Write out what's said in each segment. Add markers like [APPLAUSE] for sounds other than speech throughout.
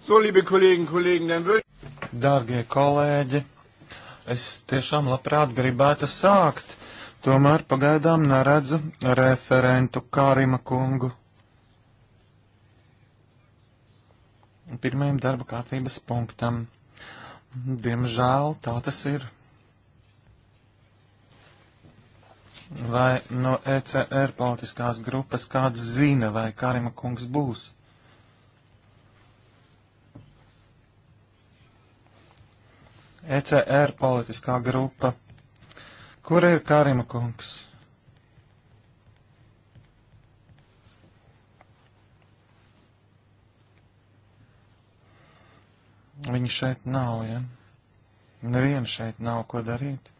So, liebe Kollegen, Kollegen, dann will... Dārgie kolēģi, es tiešām labprāt gribētu sākt, tomēr pagaidām neredzu referentu Kārima kungu. Pirmajam darba kārtības punktam. Diemžēl tā tas ir. Vai no ECR politiskās grupas kāds zina, vai Kārima kungs būs? ECR politiskā grupa. Kur ir Kārima kungs? Viņa šeit nav, ja? Neviena šeit nav ko darīt.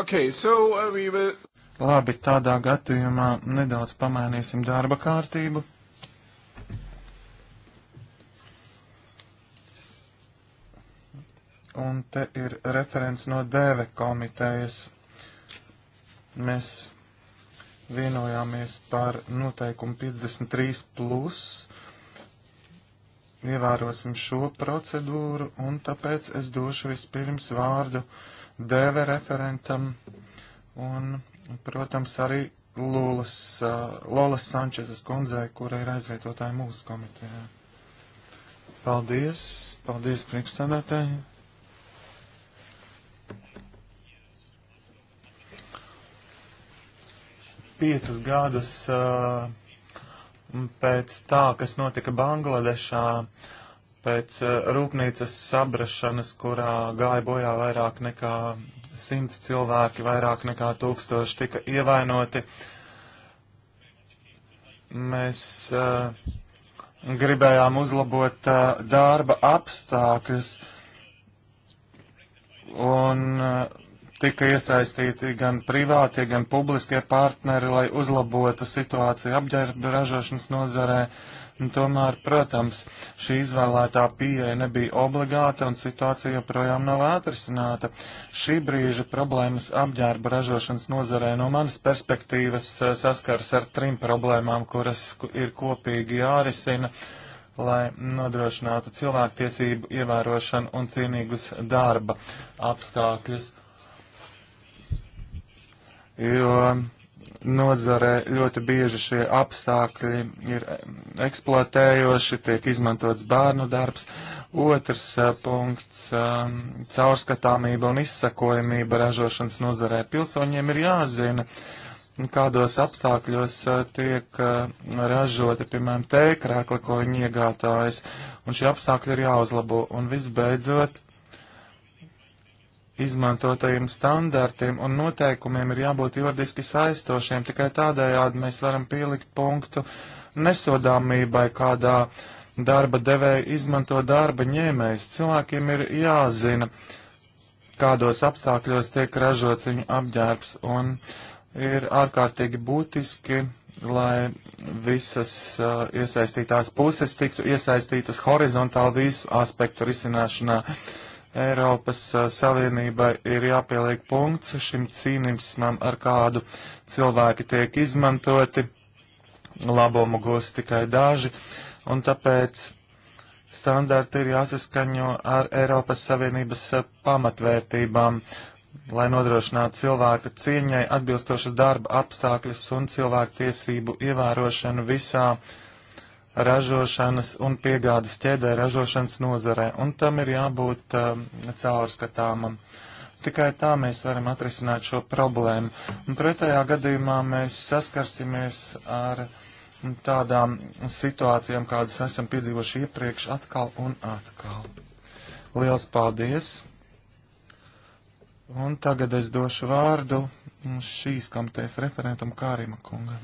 Okay, so, uh, we will... Labi, tādā gadījumā nedaudz pamainīsim darba kārtību. Un te ir referents no DV komitejas. Mēs vienojāmies par noteikumu 53. Plus. Ievērosim šo procedūru, un tāpēc es došu vispirms vārdu uh, dēve referentam un, protams, arī Lūlas, Lolas uh, Sančezas kundzei, kura ir aizvietotāja mūsu komitejā. Paldies, paldies priekšsēdētāji. Piecus gadus uh, pēc tā, kas notika Bangladešā, uh, pēc eh, rūpnīcas sabrašanas, kurā gāja bojā vairāk nekā simts cilvēki, vairāk nekā tūkstoši tika ievainoti. Mēs uh, gribējām uzlabot uh, darba apstākļus un uh, tika iesaistīti gan privātie, gan publiskie partneri, lai uzlabotu situāciju apģērba ražošanas nozarē. Uh, Nu, tomēr, protams, šī izvēlētā pieeja nebija obligāta un situācija joprojām nav atrisināta. Šī brīža problēmas apģērba ražošanas nozarē no manas perspektīvas eh, saskars ar trim problēmām, kuras ir kopīgi jārisina, lai nodrošinātu cilvēktiesību ievērošanu un cienīgus darba apstākļus. Jo nozarē ļoti bieži šie apstākļi ir eh, eksploatējoši, tiek izmantots bērnu darbs. Otrs eh, punkts ehm, - caurskatāmība un izsakojamība ražošanas nozarē. Pilsoņiem ir jāzina, kādos apstākļos eh, tiek ražoti, piemēram, tēkrēkli, ko viņi iegātājas, un šie apstākļi ir jāuzlabo. Un visbeidzot, izmantotajiem standartiem un noteikumiem ir jābūt juridiski saistošiem. Tikai tādējādi mēs varam pielikt punktu nesodāmībai, kādā darba devēja izmanto darba ņēmējs. Cilvēkiem ir jāzina, kādos apstākļos tiek ražots viņu apģērbs, un ir ārkārtīgi būtiski, lai visas uh, iesaistītās puses tiktu iesaistītas horizontāli visu aspektu risināšanā. Uh, Eiropas a, Savienībai ir jāpieliek punkts šim cīnismam, ar kādu cilvēki tiek izmantoti, labumu gūs tikai daži, un tāpēc standarti ir jāsaskaņo ar Eiropas Savienības a, pamatvērtībām, lai nodrošinātu cilvēka cieņai atbilstošas darba apstākļus un cilvēku tiesību ievērošanu visā uh, ražošanas un piegādes ķēdē ražošanas nozarē, un tam ir jābūt um, caurskatāmam. Tikai tā mēs varam atrisināt šo problēmu. Un pretējā gadījumā mēs saskarsimies ar tādām situācijām, kādas esam piedzīvojuši iepriekš atkal un atkal. Liels paldies! Un tagad es došu vārdu šīs komitejas referentam Kārim Kungam.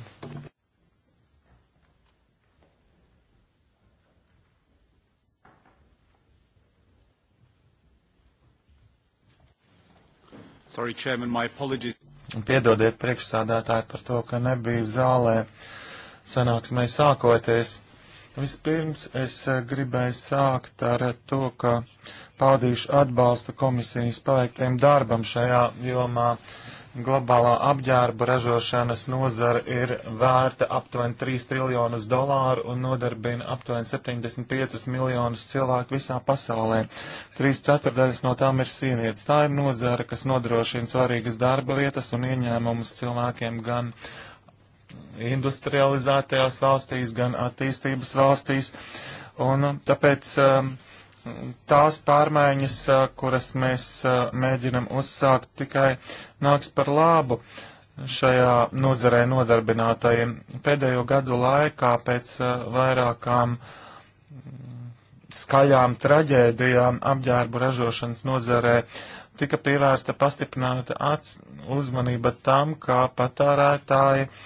Sorry, Chairman, my apologies. Piedodiet priekšsādātāji par to, ka nebija zālē sanāksmē sākoties. Vispirms es eh, gribēju sākt ar to, ka paudīšu atbalstu komisijas paveiktiem darbam šajā jomā. Uh, globālā apģērba ražošanas nozara ir vērta aptuveni 3 triljonus dolāru un nodarbina aptuveni 75 miljonus cilvēku visā pasaulē. Trīs ceturdaļas no tām ir sievietes. Tā ir nozara, kas nodrošina svarīgas darba vietas un ieņēmumus cilvēkiem gan industrializētajās valstīs, gan attīstības valstīs. Un tāpēc um, tās pārmaiņas, kuras mēs mēģinam uzsākt, tikai nāks par labu šajā nozarē nodarbinātajiem. Pēdējo gadu laikā pēc vairākām skaļām traģēdijām apģērbu ražošanas nozarē tika pievērsta pastiprināta uzmanība tam, kā patērētāji uh,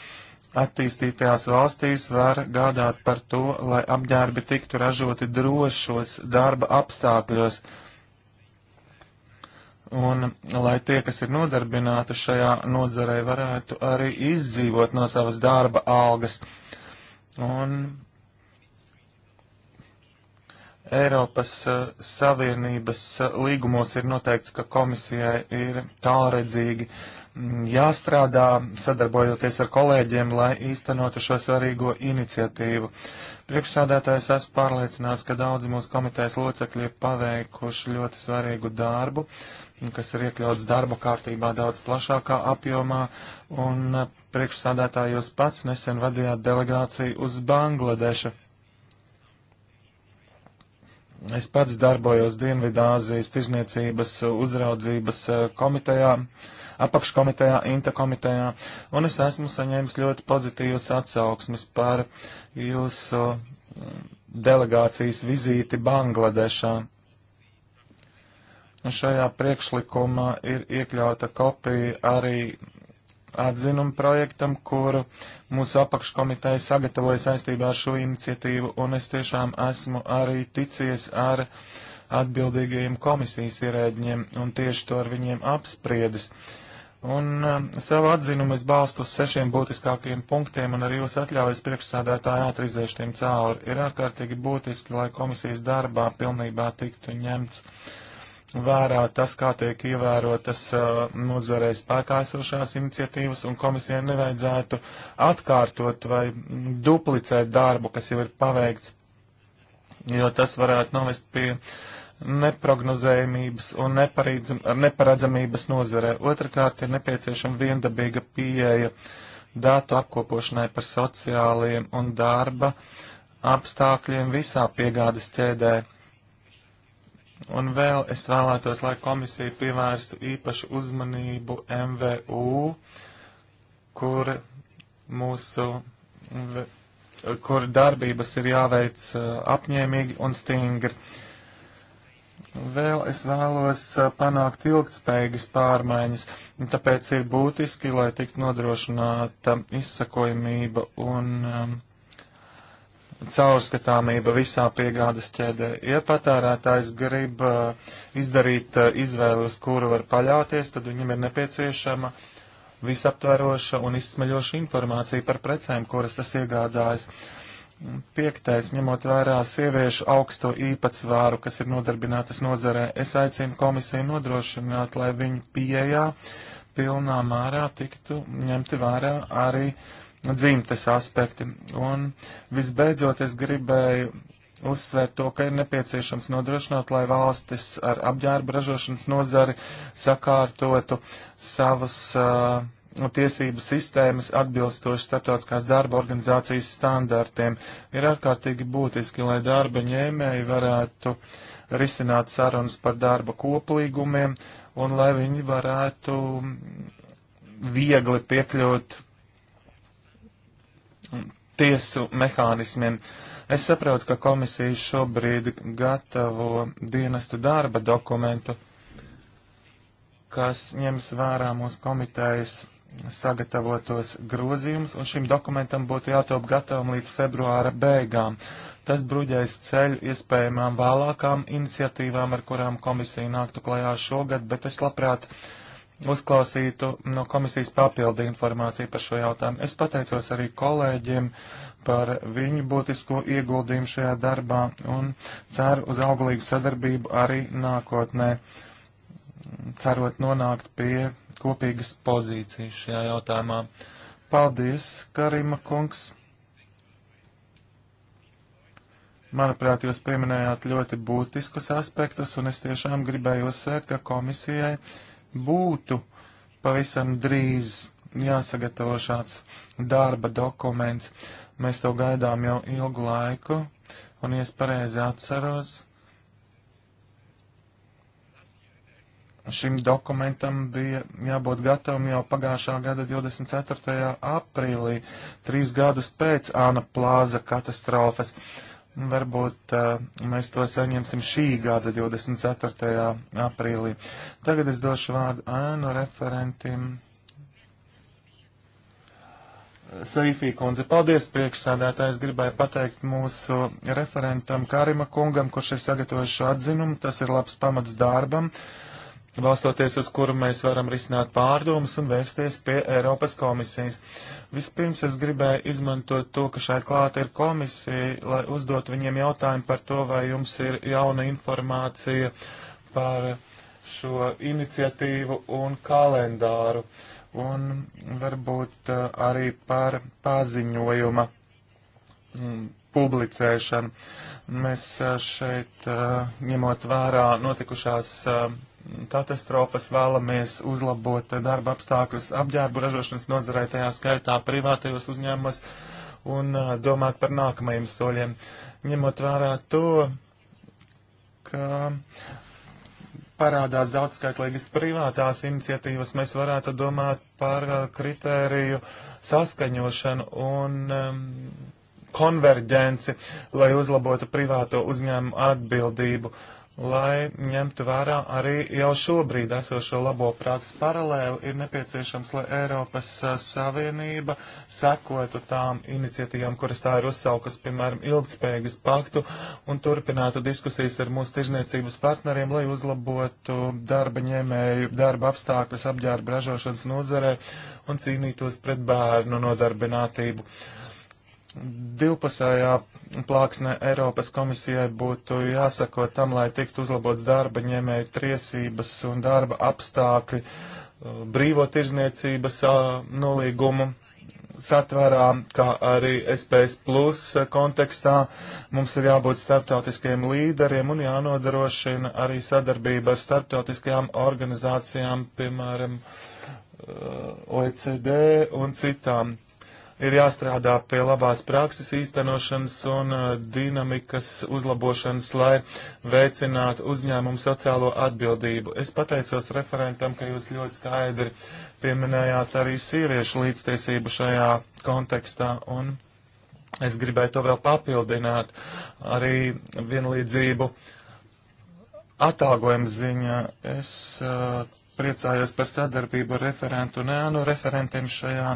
attīstītajās valstīs var gādāt par to, lai apģērbi tiktu ražoti drošos darba apstākļos. Un lai tie, kas ir nodarbināti šajā nozarē, varētu arī izdzīvot no savas darba algas. Un Eiropas uh, Savienības uh, līgumos ir noteikts, ka komisijai ir tālredzīgi uh, jāstrādā sadarbojoties ar kolēģiem, lai īstenotu šo svarīgo iniciatīvu. Priekšsādātājs esmu pārliecināts, ka daudzi mūsu komitejas locekļi ir paveikuši ļoti svarīgu darbu, kas ir iekļauts darba kārtībā daudz plašākā apjomā, un priekšsādātāj jūs pats nesen vadījāt delegāciju uz Bangladešu. Es pats darbojos Dienvidāzijas tirzniecības uzraudzības eh, komitejā. Uh, apakškomitejā, interkomitejā, un es esmu saņēmis ļoti pozitīvas atsauksmes par jūsu mm, delegācijas vizīti Bangladešā. Un šajā priekšlikumā ir iekļauta kopija arī atzinuma projektam, kuru mūsu apakškomiteja sagatavoja saistībā ar šo iniciatīvu, un es tiešām esmu arī ticies ar atbildīgajiem komisijas ierēģiem un tieši to ar viņiem apspriedis. Uh, Un um, savu atzinumu es balstu uz sešiem būtiskākajiem punktiem, un arī jūs atļaujas priekšsādātāju atrizēšu tiem cauri. Ir ārkārtīgi būtiski, lai komisijas darbā pilnībā tiktu ņemts vērā tas, kā tiek ievērotas uh, nozarē spēkā esošās iniciatīvas, un komisijai nevajadzētu atkārtot vai duplicēt darbu, kas jau ir paveikts, jo tas varētu novest pie uh, neprognozējumības un neparedzamības nozarē. Otrakārt ir nepieciešama viendabīga pieeja datu apkopošanai par sociāliem un darba apstākļiem visā piegādes ķēdē. Un vēl es vēlētos, lai komisija pievērstu īpašu uzmanību MVU, kur mūsu, kur darbības ir jāveic uh, apņēmīgi un stingri Vēl es vēlos uh, panākt ilgspējīgas pārmaiņas, tāpēc ir būtiski, lai tiktu nodrošināta izsakojamība un um, caurskatāmība visā piegādes ķēdē. Ja patērētājs grib uh, izdarīt uh, izvēli, uz kuru var paļauties, tad viņam ir nepieciešama visaptveroša un izsmeļoša informācija par precēm, kuras tas iegādājas. Piektais, ņemot vērā sieviešu augsto īpatsvāru, kas ir nodarbinātas nozarē, es aicinu komisiju nodrošināt, lai viņu pieejā pilnā mērā tiktu ņemti vērā arī dzimtes aspekti. Un visbeidzot, es gribēju uzsvērt to, ka ir nepieciešams nodrošināt, lai valstis ar apģērba ražošanas nozari sakārtotu savas uh, tiesību sistēmas atbilstoši starptautiskās darba organizācijas standartiem. Ir ārkārtīgi būtiski, lai darba ņēmēji varētu risināt sarunas par darba koplīgumiem un lai viņi varētu viegli piekļūt tiesu mehānismiem. Es saprotu, ka komisija šobrīd gatavo dienestu darba dokumentu, kas ņems vērā mūsu komitejas sagatavotos grozījumus, un šim dokumentam būtu jātop gatavam līdz februāra beigām. Tas bruģēs ceļu iespējamām vēlākām iniciatīvām, ar kurām komisija nāktu klajā šogad, bet es labprāt uzklausītu no komisijas papildi informāciju par šo jautājumu. Es pateicos arī kolēģiem par viņu būtisko ieguldījumu šajā darbā un ceru uz auglīgu sadarbību arī nākotnē, cerot nonākt pie kopīgas pozīcijas šajā jautājumā. Paldies, Karima kungs! Manuprāt, jūs pieminējāt ļoti būtiskus aspektus, un es tiešām gribēju uzsvērt, ka komisijai būtu pavisam drīz jāsagatavo šāds darba dokuments. Mēs to gaidām jau ilgu laiku, un, ja es pareizi atceros, Šim dokumentam bija jābūt gatavam jau pagājušā gada 24. aprīlī, trīs gadus pēc Āna plāza katastrofas. Varbūt uh, mēs to saņemsim šī gada 24. aprīlī. Tagad es došu vārdu ēnu referentim. Saifī kundze, paldies priekšsādātājs. Gribēju pateikt mūsu referentam Karima kungam, kurš ir sagatavojis šo atzinumu. Tas ir labs pamats darbam. Uh, balstoties uz kuru mēs varam risināt pārdomas un vērsties pie Eiropas komisijas. Vispirms es gribēju izmantot to, ka šai klāta ir komisija, lai uzdot viņiem jautājumu par to, vai jums ir jauna informācija par šo iniciatīvu un kalendāru, un varbūt uh, arī par paziņojuma mm, publicēšanu. Mēs uh, šeit, uh, ņemot vērā notikušās katastrofas vēlamies uzlabot darba apstākļus apģērbu ražošanas nozarē, tajā skaitā privātajos uzņēmumos, un domāt par nākamajiem soļiem. Ņemot vērā to, ka parādās daudzskaitlīgas privātās iniciatīvas, mēs varētu domāt par kritēriju saskaņošanu un um, konverģenci, lai uzlabotu privāto uzņēmumu atbildību. Uh, lai ņemtu vērā arī jau šobrīd esošo labo praksu paralēli, ir nepieciešams, lai Eiropas a, Savienība sekotu tām iniciatīvām, kuras tā ir uzsaukas, piemēram, ilgspējīgas paktu, un turpinātu diskusijas ar mūsu tirzniecības partneriem, lai uzlabotu darba ņēmēju, darba apstākļus apģērba ražošanas nozarē un cīnītos pret bērnu nodarbinātību. Uh, divpusējā plāksnē Eiropas komisijai būtu jāsako tam, lai tiktu uzlabots darba ņēmēju tiesības un darba apstākļi uh, brīvo tirzniecības uh, nolīgumu satvērā, kā arī SPS plus uh, kontekstā. Mums ir jābūt starptautiskiem līderiem un jānodrošina arī sadarbība ar starptautiskajām organizācijām, piemēram, OECD un citām ir jāstrādā pie labās prakses īstenošanas un uh, dinamikas uzlabošanas, lai veicinātu uzņēmumu sociālo atbildību. Es pateicos referentam, ka jūs ļoti skaidri pieminējāt arī sieviešu līdztiesību šajā kontekstā. Un es gribēju to vēl papildināt arī vienlīdzību atalgojuma ziņā. Es uh, priecājos par sadarbību ar referentu un ēnu referentiem šajā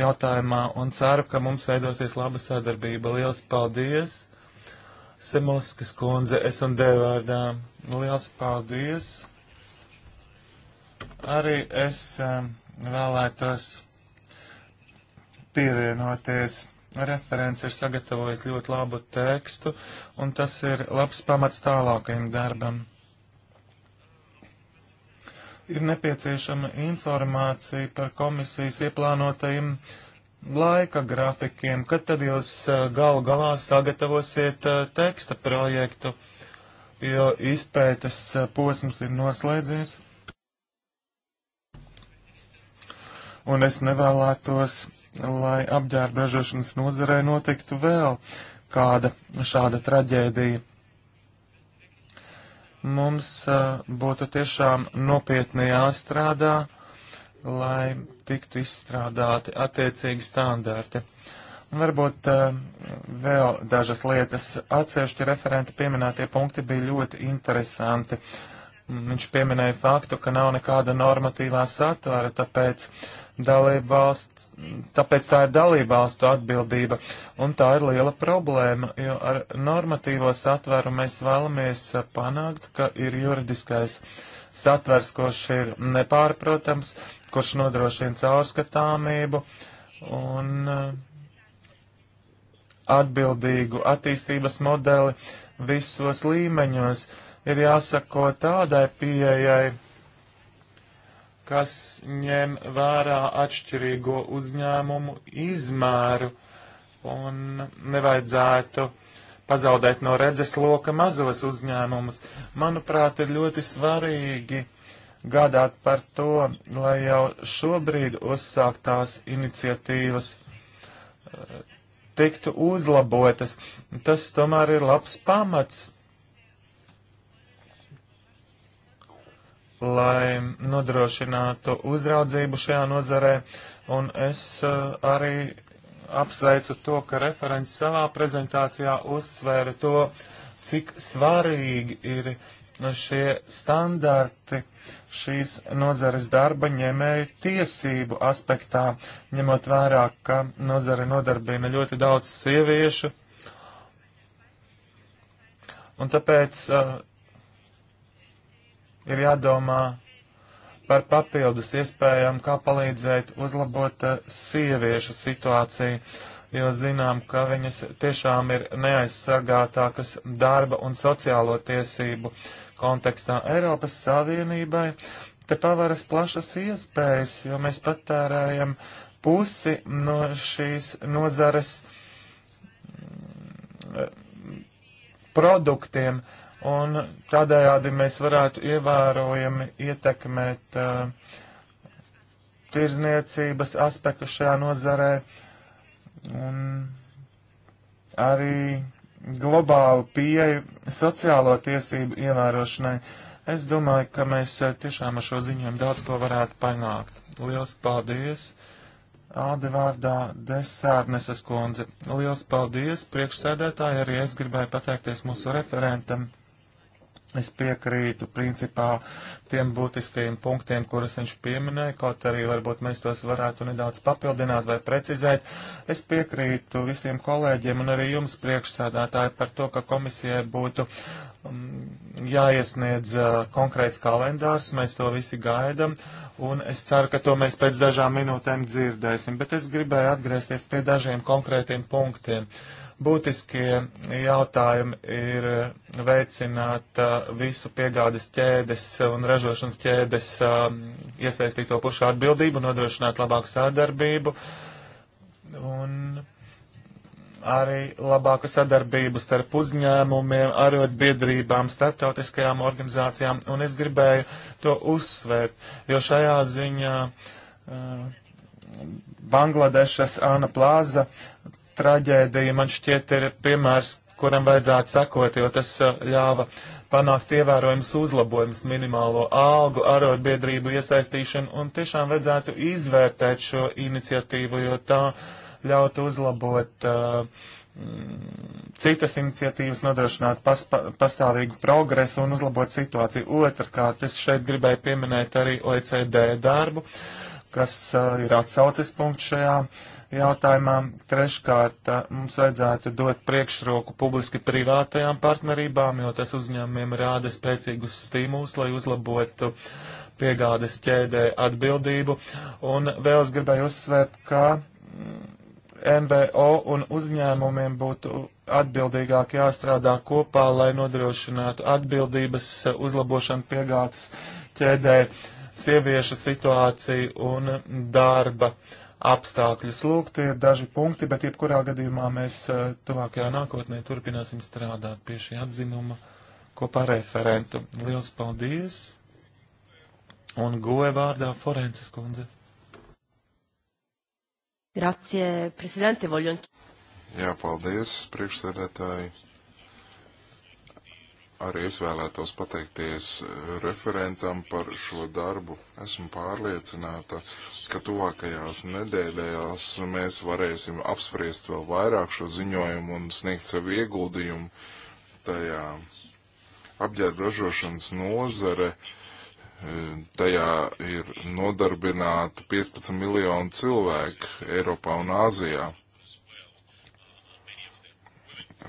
jautājumā un ceru, ka mums veidosies laba sadarbība. Liels paldies, Semoskas kundze, es un Dēvārdā. Liels paldies. Arī es eh, vēlētos pievienoties referents ir sagatavojis ļoti labu tekstu, un tas ir labs pamats tālākajam darbam ir nepieciešama informācija par komisijas ieplānotajiem laika grafikiem, kad tad jūs eh, gal galā sagatavosiet eh, teksta projektu, jo izpētes eh, posms ir noslēdzies. Un es nevēlētos, lai apģērba ražošanas nozarē notiktu vēl kāda šāda traģēdija. Mums uh, būtu tiešām nopietni jāstrādā, lai tiktu izstrādāti attiecīgi standarti. Un varbūt uh, vēl dažas lietas. Atsevišķi referenta pieminētie punkti bija ļoti interesanti. Viņš pieminēja faktu, ka nav nekāda normatīvā satvara, tāpēc uh, dalība valsts, tāpēc tā ir dalība valstu atbildība, un tā ir liela problēma, jo ar normatīvo satveru mēs vēlamies panākt, ka ir juridiskais satvers, kurš ir nepārprotams, kurš nodrošina caurskatāmību un uh, atbildīgu attīstības modeli visos līmeņos. Ir jāsako tādai pieejai, kas ņem vērā atšķirīgo uzņēmumu izmēru un nevajadzētu pazaudēt no redzes loka mazos uzņēmumus. Manuprāt, ir ļoti svarīgi gādāt par to, lai jau šobrīd uzsāktās iniciatīvas eh, tiktu uzlabotas. Tas tomēr ir labs pamats lai nodrošinātu uzraudzību šajā nozarē, un es uh, arī apsveicu to, ka referents savā prezentācijā uzsvēra to, cik svarīgi ir šie standarti šīs nozares darba ņēmēju tiesību aspektā, ņemot vērā, ka nozare nodarbina ļoti daudz sieviešu. Un tāpēc uh, ir jādomā par papildus iespējām, kā palīdzēt uzlabot eh, sieviešu situāciju, jo zinām, ka viņas tiešām ir neaizsargātākas darba un sociālo tiesību kontekstā Eiropas Savienībai. Te pavaras plašas iespējas, jo mēs patērējam pusi no šīs nozares eh, produktiem. Uh, un tādējādi mēs varētu ievērojami ietekmēt uh, tirzniecības aspektu šajā nozarē un arī globālu pieeju sociālo tiesību ievērošanai. Es domāju, ka mēs uh, tiešām ar šo ziņojumu daudz ko varētu panākt. Liels paldies! Alde vārdā Desārneses kundze. Liels paldies priekšsēdētāji, arī es gribēju pateikties mūsu referentam Es piekrītu principā tiem būtiskajiem punktiem, kurus viņš pieminēja, kaut arī varbūt mēs tos varētu nedaudz papildināt vai precizēt. Es piekrītu visiem kolēģiem un arī jums priekšsādātāji par to, ka komisijai būtu um, jāiesniedz uh, konkrēts kalendārs, mēs to visi gaidam, un es ceru, ka to mēs pēc dažām minūtēm dzirdēsim, bet es gribēju atgriezties pie dažiem konkrētiem punktiem. Uh, Būtiskie jautājumi ir eh, veicināt eh, visu piegādes ķēdes un ražošanas ķēdes eh, iesaistīto pušu atbildību, nodrošināt labāku sadarbību un arī labāku sadarbību starp uzņēmumiem, arotbiedrībām, starptautiskajām organizācijām, un es gribēju to uzsvērt, jo šajā ziņā uh, Bangladešas Āna Plāza traģēdija man šķiet ir piemērs, kuram vajadzētu sekot, jo tas eh, ļāva panākt ievērojams uzlabojums minimālo algu, arotbiedrību iesaistīšanu un tiešām vajadzētu izvērtēt šo iniciatīvu, jo tā ļautu uzlabot uh, citas iniciatīvas nodrošināt paspa, pastāvīgu progresu un uzlabot situāciju. Otrakārt, es šeit gribēju pieminēt arī OECD darbu, kas uh, ir atsauces punkts šajā uh, jautājumā. Treškārt, eh, mums vajadzētu dot priekšroku publiski privātajām partnerībām, jo tas uzņēmumiem rāda spēcīgus stimulus, lai uzlabotu piegādes ķēdē atbildību. Un vēl es gribēju uzsvērt, ka MBO mm, un uzņēmumiem būtu atbildīgāk jāstrādā kopā, lai nodrošinātu atbildības uzlabošanu piegādes ķēdē sieviešu situāciju un darba uh, apstākļus. Lūk, tie ir daži punkti, bet jebkurā gadījumā mēs eh, tuvākajā nākotnē turpināsim strādāt pie šī atzinuma kopā ar referentu. Liels paldies! Un goja vārdā Forences kundze. Grazie, prezidente, voļon. Jā, paldies, priekšsēdētāji. Arī es vēlētos pateikties eh, referentam par šo darbu. Esmu pārliecināta, ka tuvākajās nedēļās mēs varēsim apspriest vēl vairāk šo ziņojumu un sniegt savu ieguldījumu tajā apģērba ražošanas nozare. Eh, tajā ir nodarbināta 15 miljonu cilvēku Eiropā un Āzijā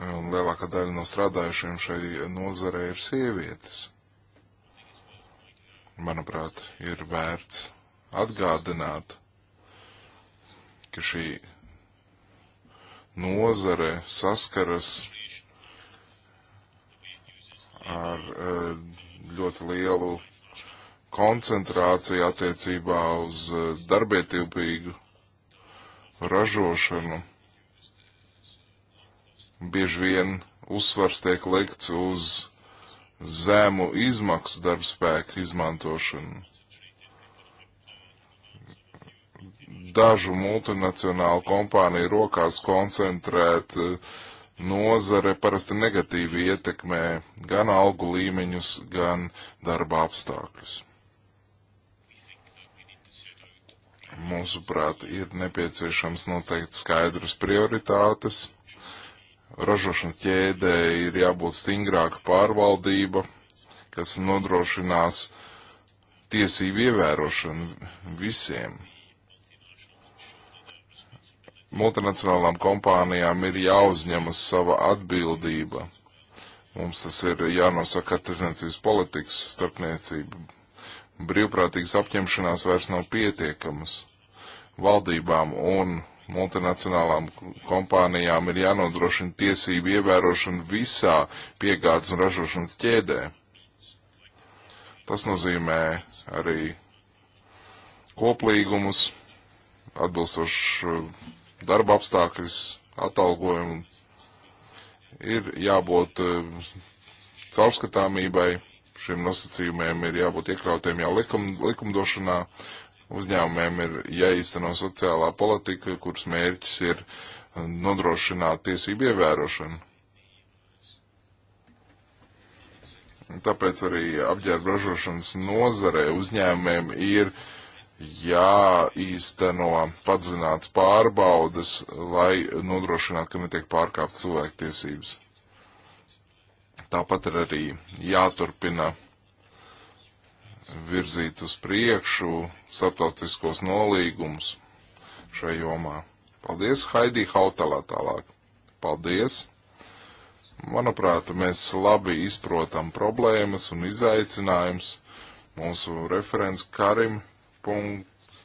lielākā daļa no strādājušiem šai nozarē ir sievietes. Manuprāt, ir vērts atgādināt, ka šī nozare saskaras ar e, ļoti lielu koncentrāciju attiecībā uz e, darbietilpīgu ražošanu bieži vien uzsvars tiek likts uz zēmu izmaksu darbspēku izmantošanu. Dažu multinacionālu kompāniju rokās koncentrēt eh, nozare parasti negatīvi ietekmē gan algu līmeņus, gan darba apstākļus. Mūsuprāt, ir nepieciešams noteikt skaidras prioritātes ražošanas ķēdē ir jābūt stingrāka pārvaldība, kas nodrošinās tiesību ievērošanu visiem. Multinacionālām kompānijām ir jāuzņemas sava atbildība. Mums tas ir jānosaka tirdzniecības politikas starpniecība. Brīvprātīgas apņemšanās vairs nav pietiekamas. Valdībām un multinacionālām kompānijām ir jānodrošina tiesību ievērošana visā piegādes un ražošanas ķēdē. Tas nozīmē arī koplīgumus, atbilstošu darba apstākļus, atalgojumu. Ir jābūt eh, caurskatāmībai, šiem nosacījumiem ir jābūt iekļautiem jau likum, likumdošanā, uzņēmumiem ir jāīsteno sociālā politika, kuras mērķis ir uh, nodrošināt tiesību ievērošanu. Tāpēc arī apģērba ražošanas nozarē uzņēmumiem ir jāīsteno padzināts pārbaudas, lai nodrošinātu, ka netiek pārkāpt cilvēktiesības. Tāpat ir arī jāturpina virzīt uz priekšu starptautiskos nolīgumus šajā jomā. Paldies, Haidī Hautalā tālāk. Paldies! Manuprāt, mēs labi izprotam problēmas un izaicinājumus. Mūsu referents Karim punkts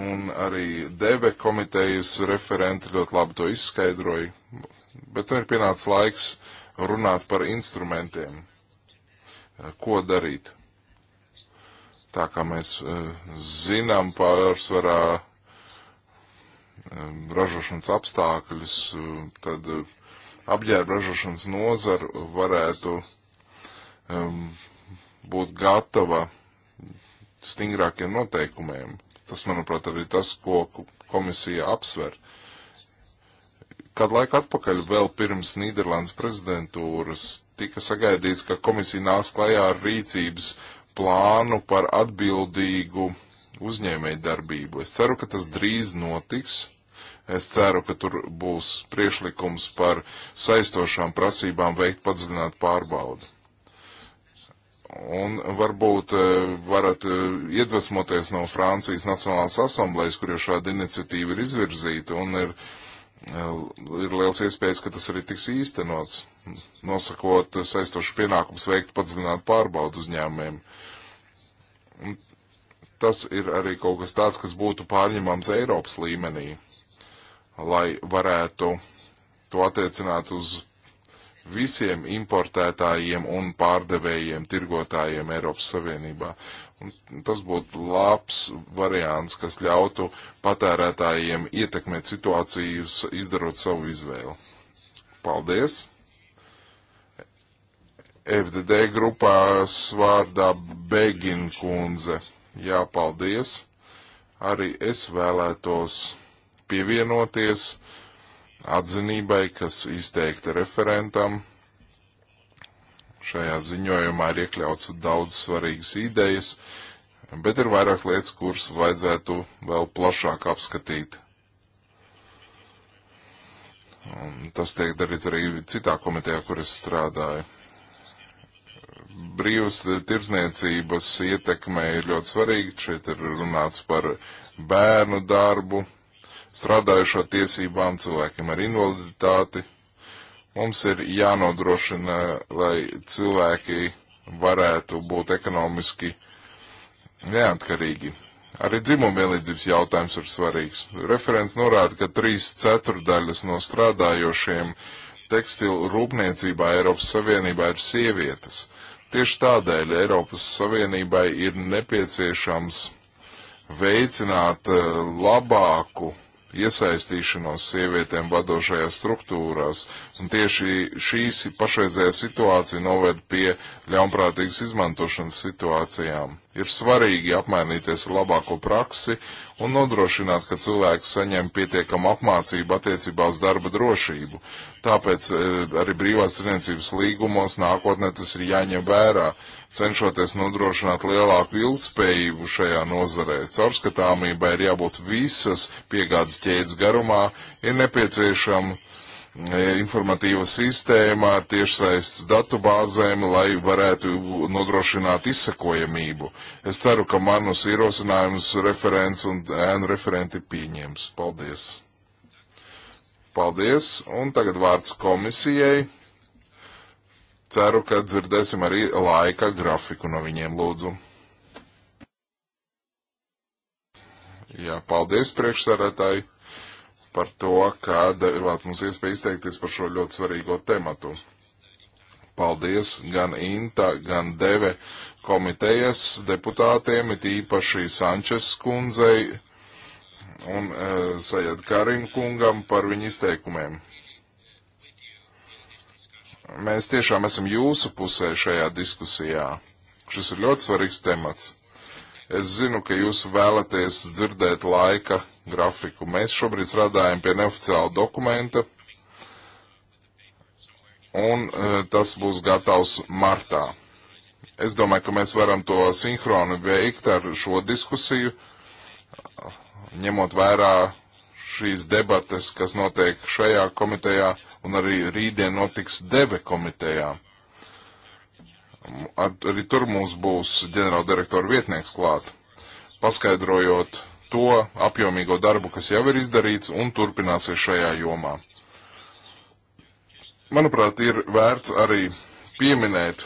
un arī Deve komitejas referenti ļoti labi to izskaidroja. Bet nu ir pienācis laiks runāt par instrumentiem ko darīt. Tā kā mēs e, zinām pārsvarā e, ražošanas apstākļus, e, tad apģērba ražošanas nozara varētu būt gatava stingrākiem noteikumiem. Tas, manuprāt, arī tas, ko komisija apsver. Kad laika atpakaļ vēl pirms Nīderlandes prezidentūras tika sagaidīts, ka komisija nāks klajā ar rīcības plānu par atbildīgu uzņēmēju darbību. Es ceru, ka tas drīz notiks. Es ceru, ka tur būs priešlikums par saistošām prasībām veikt padziļinātu pārbaudu. Un varbūt e, varat e, iedvesmoties no Francijas Nacionālās asamblejas, kur jau šāda iniciatīva ir izvirzīta un ir uh, ir liels iespējas, ka tas arī tiks īstenots, nosakot saistošu pienākums veikt padziļinātu pārbaudu uzņēmumiem. Tas ir arī kaut kas tāds, kas būtu pārņemams Eiropas līmenī, lai varētu to attiecināt uz visiem importētājiem un pārdevējiem, tirgotājiem Eiropas Savienībā. Un tas būtu labs variants, kas ļautu patērētājiem ietekmēt situāciju, izdarot savu izvēlu. Paldies! FDD grupās vārdā Begin kundze. Jā, paldies! Arī es vēlētos pievienoties atzinībai, kas izteikta referentam. Šajā ziņojumā ir iekļauts daudz svarīgas idejas, bet ir vairākas lietas, kuras vajadzētu vēl plašāk apskatīt. Un tas tiek darīts arī citā komitejā, kur es strādāju. Brīvas tirzniecības ietekme ir ļoti svarīga. Šeit ir runāts par bērnu darbu, strādājušo tiesībām, cilvēkiem ar invaliditāti. Mums ir jānodrošina, lai cilvēki varētu būt ekonomiski neatkarīgi. Arī dzimumvienlīdzības jautājums ir svarīgs. Referents norāda, ka trīs ceturdaļas no strādājošiem tekstilu rūpniecībā Eiropas Savienībā ir sievietes. Tieši tādēļ Eiropas Savienībai ir nepieciešams veicināt eh, labāku iesaistīšanos sievietēm vadošajās struktūrās, un tieši šīs pašreizējā situācija noved pie ļaunprātīgas izmantošanas situācijām. Ir svarīgi apmainīties ar labāko praksi un nodrošināt, ka cilvēks saņem pietiekamu apmācību attiecībā uz darba drošību. Tāpēc e, arī brīvās tirniecības līgumos nākotnē tas ir jāņem vērā, cenšoties nodrošināt lielāku ilgspējību šajā nozarē. Caurskatāmībai ir jābūt visas piegādes ķēdes garumā, ir nepieciešama E, informatīva sistēma ar tiešsaistes datubāzēm, lai varētu nodrošināt izsekojamību. Es ceru, ka manus ierosinājumus referents un ēnu referenti pieņems. Paldies! Paldies! Un tagad vārds komisijai. Ceru, ka dzirdēsim arī laika grafiku no viņiem lūdzu. Jā, paldies priekšsarētāji! par to, ka devāt mums iespēju izteikties par šo ļoti svarīgo tematu. Paldies gan Inta, gan Deve komitejas deputātiem, it īpaši Sančes kundzei un uh, e, Sajad Karim kungam par viņu izteikumiem. Mēs tiešām esam jūsu pusē šajā diskusijā. Šis ir ļoti svarīgs temats. Es zinu, ka jūs vēlaties dzirdēt laika grafiku. Mēs šobrīd strādājam pie neoficiāla dokumenta, un e, tas būs gatavs martā. Es domāju, ka mēs varam to sinhroni veikt ar šo diskusiju, ņemot vērā šīs debates, kas notiek šajā komitejā, un arī rītdien notiks deve komitejā. Ar, arī tur mums būs ģenerāldirektora vietnieks klāt, paskaidrojot to apjomīgo darbu, kas jau ir izdarīts un turpināsies šajā jomā. Manuprāt, ir vērts arī pieminēt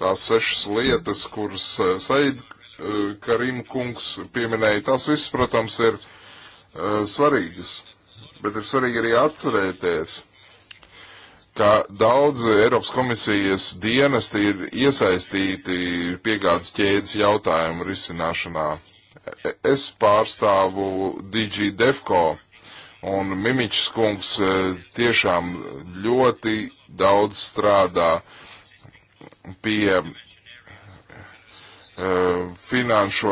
tās sešas lietas, kuras eh, Said eh, Karim kungs pieminēja. Tās viss, protams, ir uh, svarīgas, bet ir svarīgi arī atcerēties, ka daudz Eiropas komisijas dienesti ir iesaistīti piegādes ķēdes jautājumu risināšanā. Es pārstāvu DG Defco, un Mimičs kungs e, tiešām ļoti daudz strādā pie uh, finanšu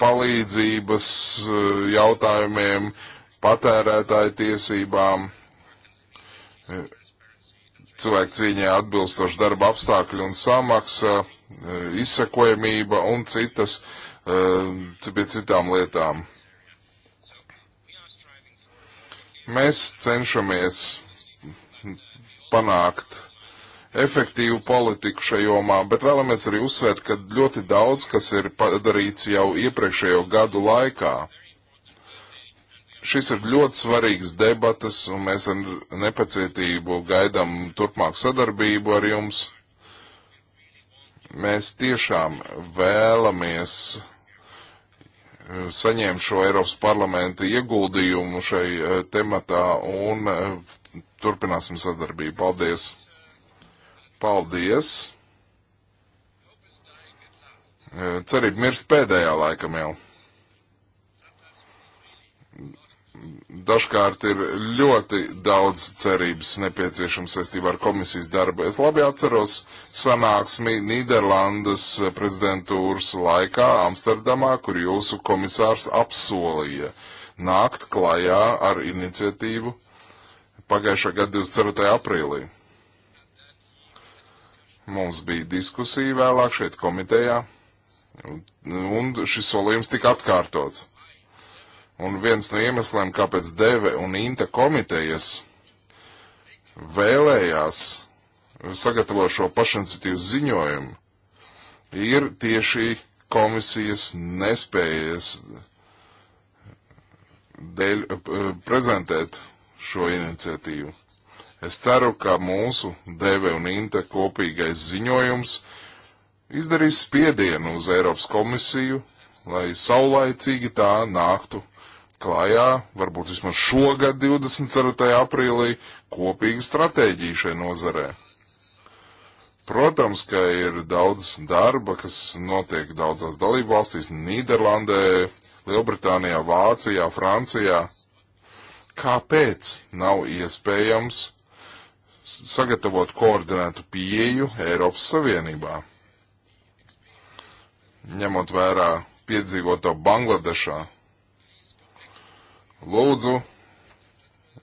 palīdzības e, jautājumiem, patērētāju tiesībām, cilvēku cīņā atbilstoši darba apstākļi un samaksa, izsekojamība un citas uh, pie ehm, citām lietām. Mēs cenšamies panākt efektīvu politiku šajā jomā, bet vēlamies arī uzsvērt, ka ļoti daudz, kas ir padarīts jau iepriekšējo gadu laikā, šis ir ļoti svarīgs debatas, un mēs ar nepacietību gaidām turpmāk sadarbību ar jums. Mēs tiešām vēlamies saņēmu šo Eiropas parlamenta ieguldījumu šai e, tematā un e, turpināsim sadarbību. Paldies! Paldies! E, cerība mirst pēdējā laikam jau. dažkārt ir ļoti daudz cerības nepieciešams saistībā ar komisijas darbu. Es labi atceros sanāksmi Nīderlandes prezidentūras laikā Amsterdamā, kur jūsu komisārs apsolīja nākt klajā ar iniciatīvu pagājušā gada 24. aprīlī. Mums bija diskusija vēlāk šeit komitejā, un šis solījums tika atkārtots. Un viens no iemesliem, kāpēc Deve un Inta komitejas vēlējās sagatavot šo pašiniciatīvu ziņojumu, ir tieši komisijas nespējas dēļ eh, prezentēt šo iniciatīvu. Es ceru, ka mūsu Deve un Inta kopīgais ziņojums izdarīs spiedienu uz Eiropas komisiju, lai saulaicīgi tā nāktu klājā, varbūt vismaz šogad 24. aprīlī, kopīgu stratēģiju šai nozarē. Protams, ka ir daudz darba, kas notiek daudzās dalību valstīs - Nīderlandē, Lielbritānijā, Vācijā, Francijā. Kāpēc nav iespējams sagatavot koordinētu pieeju Eiropas Savienībā? Ņemot vērā piedzīvoto Bangladešā, Lūdzu,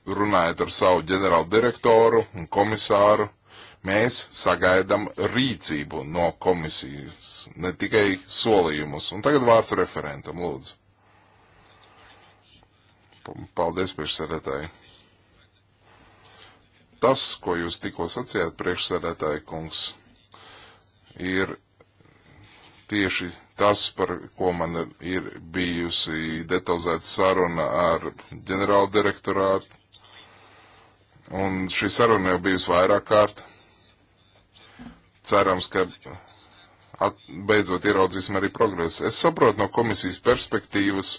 runājiet ar savu ģenerālu direktoru un komisāru. Mēs sagaidām rīcību no komisijas, ne tikai solījumus. Un tagad vārds referentam, lūdzu. Paldies, priekšsēdētāji. Tas, ko jūs tikko sacījāt, priekšsēdētāji kungs, ir tieši tas, par ko man ir bijusi detalizēta saruna ar ģenerālu direktorātu. Un šī saruna jau bijusi vairāk kārt. Cerams, ka at, beidzot ieraudzīsim arī progresu. Es saprotu no komisijas perspektīvas,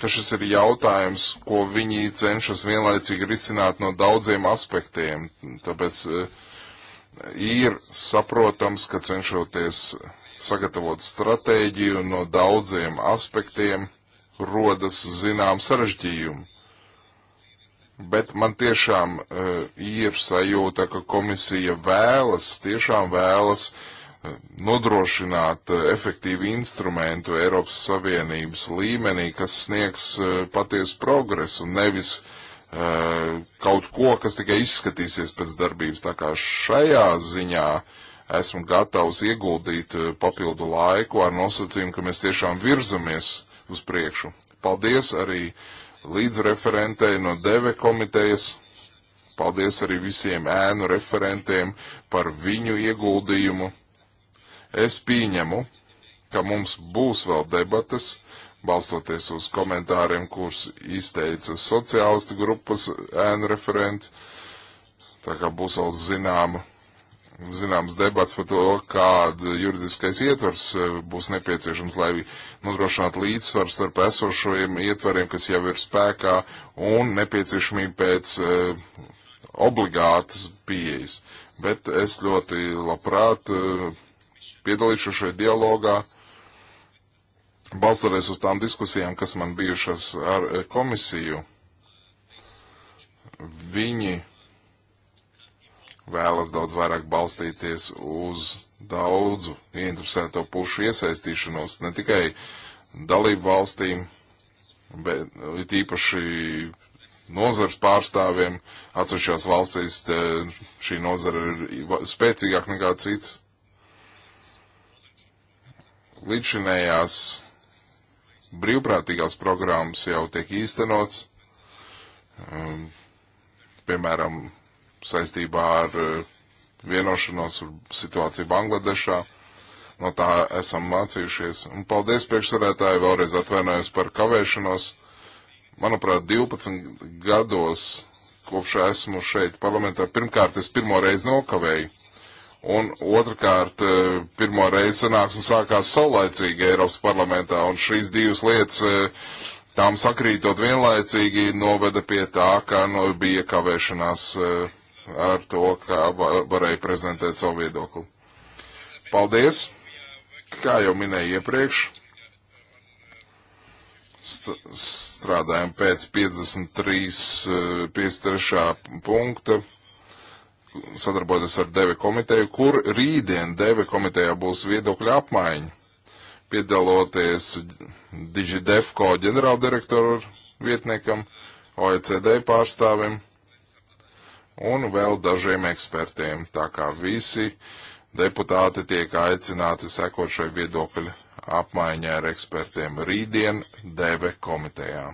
ka šis ir jautājums, ko viņi cenšas vienlaicīgi risināt no daudziem aspektiem. Tāpēc eh, ir saprotams, ka cenšoties sagatavot stratēģiju no daudziem aspektiem, rodas zinām sarežģījumi. Bet man tiešām uh, ir sajūta, ka komisija vēlas, tiešām vēlas uh, nodrošināt uh, efektīvu instrumentu Eiropas Savienības līmenī, kas sniegs uh, patiesu progresu, nevis uh, kaut ko, kas tikai izskatīsies pēc darbības. Tā kā šajā ziņā uh, esmu gatavs ieguldīt eh, papildu laiku ar nosacījumu, ka mēs tiešām virzamies uz priekšu. Paldies arī līdzreferentei no DV komitejas. Paldies arī visiem ēnu referentiem par viņu ieguldījumu. Es pieņemu, ka mums būs vēl debatas, balstoties uz komentāriem, kurus izteica sociālistu grupas ēnu referenti. Tā kā būs vēl zināma zināms debats par to, kāda juridiskais ietvers e, būs nepieciešams, lai nodrošinātu līdzsvaru starp esošajiem ietvariem, kas jau ir spēkā, un nepieciešamību pēc uh, obligātas pieejas. Bet es ļoti labprāt uh, piedalīšos šajā dialogā, balstoties uz tām diskusijām, kas man bijušas ar komisiju. Viņi vēlas daudz vairāk balstīties uz daudzu ieinteresēto pušu iesaistīšanos, ne tikai dalību valstīm, bet it īpaši nozars pārstāvjiem. Atsevišķās valstīs šī nozara ir spēcīgāk nekā citas. Līdzinējās brīvprātīgās programmas jau tiek īstenots. Um, piemēram, saistībā ar eh, vienošanos situāciju Bangladešā. No tā esam mācījušies. Un paldies priekšsarētāji, vēlreiz atvainojos par kavēšanos. Manuprāt, 12 gados kopš esmu šeit parlamentā, pirmkārt es pirmo reizi nokavēju. Un otrkārt, eh, pirmo reizi sanāksme sākās saulaicīgi Eiropas parlamentā, un šīs divas lietas, eh, tām sakrītot vienlaicīgi, noveda pie tā, ka no, nu, bija kavēšanās uh, ar to, kā varēja prezentēt savu viedokli. Paldies! Kā jau minēju iepriekš, st strādājam pēc 53, 53. Eh, punkta, sadarbojoties ar Deve komiteju, kur rītdien Deve komitejā būs viedokļa apmaiņa, piedaloties DigiDefco ģenerāldirektoru vietniekam, OECD pārstāvim un vēl dažiem ekspertiem. Tā kā visi deputāti tiek aicināti sekot šai viedokļu apmaiņai ar ekspertiem rītdien DV komitejā.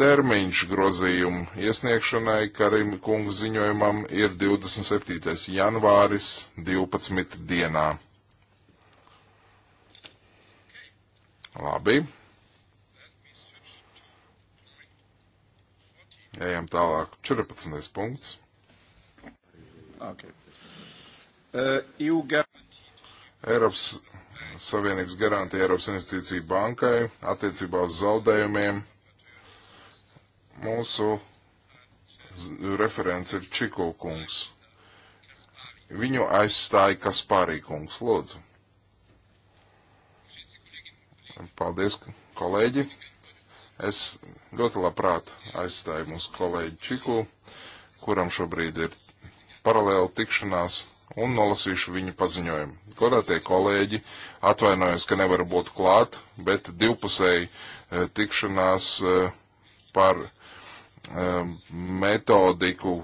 Termiņš grozījumu iesniegšanai Karim kungu ziņojumam ir 27. janvāris 12. dienā. Labi. Ejam tālāk. 14. punkts. Okay. Uh, eh, Ilga... Eiropas Savienības garantija Eiropas Investīcija bankai attiecībā uz zaudējumiem. Mūsu referents ir Čiko kungs. Viņu aizstāja Kaspārī kungs. Lūdzu. Paldies, kolēģi. Es ļoti labprāt aizstāju mūsu kolēģi Čiku, kuram šobrīd ir paralēli tikšanās, un nolasīšu viņu paziņojumu. Godātie kolēģi, atvainojos, ka nevaru būt klāt, bet divpusēji eh, tikšanās eh, par eh, metodiku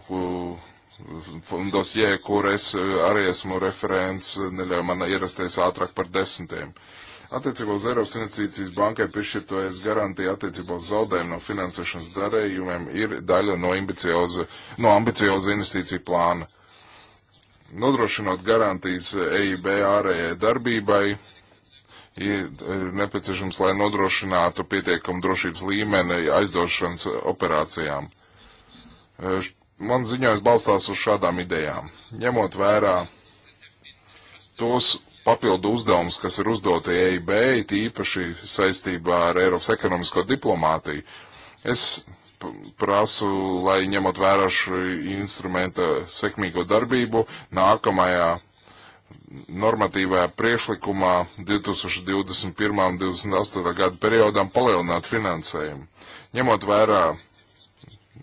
dosjē, kur es arī esmu referents, neļauj man ierasties ātrāk par desmitiem. Uh, Attiecībā uz Eiropas Investīcijas bankai piešķirtojas garantija attiecībā uz zaudējumu no finansēšanas darījumiem ir daļa no ambicioza, no ambicioza investīciju plāna. Nodrošinot garantijas EIB ārējai darbībai, ir nepieciešams, lai nodrošinātu pietiekumu drošības līmeni aizdošanas operācijām. E, man ziņojums balstās uz šādām idejām. Ņemot vērā tos papildu uzdevumus, kas ir uzdoti EIB, tīpaši saistībā ar Eiropas ekonomisko diplomātiju. Es prasu, lai ņemot vērā šo instrumenta sekmīgo darbību, nākamajā normatīvajā priešlikumā 2021. un 2028. gada periodām palielināt finansējumu. Ņemot vērā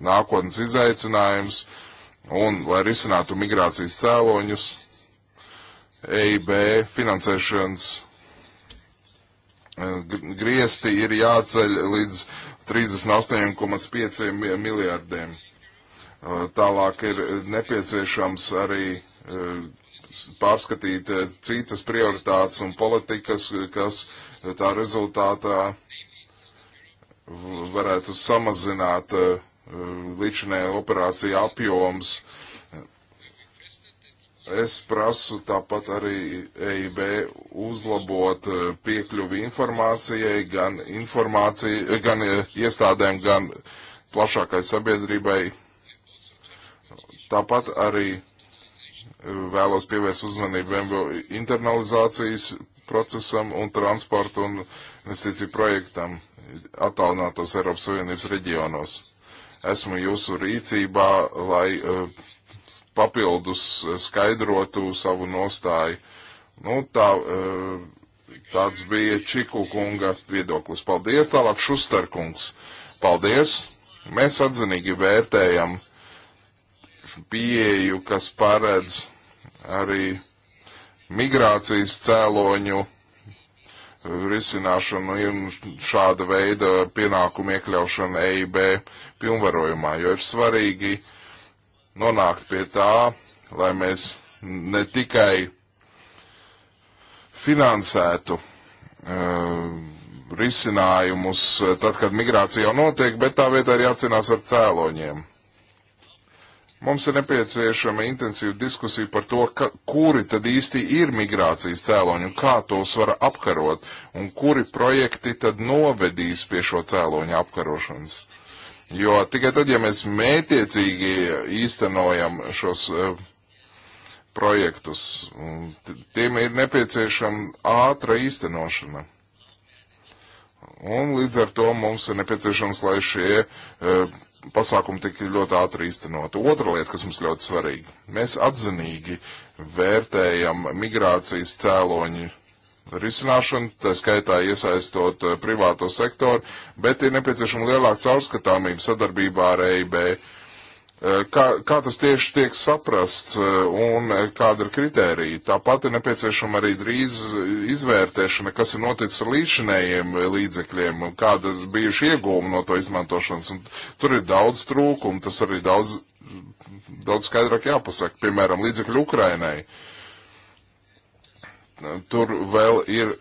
nākotnes izaicinājums un, lai risinātu migrācijas cēloņus, EIB finansēšanas eh, griesti ir jāceļ līdz 38,5 miljārdiem. Eh, tālāk ir nepieciešams arī eh, pārskatīt citas prioritātes un politikas, kas tā rezultātā varētu samazināt līdšanai operācija apjoms uh, Es prasu tāpat arī EIB uzlabot eh, piekļuvi informācijai, gan, informācija, eh, gan eh, iestādēm, gan plašākai sabiedrībai. Tāpat arī vēlos pievērst uzmanību MBO internalizācijas procesam un transportu un investīciju projektam attālinātos Eiropas Savienības reģionos. Esmu jūsu rīcībā, lai uh, papildus eh, skaidrotu savu nostāju. Nu, tā, eh, tāds bija Čiku kunga viedoklis. Paldies, tālāk Šusterkungs. Paldies! Mēs atzinīgi vērtējam pieeju, kas paredz arī migrācijas cēloņu eh, risināšanu un šāda veida pienākumu iekļaušanu EIB pilnvarojumā, jo ir svarīgi uh, nonākt pie tā, lai mēs ne tikai finansētu uh, risinājumus eh, tad, kad migrācija jau notiek, bet tā vietā ir jācīnās ar cēloņiem. Mums ir nepieciešama intensīva diskusija par to, ka, kuri tad īsti ir migrācijas cēloņi un kā tos var apkarot, un kuri projekti tad novedīs pie šo cēloņu apkarošanas. Jo tikai tad, ja mēs mētiecīgi īstenojam šos eh, projektus, tiem ir nepieciešama ātra īstenošana. Un līdz ar to mums ir nepieciešams, lai šie uh, pasākumi tik ļoti ātri īstenot. Otra lieta, kas mums ļoti svarīga. Mēs atzinīgi vērtējam migrācijas cēloņu risināšanu, tā skaitā iesaistot eh, privāto sektoru, bet ir nepieciešama lielāka caurskatāmība sadarbībā ar EIB. Eh, kā, kā tas tieši tiek saprasts eh, un kāda ir kritērija? Tāpat ir nepieciešama arī drīz izvērtēšana, kas ir noticis ar līdzinējiem līdzekļiem un kādas bijuši iegūmi no to izmantošanas. Un tur ir daudz trūkumu, tas arī daudz, daudz skaidrāk jāpasaka, piemēram, līdzekļu Ukrainai. Uh, tur vēl ir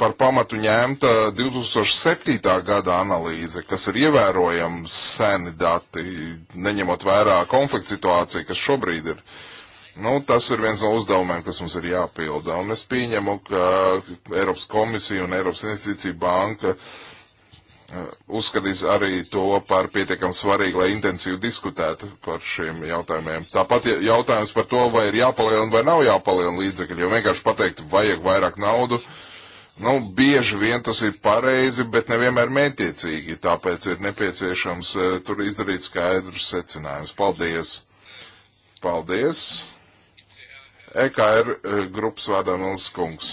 par pamatu ņemta 2007. gada analīze, kas ir ievērojams seni dati, neņemot vērā konflikta situāciju, kas šobrīd ir. Nu, tas ir viens no uzdevumiem, kas mums ir jāpilda. Un es pieņemu, ka Eiropas komisija un Eiropas investīcija banka uh, Eh, uzskatīs arī to par pietiekami svarīgu, lai intensīvi diskutētu par šiem jautājumiem. Tāpat jautājums par to, vai ir jāpalielina vai nav jāpalielina līdzekļi, jo vienkārši pateikt, vajag vairāk naudu. Nu, bieži vien tas ir pareizi, bet nevienmēr mētiecīgi, tāpēc ir nepieciešams eh, tur izdarīt skaidrs secinājums. Paldies! Paldies! EKR eh, grupas vārdā Nils Kungs.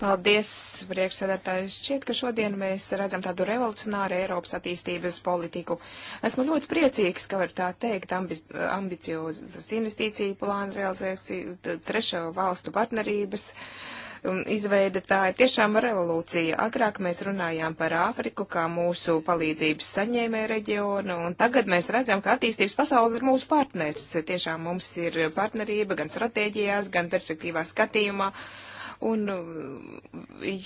Paldies, priekšsēdētājs. Šķiet, ka šodien mēs redzam tādu revolucionāru Eiropas attīstības politiku. Esmu ļoti priecīgs, ka var tā teikt ambi ambiciozas investīciju plānu realizāciju, trešo valstu partnerības. Uh, izveida, tā ir tiešām revolūcija. Agrāk mēs runājām par Āfriku kā mūsu palīdzības saņēmē reģionu, un tagad mēs redzam, ka attīstības pasauli ir mūsu partners. Tiešām mums ir partnerība gan stratēģijās, gan perspektīvā skatījumā. Uh, un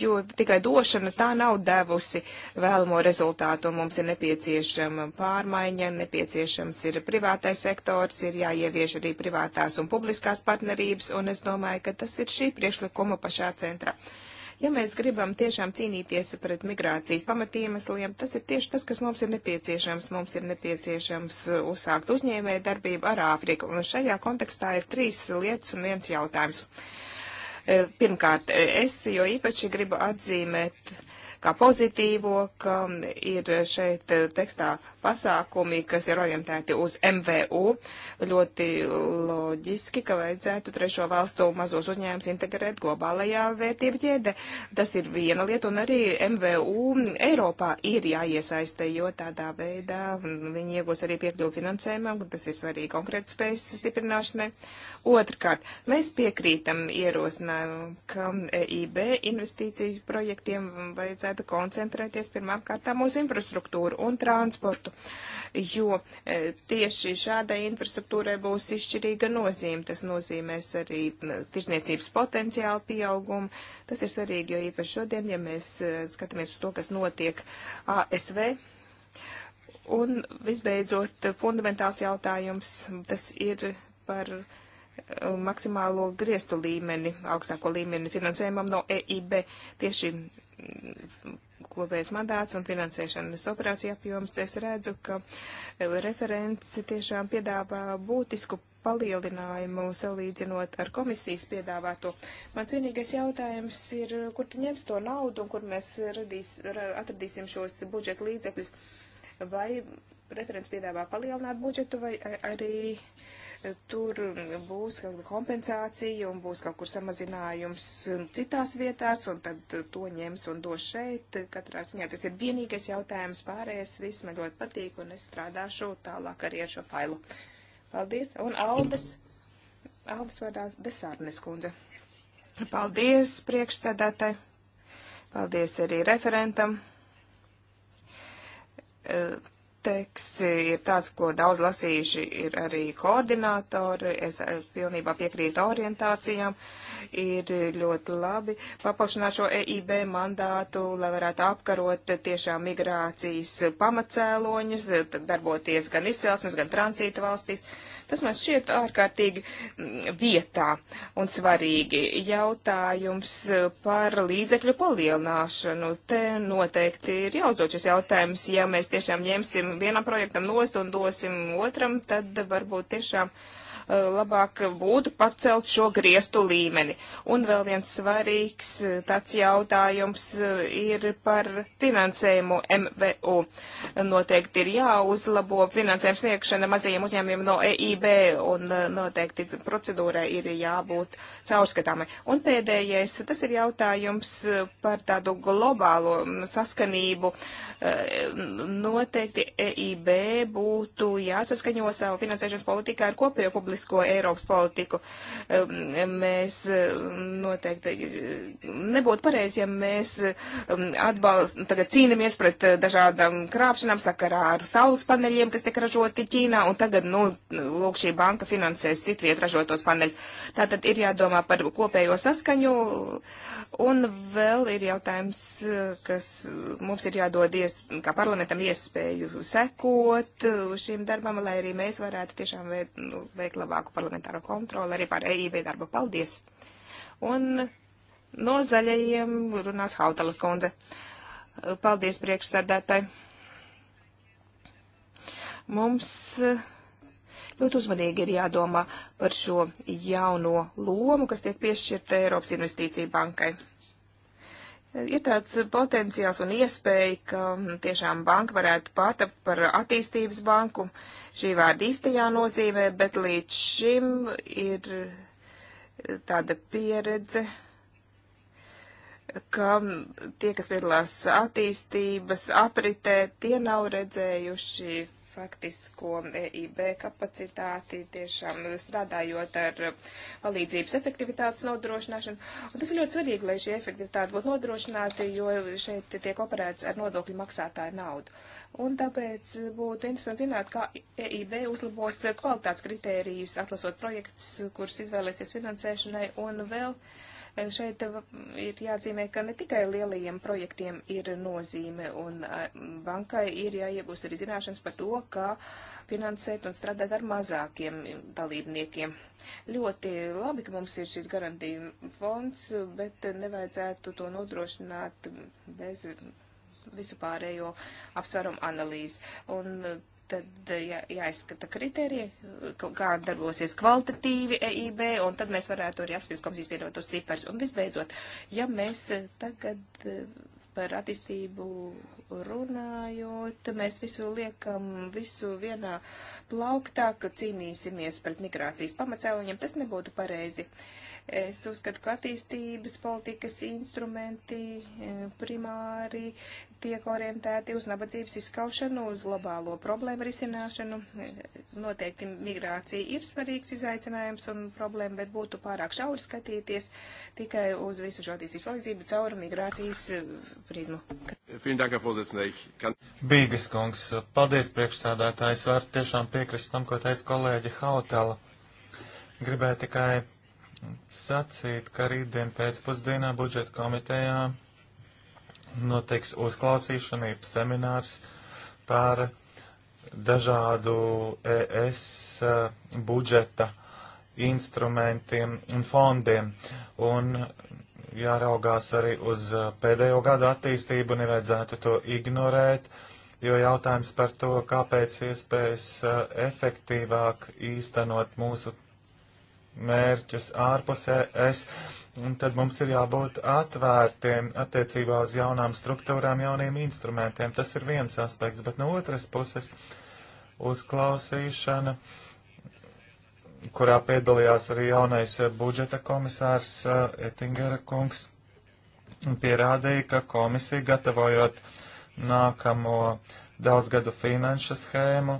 jo tikai došana tā nav devusi vēlamo rezultātu, un mums ir nepieciešama pārmaiņa, nepieciešams ir privātais sektors, ir jāievieš arī privātās un publiskās partnerības, un es domāju, ka tas ir šī priekšlikuma pašā centrā. Ja mēs gribam tiešām cīnīties pret migrācijas pamatiemesliem, tas ir tieši tas, kas mums ir nepieciešams. Mums ir nepieciešams uzsākt uzņēmēju darbību ar Āfriku, un šajā kontekstā ir trīs lietas un viens jautājums. Uh, Pirmkārt, es jo īpaši gribu atzīmēt kā pozitīvo, ka ir šeit tekstā pasākumi, kas ir orientēti uz MVU. Ļoti loģiski, ka vajadzētu trešo valstu mazos uzņēmums integrēt globālajā vērtību ķēdē. Tas ir viena lieta, un arī MVU Eiropā ir jāiesaista, jo tādā veidā viņi iegūs arī piekļuvu finansējumam, un tas ir svarīgi konkrēti spējas stiprināšanai. Otrkārt, mēs piekrītam ierosinājumam, ka EIB investīciju projektiem vajadzētu vajadzētu koncentrēties pirmkārtām uz infrastruktūru un transportu, jo e, tieši šādai infrastruktūrai būs izšķirīga nozīme. Tas nozīmēs arī tirzniecības potenciālu pieaugumu. Tas ir svarīgi, jo īpaši šodien, ja mēs e, skatāmies uz to, kas notiek ASV. Un visbeidzot, fundamentāls jautājums, tas ir par e, maksimālo griestu līmeni, augstāko līmeni finansējumam no EIB. Tieši kopējais mandāts un finansēšanas operācija apjoms, es redzu, ka e, referents tiešām piedāvā būtisku palielinājumu salīdzinot ar komisijas piedāvāto. Man cienīgais jautājums ir, kur tu ņems to naudu un kur mēs radīs, atradīsim šos budžeta līdzekļus? Vai referents piedāvā palielināt budžetu vai arī. Uh, tur būs kompensācija un būs kaut kur samazinājums citās vietās, un tad to ņems un dos šeit. Katrā ziņā tas ir vienīgais jautājums pārējais. Viss man ļoti patīk, un es strādāšu tālāk arī ar šo failu. Paldies, un Aldas, Aldas vārdā Desārnes kundze. Paldies priekšsēdētāji, paldies arī referentam eh, Kodeks ir tāds, ko daudz lasījuši ir arī koordinātori. Es eh, pilnībā piekrītu orientācijām. Ir ļoti labi paplašināt šo EIB mandātu, lai varētu apkarot tiešām migrācijas pamatcēloņus, darboties gan izcelsmes, gan tranzīta valstīs. Tas man šķiet ārkārtīgi mm, vietā un svarīgi jautājums eh, par līdzekļu palielināšanu. Te noteikti ir jāuzdod šis jautājums, ja mēs tiešām ņemsim vienam projektam nost un dosim otram, tad varbūt tiešām. Uh, Eh, labāk būtu pacelt šo griestu līmeni. Un vēl viens svarīgs eh, tāds jautājums eh, ir par finansējumu MVU. Noteikti ir jāuzlabo finansējuma sniegšana mazajiem uzņēmumiem no EIB un noteikti procedūrai ir jābūt caurskatāmai. Un pēdējais, tas ir jautājums par tādu globālo mm, saskanību. Noteikti EIB būtu jāsaskaņo savu finansēšanas politiku ar kopējo publiku publisko Eiropas politiku. Mēs noteikti nebūtu pareizi, ja mēs atbalst, nu, tagad cīnamies pret eh, dažādām krāpšanām sakarā ar saules paneļiem, kas tiek ražoti Ķīnā, un tagad, nu, lūk, šī banka finansēs citviet ražotos paneļus. Tātad ir jādomā par kopējo saskaņu, un vēl ir jautājums, kas mums ir jādod, ies, kā parlamentam, iespēju sekot šim darbam, lai arī mēs varētu tiešām veikt, nu, veikt labāku parlamentāro kontroli arī par EIB darbu. Paldies! Un no zaļajiem runās Hautalas kundze. Paldies priekšsēdētāji. Mums ļoti uzmanīgi ir jādomā par šo jauno lomu, kas tiek piešķirta Eiropas investīcija bankai ir tāds potenciāls un iespēja, ka mm, tiešām banka varētu pārtapt par attīstības banku šī vārda īstajā nozīmē, bet līdz šim ir tāda pieredze, ka mm, tie, kas piedalās attīstības apritē, tie nav redzējuši faktisko EIB kapacitāti, tiešām strādājot ar palīdzības efektivitātes nodrošināšanu. Un tas ir ļoti svarīgi, lai šī efektivitāte būtu nodrošināta, jo šeit tiek operēts ar nodokļu maksātāju naudu. Un tāpēc būtu interesanti zināt, kā EIB uzlabos kvalitātes kritērijus, atlasot projekts, kurus izvēlēsies finansēšanai un vēl. Uh, Šeit ir jāatzīmē, ka ne tikai lielajiem projektiem ir nozīme, un bankai ir jāiegūst arī zināšanas par to, kā finansēt un strādāt ar mazākiem dalībniekiem. Ļoti labi, ka mums ir šis garantija fonds, bet nevajadzētu to nodrošināt bez visu pārējo apsvarumu analīzi. Un tad eh, jā, jāizskata kriterija, eh, kā darbosies kvalitatīvi EIB, un tad mēs varētu arī apspriest komisijas piedotos cipars. Un visbeidzot, ja mēs eh, tagad par attīstību runājot, mēs visu liekam visu vienā plauktā, ka cīnīsimies pret migrācijas pamatcēliņiem, tas nebūtu pareizi. Uh, Es uzskatu, ka attīstības politikas instrumenti e, primāri tiek orientēti uz nabadzības izskaušanu, uz globālo problēmu risināšanu. E, Noteikti migrācija ir svarīgs izaicinājums un problēma, bet būtu pārāk šauri skatīties tikai uz visu šo attīstības palīdzību caur migrācijas e, prizmu. Bīgas kungs, paldies priekšsādātājs, var tiešām piekrist tam, ko teica kolēģi Hautala. Gribēju tikai sacīt, ka rītdien pēcpusdienā budžeta komitejā notiks uzklausīšana, ir seminārs par dažādu ES uh, budžeta instrumentiem un fondiem. Un jāraugās arī uz uh, pēdējo gadu attīstību, nevajadzētu to ignorēt, jo jautājums par to, kāpēc iespējas uh, efektīvāk īstenot mūsu mērķus ārpusē es, un tad mums ir jābūt atvērtiem attiecībā uz jaunām struktūrām, jauniem instrumentiem. Tas ir viens aspekts, bet no otras puses uzklausīšana, kurā piedalījās arī jaunais budžeta komisārs eh, Ettingera kungs, pierādīja, ka komisija gatavojot nākamo daudzgadu finanšu schēmu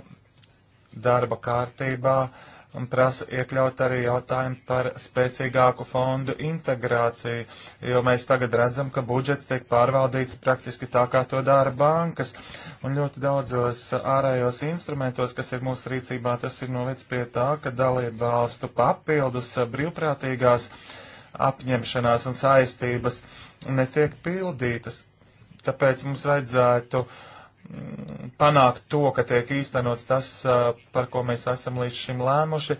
darba kārtībā uh, un prasa iekļaut arī jautājumu par spēcīgāku fondu integrāciju, jo mēs tagad redzam, ka budžets tiek pārvaldīts praktiski tā, kā to dara bankas, un ļoti daudzos ārējos instrumentos, kas ir mūsu rīcībā, tas ir noliec pie tā, ka dalība valstu papildus brīvprātīgās apņemšanās un saistības netiek pildītas. Tāpēc mums vajadzētu uh, panākt to, ka tiek īstenots tas, par ko mēs esam līdz šim lēmuši,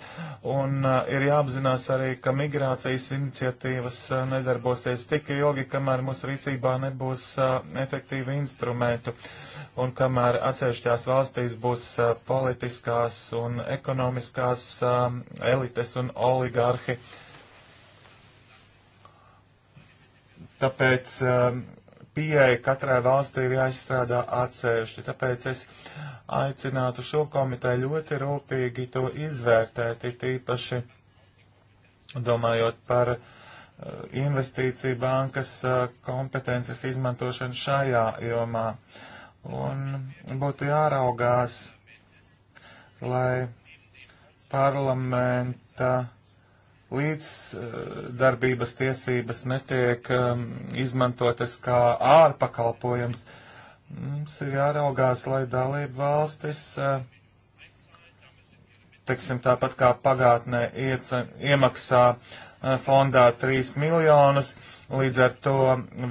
un ir jāapzinās arī, ka migrācijas iniciatīvas nedarbosies tik ilgi, kamēr mūsu rīcībā nebūs efektīvi instrumentu, un kamēr atsevišķās valstīs būs politiskās un ekonomiskās elites un oligarhi. Tāpēc pieeja katrai valstī ir jāizstrādā atsevišķi. Tāpēc es aicinātu šo komiteju ļoti rūpīgi to izvērtēt, it īpaši domājot par eh, investīciju bankas eh, kompetences izmantošanu šajā jomā. Un būtu jāraugās, lai parlamenta līdzdarbības eh, tiesības netiek um, izmantotas kā ārpakalpojums. Mums ir jāraugās, lai dalību valstis, uh, teiksim, tāpat kā pagātnē ieca, iemaksā uh, fondā 3 miljonus, līdz ar to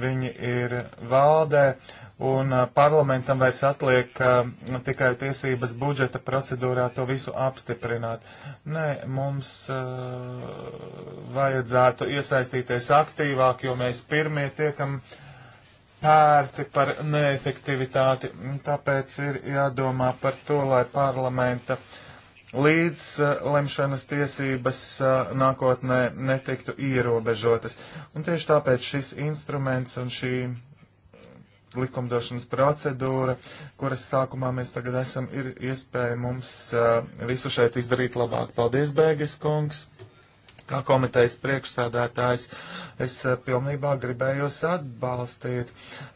viņi ir valdē. Uh, un parlamentam vairs atliek tikai tiesības budžeta procedūrā to visu apstiprināt. Nē, mums vajadzētu iesaistīties aktīvāk, jo mēs pirmie tiekam pērti par neefektivitāti. Tāpēc ir jādomā par to, lai parlamenta līdz uh, lemšanas tiesības uh, nākotnē netiktu ierobežotas. Un tieši tāpēc šis instruments un šī likumdošanas procedūra, kuras sākumā mēs tagad esam, ir iespēja mums uh, visu šeit izdarīt labāk. Paldies, Bēgis kungs! Kā komitejas priekšsādātājs, es uh, pilnībā gribēju jūs atbalstīt.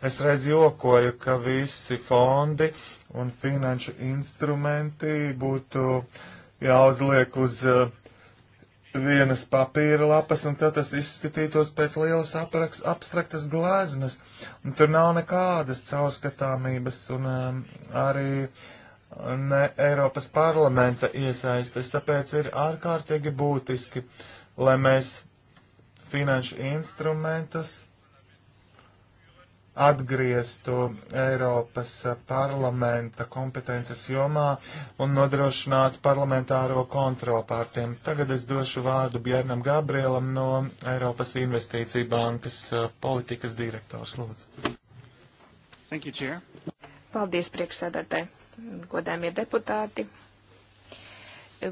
Es reiz jokoju, ka visi fondi un finanšu instrumenti būtu jāuzliek uz uh, vienas papīra lapas, un tad tas izskatītos pēc lielas apraks, abstraktas glāznes. Un tur nav nekādas caurskatāmības un um, arī ne Eiropas parlamenta iesaistes. Tāpēc ir ārkārtīgi būtiski, lai mēs finanšu instrumentus atgrieztu Eiropas parlamenta kompetences jomā un nodrošinātu parlamentāro kontroli pār tiem. Tagad es došu vārdu Bjernam Gabrielam no Eiropas Investīcija bankas eh, politikas direktors. Lūdzu. Thank you, Chair. Paldies, priekšsēdētāji, godājumie deputāti.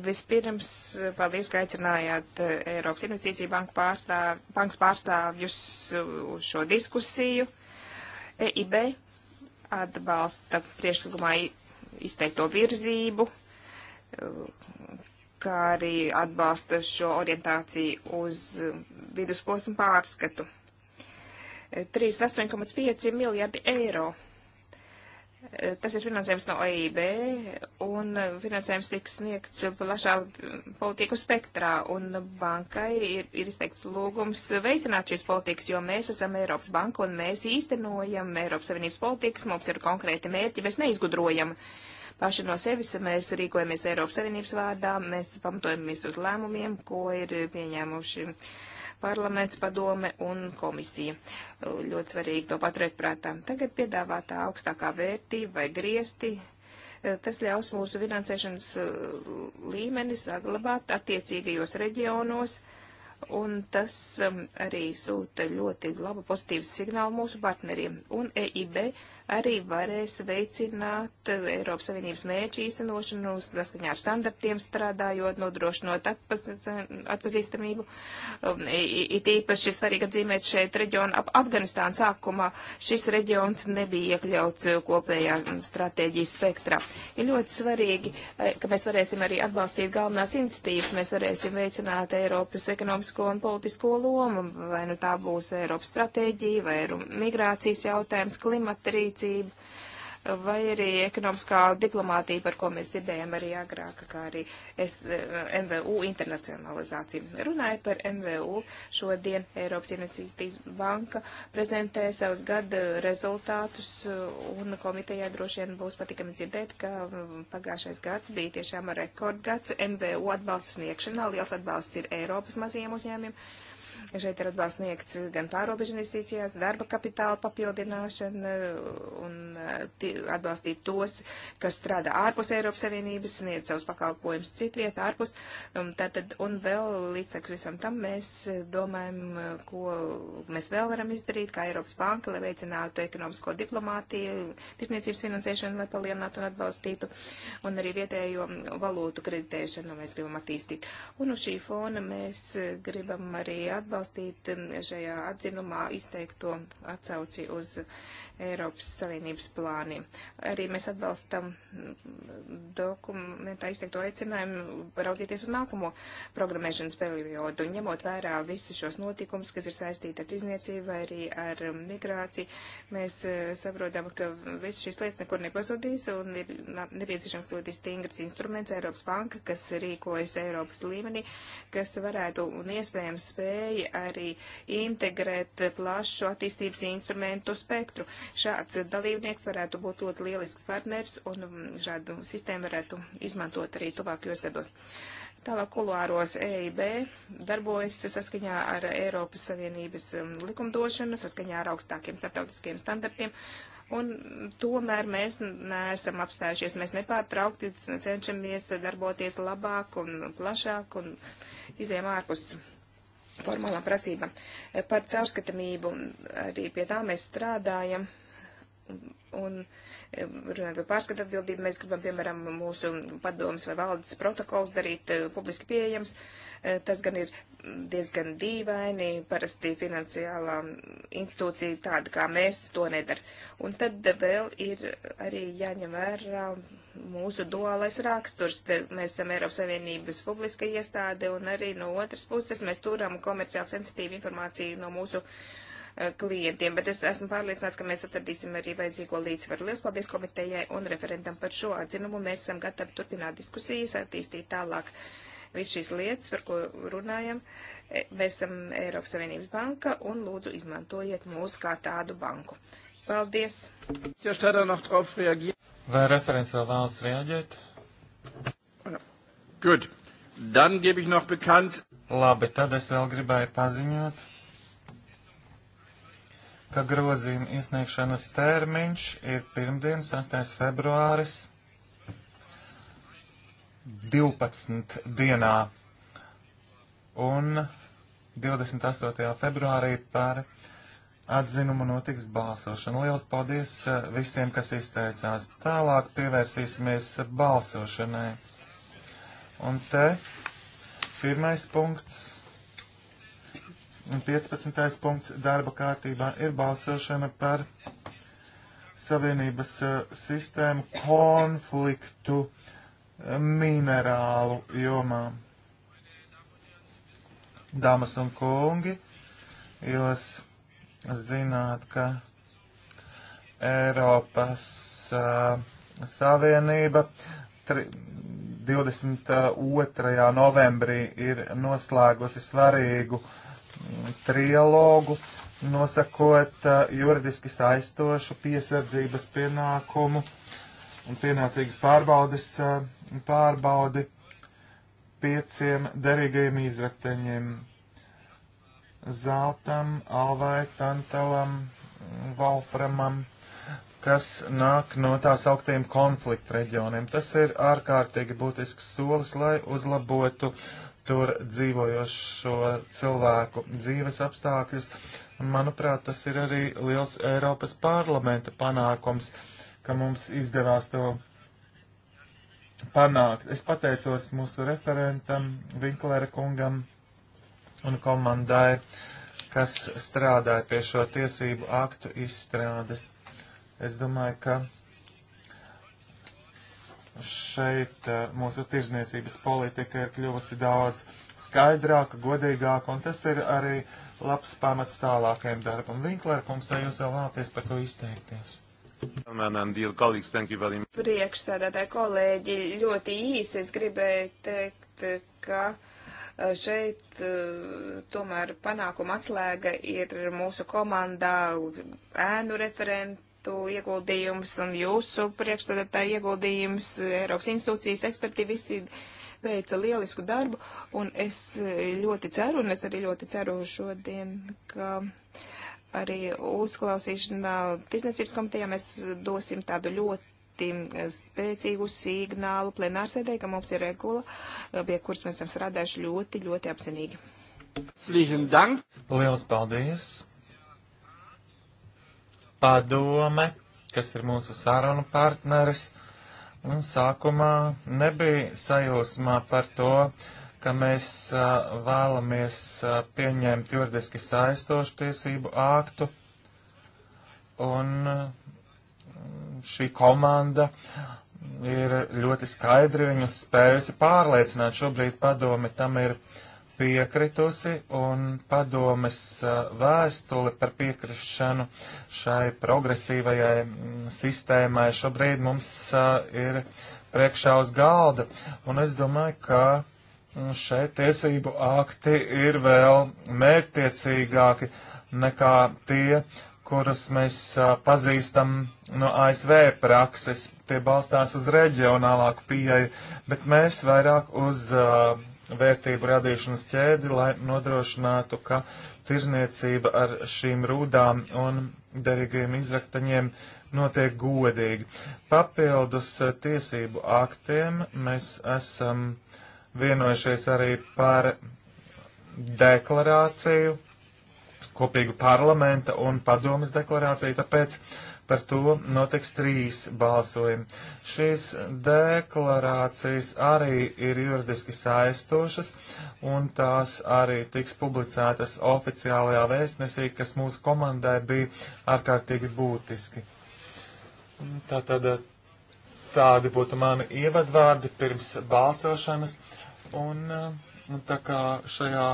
Vispirms, eh, paldies, ka aicinājāt eh, Eiropas Investīcija bankas pārstāv, bankas pārstāvjus uz šo diskusiju. EIB atbalsta priekšlikumā izteikto virzību, kā arī atbalsta šo orientāciju uz vidusposmu pārskatu. 38,5 miljardi eiro Tas ir finansējums no OIB, un finansējums tiks sniegts plašā politiku spektrā, un bankai ir, ir izteikts lūgums veicināt šīs politikas, jo mēs esam Eiropas banka, un mēs īstenojam Eiropas Savienības politikas, mums ir konkrēti mērķi, mēs neizgudrojam paši no sevis, mēs rīkojamies Eiropas Savienības vārdā, mēs pamatojamies uz lēmumiem, ko ir pieņēmuši. Uh, parlaments, padome un komisija. Ļoti svarīgi to paturēt prātā. Tagad piedāvātā augstākā vērtība vai griesti. Eh, tas ļaus mūsu finansēšanas eh, līmeni saglabāt attiecīgajos reģionos, un tas eh, arī sūta ļoti labu pozitīvu signālu mūsu partneriem. Un EIB arī varēs veicināt Eiropas Savienības mērķu īstenošanu, saskaņā ar standartiem strādājot, nodrošinot atpaz, atpazīstamību. Um, it īpaši svarīgi atzīmēt šeit reģionu ap Afganistānu sākumā. Šis reģions nebija iekļauts kopējā stratēģijas spektrā. Ir ļoti svarīgi, eh, ka mēs varēsim arī atbalstīt galvenās iniciatīvas, mēs varēsim veicināt Eiropas ekonomisko un politisko lomu, vai nu tā būs Eiropas stratēģija, vai migrācijas jautājums, klimata rīt palīdzību, vai arī ekonomiskā diplomātija, par ko mēs dzirdējām arī agrāk, kā arī es, eh, MVU internacionalizāciju. Runājot par MVU, šodien Eiropas Investīcijas banka prezentē savus gada rezultātus, eh, un komitejā droši vien būs patikami dzirdēt, ka mm, pagājušais gads bija tiešām rekordgads MVU atbalsta sniegšanā. Liels atbalsts ir Eiropas mazajiem uzņēmumiem Šeit ir atbalsts sniegts gan pārobežu investīcijās, darba kapitāla papildināšana un e, atbalstīt tos, kas strādā ārpus Eiropas Savienības, sniedz savus pakalpojumus citviet ārpus. Um, Tātad, un vēl līdzekļus visam tam mēs domājam, e, ko mēs vēl varam izdarīt, kā Eiropas banka, lai veicinātu ekonomisko diplomātiju, tirsniecības finansēšanu, lai palielinātu un atbalstītu, un arī vietējo valūtu kreditēšanu mēs gribam attīstīt. Un uz šī fona mēs gribam arī atbalstīt atbalstīt um, šajā atzinumā izteikto atsauci uz Eiropas Savienības plāniem. Arī mēs atbalstam dokumentā izteikto aicinājumu raudzīties uz nākamo programmēšanas periodu, ņemot vērā visus šos notikumus, kas ir saistīti ar izniecību vai arī ar migrāciju. Mēs eh, saprotam, ka visas šīs lietas nekur nepazudīs un ir nepieciešams ļoti stingrs instruments Eiropas banka, kas rīkojas Eiropas līmenī, kas varētu un iespējams spēja arī integrēt plašu attīstības instrumentu spektru. Šāds dalībnieks varētu būt ļoti lielisks partners, un um, šādu sistēmu varētu izmantot arī tuvākajos gados. Tālāk kuluāros EIB darbojas saskaņā ar Eiropas Savienības um, likumdošanu, saskaņā ar augstākiem starptautiskiem standartiem. Un tomēr mēs neesam apstājušies, mēs nepārtraukti cenšamies darboties labāk un plašāk un izējām ārpus formālām prasībām. Par caurskatamību arī pie tā mēs strādājam. Un um, runājot par pārskatu atbildību, mēs gribam, piemēram, mūsu padomus vai valdes protokols darīt uh, publiski pieejams. Uh, tas gan ir diezgan dīvaini, parasti finansiālā institūcija tāda kā mēs to nedara. Un tad vēl ir arī jāņem vērā mūsu duālais raksturs. Te mēs esam Eiropas Savienības publiska iestāde un arī no otras puses mēs turam komerciāli sensitīvu informāciju no mūsu uh, Eh, klientiem, bet es esmu pārliecināts, ka mēs atradīsim arī vajadzīgo līdzsvaru. Lielas paldies komitejai un referentam par šo atzinumu. Mēs esam gatavi turpināt diskusijas, attīstīt tālāk visu šīs lietas, par ko runājam. Eh, mēs esam Eiropas Savienības banka un lūdzu izmantojiet mūs kā tādu banku. Paldies! Vai referents vēl vēlas reaģēt? Oh, Good. Dann gebe ich noch bekannt. Labi, tad es vēl gribēju paziņot ka grozījuma iesniegšanas termiņš ir pirmdien, 8. februāris, 12 dienā, un 28. februārī par atzinumu notiks balsošana. Liels paldies eh, visiem, kas izteicās. Tālāk pievērsīsimies balsošanai. Un te pirmais punkts 15. punkts darba kārtībā ir balsošana par Savienības eh, sistēmu konfliktu eh, minerālu jomā. Dāmas un kungi, jūs zināt, ka Eiropas uh, Savienība 22. novembrī ir noslēgusi svarīgu uh, trialogu, nosakot eh, juridiski saistošu piesardzības pienākumu un pienācīgas pārbaudes eh, pārbaudi pieciem derīgajiem izrakteņiem - zeltam, alvai, tantalam, valframam kas nāk no tās augtiem konflikta reģioniem. Tas ir ārkārtīgi būtisks solis, lai uzlabotu tur dzīvojošo cilvēku dzīves apstākļus. Manuprāt, tas ir arī liels Eiropas parlamenta panākums, ka mums izdevās to panākt. Es pateicos mūsu referentam, Vinklera kungam un komandai, kas strādāja pie šo tiesību aktu izstrādes. Es domāju, ka šeit eh, mūsu tirzniecības politika ir kļuvusi daudz skaidrāka, godīgāka, un tas ir arī labs pamats tālākajam darbam. Vinklēr, kungs, vai jūs vēl vēlaties par to izteikties? Priekšsēdētāji kolēģi, ļoti īsi es gribēju teikt, ka eh, šeit eh, tomēr panākuma atslēga ir mūsu komandā ēnu referenti ekspertu ieguldījums un jūsu priekšstādātāja ieguldījums, Eiropas institūcijas eksperti visi veica lielisku darbu, un es ļoti ceru, un es arī ļoti ceru šodien, ka arī uzklausīšanā tirsniecības komitejā mēs dosim tādu ļoti ļoti spēcīgu signālu plenārsēdē, ka mums ir regula, pie kuras mēs esam strādājuši ļoti, ļoti apzinīgi. Lielas paldies! padome, kas ir mūsu sarunu partneris, un sākumā nebija sajūsmā par to, ka mēs a, vēlamies a, pieņemt juridiski saistošu tiesību aktu, un a, šī komanda ir ļoti skaidri viņus spējusi pārliecināt. Šobrīd padome tam ir piekritusi un padomes vēstule par piekrišanu šai progresīvajai mm, sistēmai šobrīd mums ir priekšā uz galda. Un es domāju, ka mm, šeit tiesību akti ir vēl mērķtiecīgāki nekā tie, kurus mēs pazīstam no ASV prakses. Tie balstās uz reģionālāku pieeju, bet mēs vairāk uz uh, vērtību radīšanas ķēdi, lai nodrošinātu, ka tirzniecība ar šīm rūdām un derīgiem izraktaņiem notiek godīgi. Papildus eh, tiesību aktiem mēs esam vienojušies arī par deklarāciju, kopīgu parlamenta un padomas deklarāciju, tāpēc uh, Par to notiks trīs balsojumi. Šīs deklarācijas arī ir juridiski saistošas, un tās arī tiks publicētas oficiālajā vēstnesī, kas mūsu komandai bija ārkārtīgi būtiski. Tātad tādi būtu mani ievadvārdi pirms balsošanas, un tā kā šajā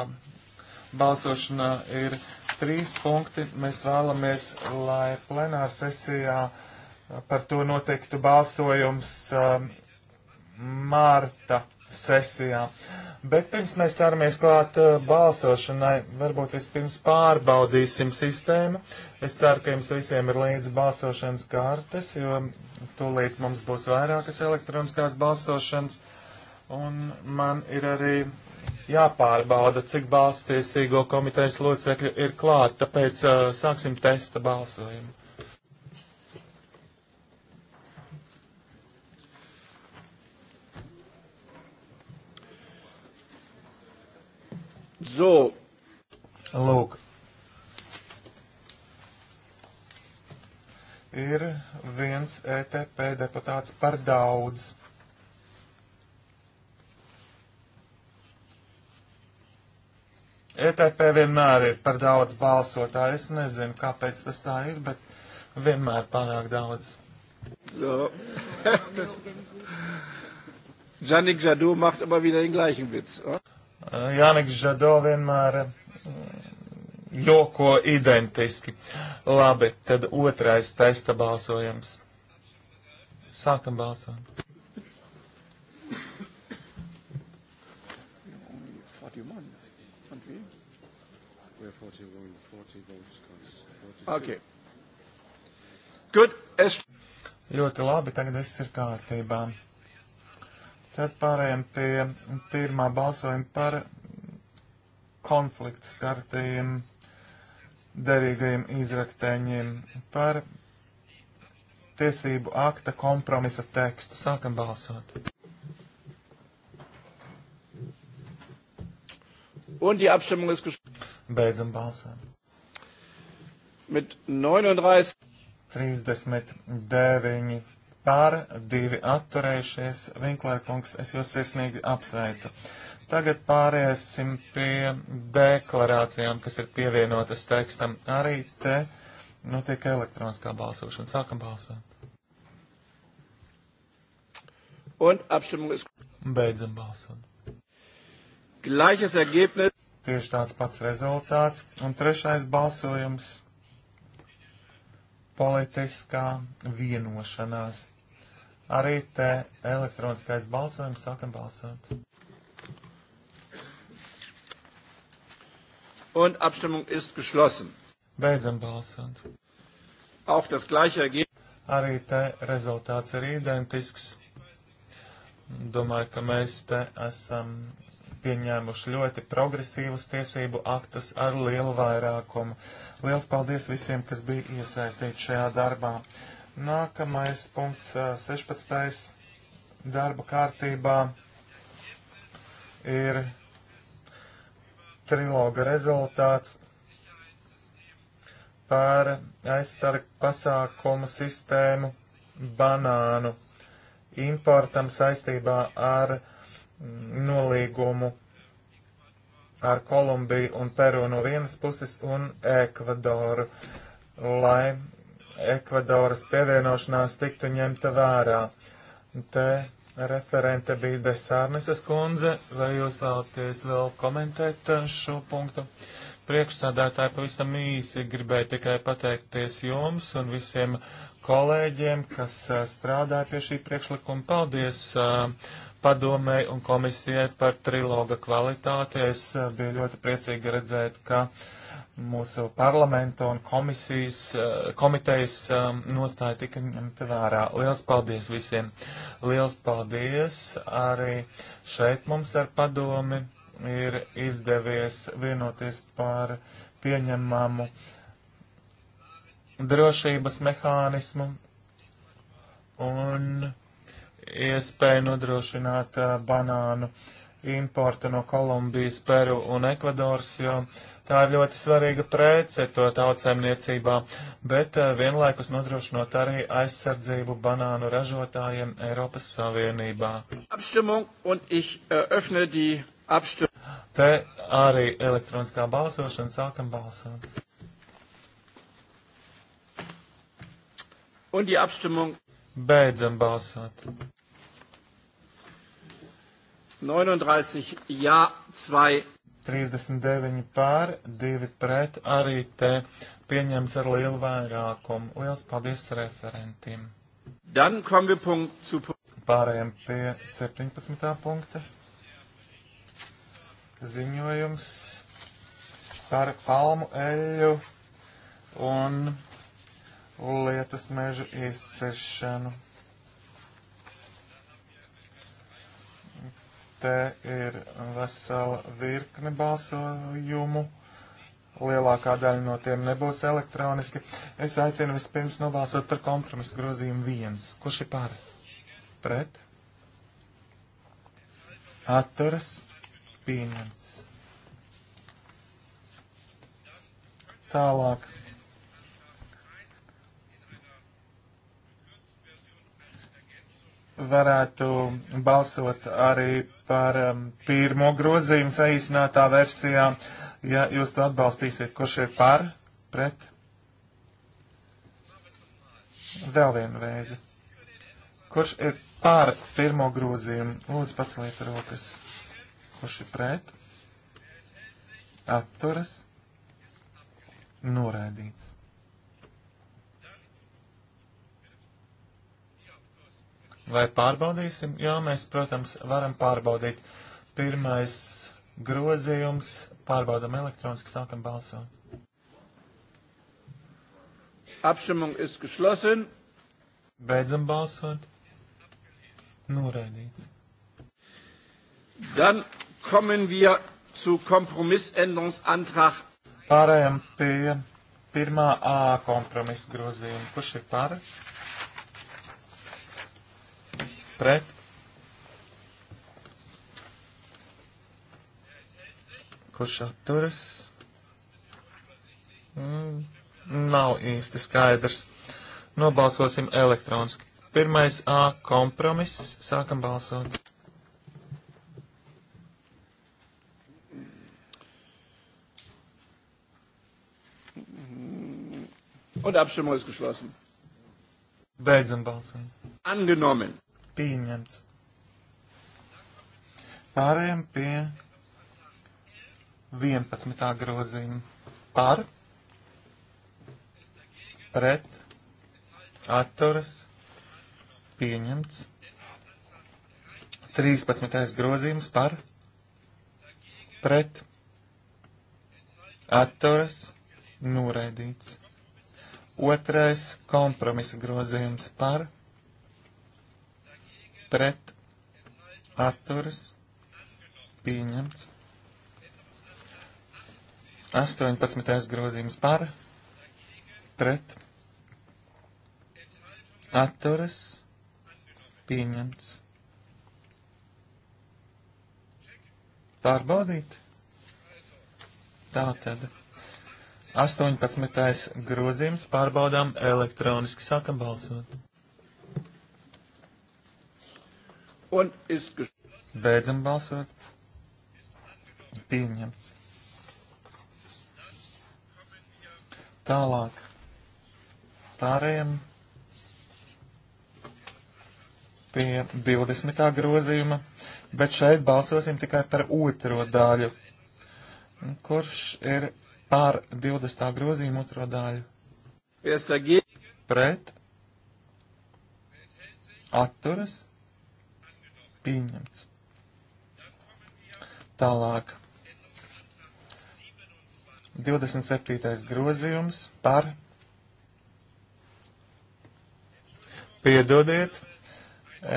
balsošanā ir Trīs punkti mēs vēlamies, lai plenāra sesijā eh, par to noteiktu balsojums um, mārta sesijā. Bet pirms mēs ķeramies klāt uh, balsošanai, varbūt vispirms pārbaudīsim sistēmu. Es ceru, ka jums visiem ir līdzi balsošanas kartes, jo tūlīt mums būs vairākas elektroniskās balsošanas. Un man ir arī jāpārbauda, cik balstiesīgo komitejas locekļu ir klāt, tāpēc uh, sāksim testa balsojumu. So. Lūk. Ir viens ETP deputāts par daudz. EPP vienmēr ir par daudz balsotāju. Es nezinu, kāpēc tas tā ir, bet vienmēr pārāk daudz. So. Janik Žado macht immer wieder den gleichen Witz. Äh, Janik Žado vienmēr äh, joko identiski. Labi, tad otrais testa balsojums. Sākam balsot. Okay. Good. Es... Ļoti labi, tagad viss ir kārtībā. Tad pārējām pie pirmā balsojuma par konflikts skartajiem derīgajiem izrakteņiem, par tiesību akta kompromisa tekstu. Sākam balsot. Un die Abstimmung ist geschlossen. Beidzam balsot mit 39. 39 pār, 2 atturējušies. Vinklērkungs, es jūs sirsnīgi apsveicu. Tagad pāriesim pie deklarācijām, kas ir pievienotas tekstam. Arī te notiek elektroniskā balsošana. Sākam balsot. Un apstimulis. Beidzam balsot. Gleiches ergebnis. Tieši tāds pats rezultāts. Un trešais balsojums politiskā vienošanās. Arī te elektroniskais balsojums sākam balsot. Und Abstimmung ist geschlossen. Beidzam balsot. Auch das gleiche Ergebnis. Arī te rezultāts ir identisks. Domāju, ka mēs te esam pieņēmuši ļoti progresīvus tiesību aktus ar lielu vairākumu. Liels paldies visiem, kas bija iesaistīti šajā darbā. Nākamais punkts, 16. darba kārtībā, ir triloga rezultāts par aizsargu pasākumu sistēmu banānu importam saistībā ar nolīgumu ar Kolumbiju un Peru no vienas puses un Ekvadoru, lai Ekvadoras pievienošanās tiktu ņemta vērā. Te referente bija Desārneses kundze, vai jūs vēlaties vēl komentēt šo punktu? Priekšsādātāji pavisam īsi gribēja tikai pateikties jums un visiem kolēģiem, kas strādāja pie šī priekšlikuma. Paldies! Uh, padomēji un komisijai par triloga kvalitāti. Es eh, biju ļoti priecīgi redzēt, ka mūsu parlamenta un komisijas, eh, komitejas eh, nostāja tika ņemta vērā. Liels paldies visiem! Liels paldies! Arī šeit mums ar padomi ir izdevies vienoties par pieņemamu drošības mehānismu un iespēju nodrošināt uh, banānu importu no Kolumbijas, Peru un Ekvadoras, jo tā ir ļoti svarīga prece to tautsēmniecībā, bet uh, vienlaikus nodrošinot arī aizsardzību banānu ražotājiem Eiropas Savienībā. Äh, Te arī elektroniskā balsošana sākam balsot. Un die Abstimmung Beidzam balsot. 39 jā, 2. 39 pār, 2 pret, arī te pieņems ar lielu vairākumu. Liels paldies referentim. Dan kommen wir Punkt zu Pārējiem pie 17. punkta. Ziņojums par palmu eļu un lietas meža izciršanu. Te ir vesela virkne balsojumu. Lielākā daļa no tiem nebūs elektroniski. Es aicinu vispirms nobalsot par kompromisu grozījumu viens. Kurš ir par? Pret? Atturas? Pieņemts. Tālāk. varētu balsot arī par um, pirmo grozījumu saīsinātā versijā, ja jūs to atbalstīsiet, kurš ir par, pret. Vēl vienu reizi. Kurš ir par pirmo grozījumu? Lūdzu, paceliet rokas. Kurš ir pret? Atturas? Noraidīts. Vai pārbaudīsim? Jā, mēs, protams, varam pārbaudīt. Pirmais grozījums - pārbaudam elektroniski, sākam balsot. Abstimmung ist geschlossen. Beidzam balsot. Noraidīts. Dann kommen wir zu Kompromissänderungsantrag. Pārējām pie pirmā A kompromisa grozījuma. Kurš ir pārējām? pret. Kurš atturas? Mm, nav īsti skaidrs. Nobalsosim elektroniski. Pirmais A kompromiss. Sākam balsot. Und Abstimmung ist geschlossen. Beidzam balsot. Angenommen pieņemts. Pārējām pie 11. grozījuma par, pret, atturas, pieņemts. 13. grozījums par, pret, atturas, noraidīts. Otrais kompromisa grozījums par, pret pret atturas pieņemts. 18. grozījums par pret atturas pieņemts. Pārbaudīt. Tātad. 18. grozījums pārbaudām elektroniski sākam balsot. un ist Beidzam balsot. Pieņemts. Tālāk. Pārējiem pie 20. grozījuma, bet šeit balsosim tikai par otro daļu. Kurš ir pār 20. grozījumu otro daļu? Pret. Atturas pieņemts. Tālāk. 27. grozījums par Piedodiet,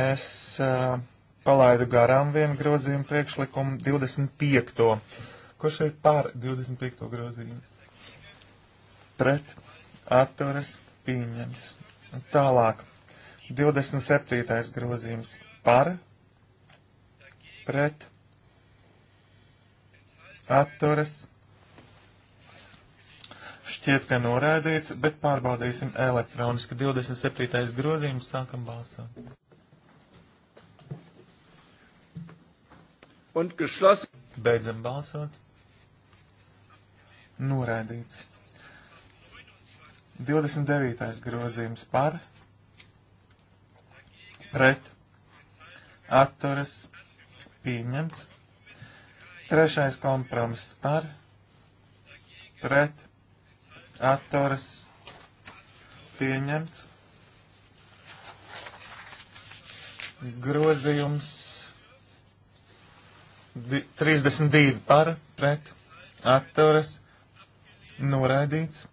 es uh, palaidu garām vienu grozījumu priekšlikumu 25. Kurš ir par 25. grozījumu? Pret atturas pieņems. Tālāk. 27. grozījums par pret atturas. Šķiet, ka norādīts, bet pārbaudīsim elektroniski. 27. grozījums sākam balsot. Un geschlossen. Beidzam balsot. Noraidīts. 29. grozījums par, pret, atturas, pieņemts. Trešais kompromiss par, pret, atturas, pieņemts. Grozījums 32 par, pret, atturas, noraidīts.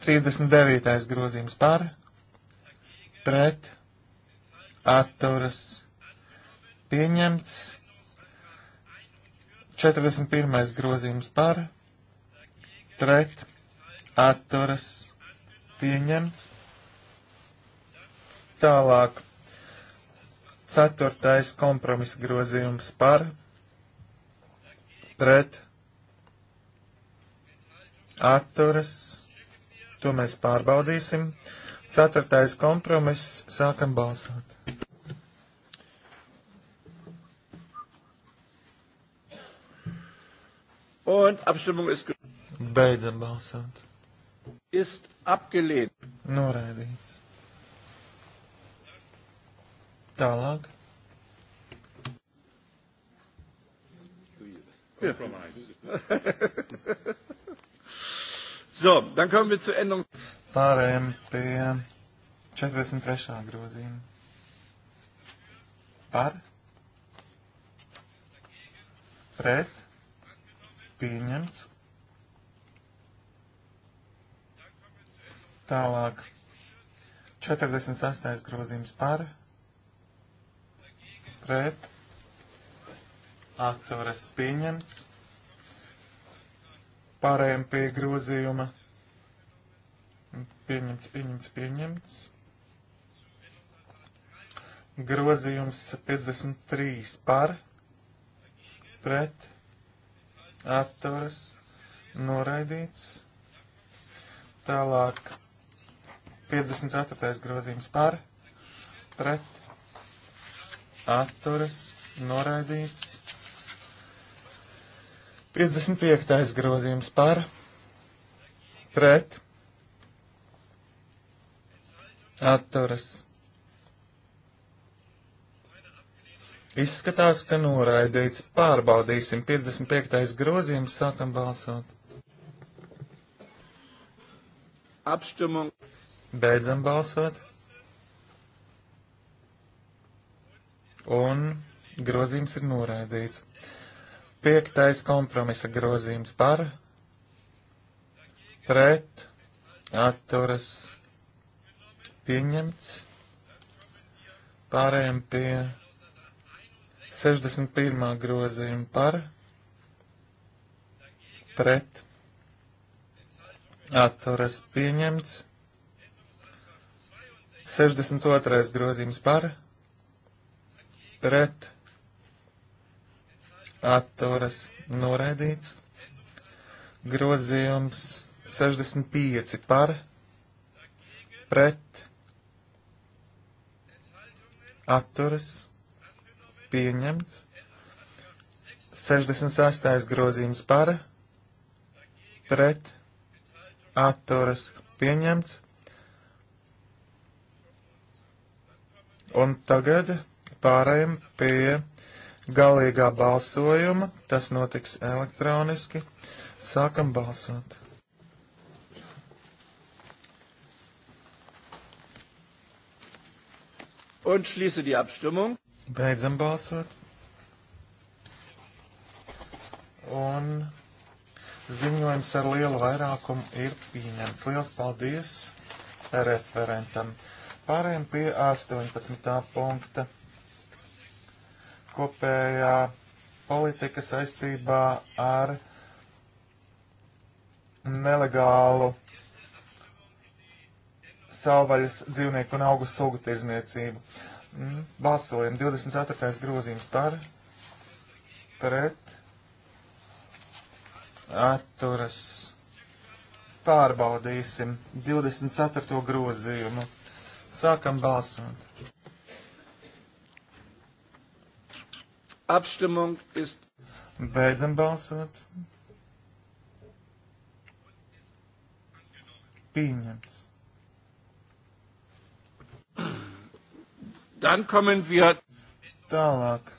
39. grozījums par, pret, atturas pieņemts. 41. grozījums par pret atturas pieņemts. Tālāk. Ceturtais kompromisa grozījums par pret atturas. To mēs pārbaudīsim. Ceturtais kompromiss. Sākam balsot. Und Abstimmung ist Beidzam balsot. Ist abgelehnt. Noraidīts. Tālāk. Ja. [LAUGHS] so, dann kommen wir zu Änderung. Pārējiem pie 43. grozījuma. Par, pret, pieņemts. Tālāk 48. grozījums par, pret, atturas pieņemts. Pārējiem pie grozījuma Pieņemts, pieņemts, pieņemts. Grozījums 53 par, pret, atturas, noraidīts. Tālāk 54. grozījums par, pret, atturas, noraidīts. 55. grozījums par, pret, atturas atturas. Izskatās, ka noraidīts. Pārbaudīsim 55. grozījums, sākam balsot. Apstumung. Beidzam balsot. Un grozījums ir noraidīts. Piektais kompromisa grozījums par, pret, atturas, pieņemts. Pārējām pie 61. grozījuma par pret atturas pieņemts. 62. grozījums par pret atturas noraidīts. Grozījums 65 par pret atturas, pieņemts. 66. grozījums par, pret, atturas, pieņemts. Un tagad pārējiem pie galīgā balsojuma. Tas notiks elektroniski. Sākam balsot. und schließe die Abstimmung. Beidzam balsot. Un ziņojums ar lielu vairākumu ir pieņemts. Liels paldies referentam. Pārējiem pie 18. punkta. Kopējā politika saistībā ar nelegālu savvaļas dzīvnieku un augu sugu tirzniecību. Mm, balsojam 24. grozījums par, pret, atturas. Pārbaudīsim 24. grozījumu. Sākam balsot. Abstimmung ist. Beidzam balsot. Pieņemts. Dann kommen wir tālāk.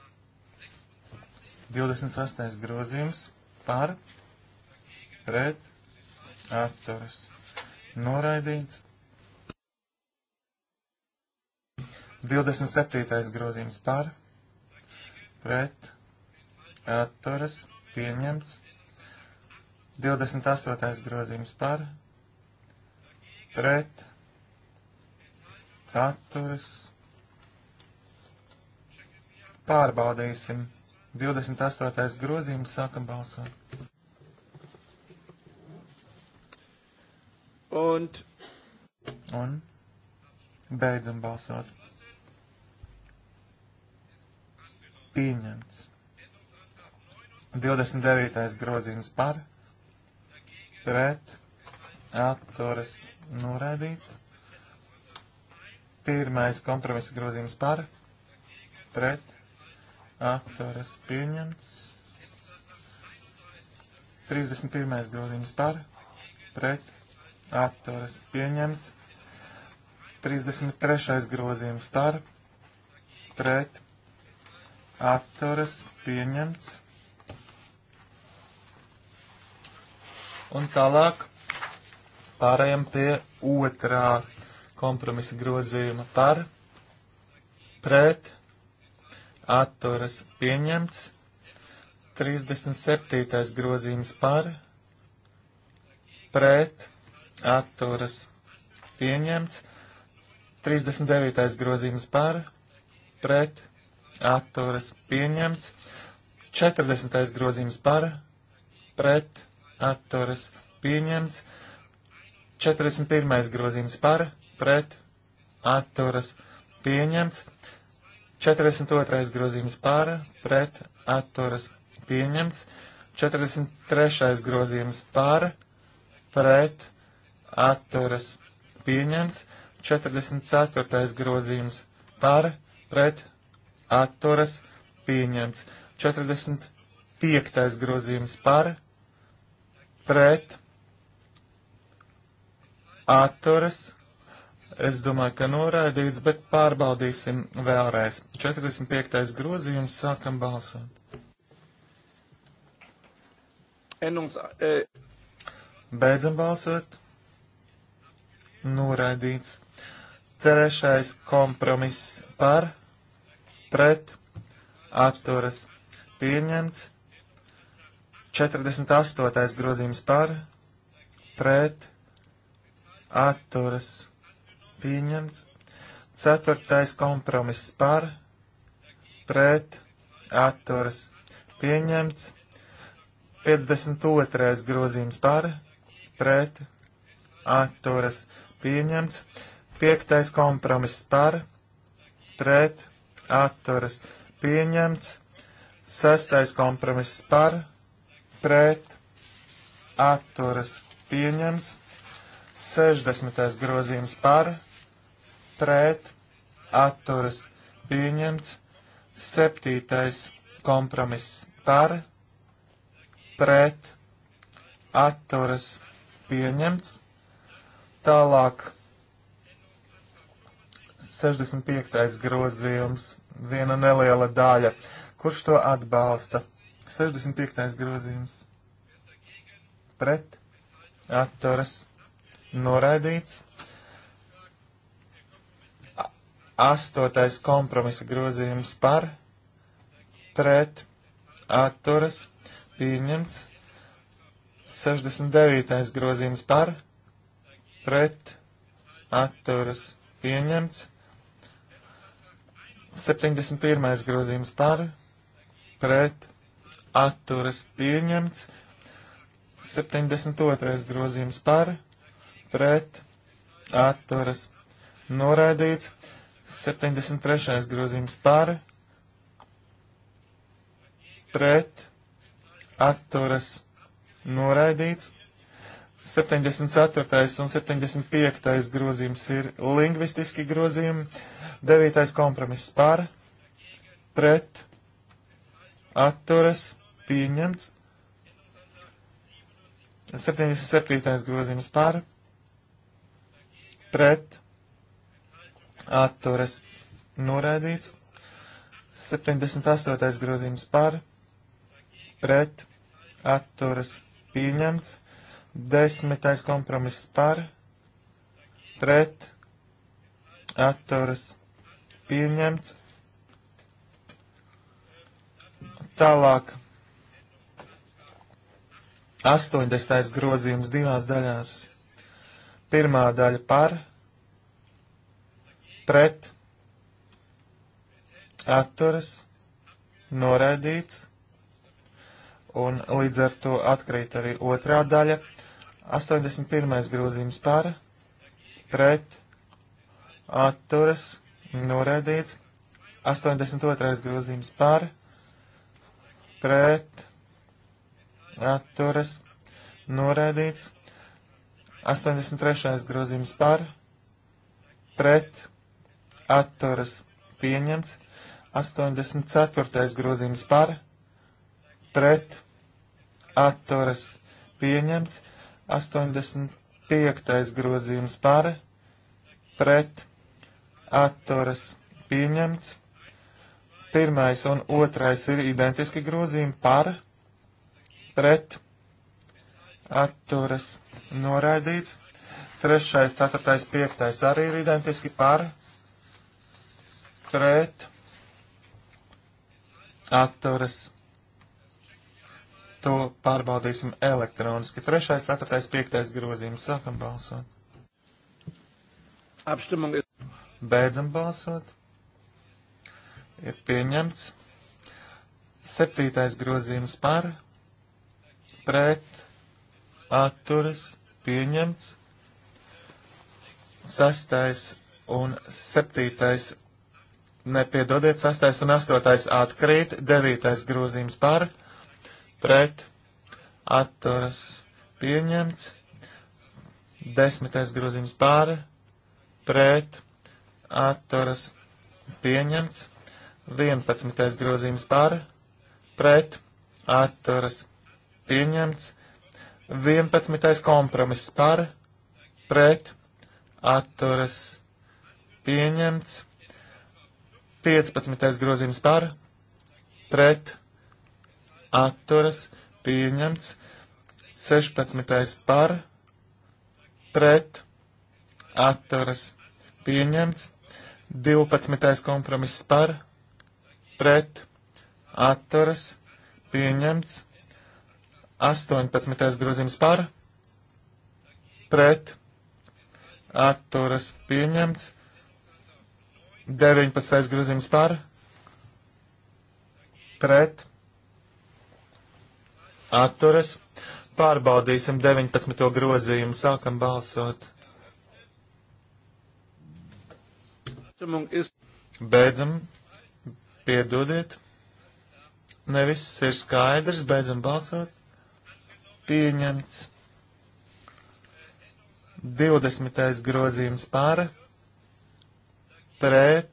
26. grozījums par pret atturas. Noraidīts. 27. grozījums par pret atturas. Pieņemts. 28. grozījums par pret atturas atturas. Pārbaudīsim. 28. grozījums sākam balsot. Un. Un. Beidzam balsot. Pieņemts. 29. grozījums par. Pret. Atturas. Noraidīts. Pirmais kompromisa grozījums par, pret, atturas pieņemts. 31. grozījums par, pret, atturas pieņemts. 33. grozījums par, pret, atturas, pieņemts. Un tālāk pārējām pie otrā kompromisa grozījuma par, pret, atturas pieņemts, 37. grozījums par, pret, atturas pieņemts, 39. grozījums par, pret, atturas pieņemts, 40. grozījums par, pret, atturas pieņemts, 41. grozījums par, pret atturas pieņemts. 42. grozījums pār pret atturas pieņemts. 43. grozījums pār pret atturas pieņemts. 44. grozījums par pret atturas pieņemts. 45. grozījums par pret atturas Es domāju, ka noraidīts, bet pārbaudīsim vēlreiz. 45. grozījums sākam balsot. Ennums, e... Beidzam balsot. Noraidīts. Trešais kompromiss par, pret, atturas pieņemts. 48. grozījums par, pret, atturas pieņemts pieņemts. Ceturtais kompromiss par, pret, atturas, pieņemts. 52. grozījums par, pret, atturas, pieņemts. Piektais kompromiss par, pret, atturas, pieņemts. Sestais kompromiss par, pret, atturas, pieņemts. 60. grozījums par, pret, pret, atturas pieņemts. Septītais kompromiss par, pret, atturas pieņemts. Tālāk 65. grozījums, viena neliela daļa. Kurš to atbalsta? 65. grozījums. Pret, atturas, noraidīts. Astotais kompromisa grozījums par, pret, atturas, pieņemts. 69. grozījums par, pret, atturas, pieņemts. 71. grozījums par, pret, atturas, pieņemts. 72. grozījums par, pret, atturas, noraidīts. 73. grozījums par, pret, atturas, noraidīts. 74. un 75. grozījums ir lingvistiski grozījumi. 9. kompromiss par, pret, atturas, pieņemts. 77. grozījums par, pret, atturas noraidīts. 78. grozījums par, pret, atturas pieņemts. 10. kompromiss par, pret, atturas pieņemts. Tālāk. 80. grozījums divās daļās. Pirmā daļa par, pret, atturas, noraidīts, un līdz ar to atkrīt arī otrā daļa. 81. grozījums par, pret, atturas, noraidīts, 82. grozījums par, pret, atturas, noraidīts, 83. grozījums par, pret, atturas pieņemts. 84. grozījums par pret atturas pieņemts. 85. grozījums par pret atturas pieņemts. Pirmais un otrais ir identiski grozījumi par pret atturas noraidīts. Trešais, ceturtais, piektais arī ir identiski par pret pret atturas. To pārbaudīsim elektroniski. Trešais, ceturtais, piektais grozījums. Sākam balsot. Apstumung. Beidzam balsot. Ir pieņemts. Septītais grozījums par, pret, atturas, pieņemts. Sastais un septītais Nepiedodiet, 6. un 8. atkrīt, 9. grozījums par, pret, atturas pieņemts, 10. grozījums par, pret, atturas pieņemts, 11. grozījums par, pret, atturas pieņemts, 11. kompromiss par, pret, atturas pieņemts, 15. grozījums par, pret, atturas, pieņemts. 16. par, pret, atturas, pieņemts. 12. kompromiss par, pret, atturas, pieņemts. 18. grozījums par, pret, atturas, pieņemts. 19. grozījums par, pret, atturas. Pārbaudīsim 19. grozījumu, sākam balsot. Beidzam, piedodiet. Nevis ir skaidrs, beidzam balsot. Pieņemts. 20. grozījums pāra pret,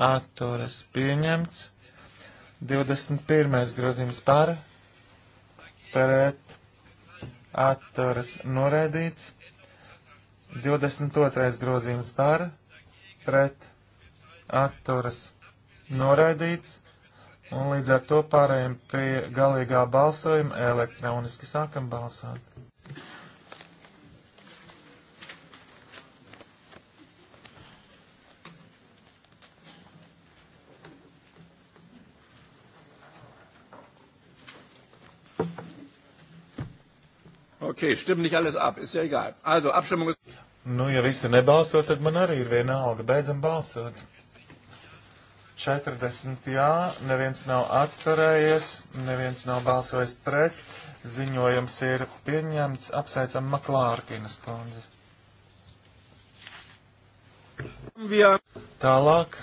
atturas pieņemts. 21. grozījums par, pret, atturas noraidīts. 22. grozījums par, pret, atturas noraidīts. Un līdz ar to pārējiem pie galīgā balsojuma elektroniski sākam balsot. Okay, stimmt nicht alles ab, ist ja egal. Also, Abstimmung ist. Nu, ja visi nebalso, tad man arī ir viena alga. Beidzam balsot. 40 jā, neviens nav atturējies, neviens nav balsojis pret. Ziņojums ir pieņemts. Apsveicam Maklārkinas kundzi. Tālāk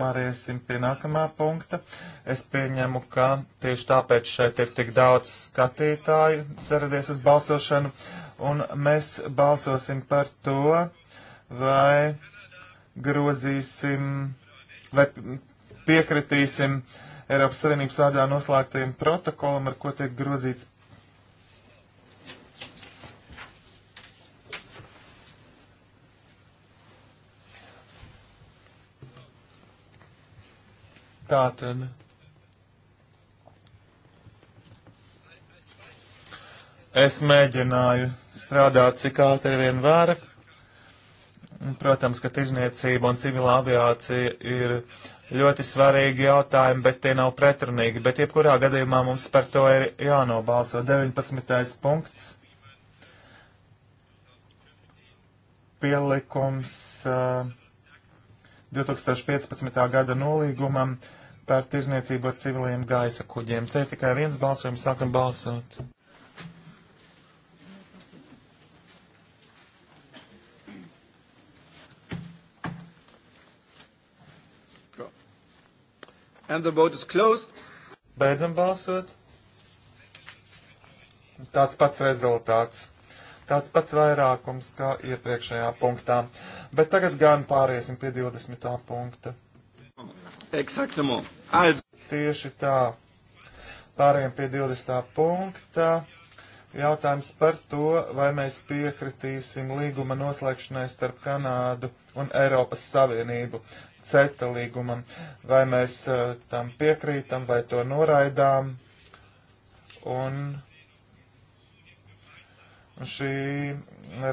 pāriesim pie nākamā punkta. Es pieņemu, ka tieši tāpēc šeit ir tik daudz skatītāju saradies uz balsošanu, un mēs balsosim par to, vai grozīsim, vai piekritīsim Eiropas Savienības vārdā noslēgtajiem protokolam, ar ko tiek grozīts Tātad. Es mēģināju strādāt cik ātri vien var. Protams, ka tirzniecība un civilā aviācija ir ļoti svarīgi jautājumi, bet tie nav pretrunīgi. Bet jebkurā gadījumā mums par to ir jānobalso. 19. punkts. Pielikums uh, eh, 2015. gada nolīgumam. Uh, par tirzniecību ar civiliem gaisa kuģiem. Te tikai viens balsojums, sākam balsot. And the vote is closed. Beidzam balsot. Tāds pats rezultāts. Tāds pats vairākums kā iepriekšējā punktā. Bet tagad gan pāriesim pie 20. punkta. Exactement. Aiz. Tieši tā. Pāriem pie 20. punkta. Jautājums par to, vai mēs piekritīsim līguma noslēgšanai starp Kanādu un Eiropas Savienību CETA līgumam. Vai mēs uh, tam piekrītam vai to noraidām. Un šī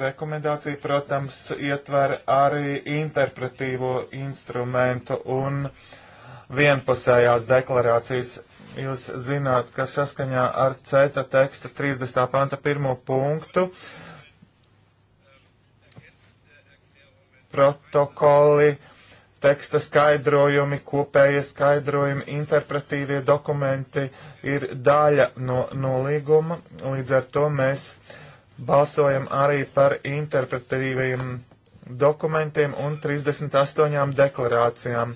rekomendācija, protams, ietver arī interpretīvo instrumentu un uh, vienpusējās deklarācijas. Jūs zināt, ka saskaņā ar CETA teksta 30. panta pirmo punktu protokoli, teksta skaidrojumi, kopējie skaidrojumi, interpretīvie dokumenti ir daļa no nolīguma. Līdz ar to mēs balsojam arī par interpretīviem dokumentiem un 38 deklarācijām.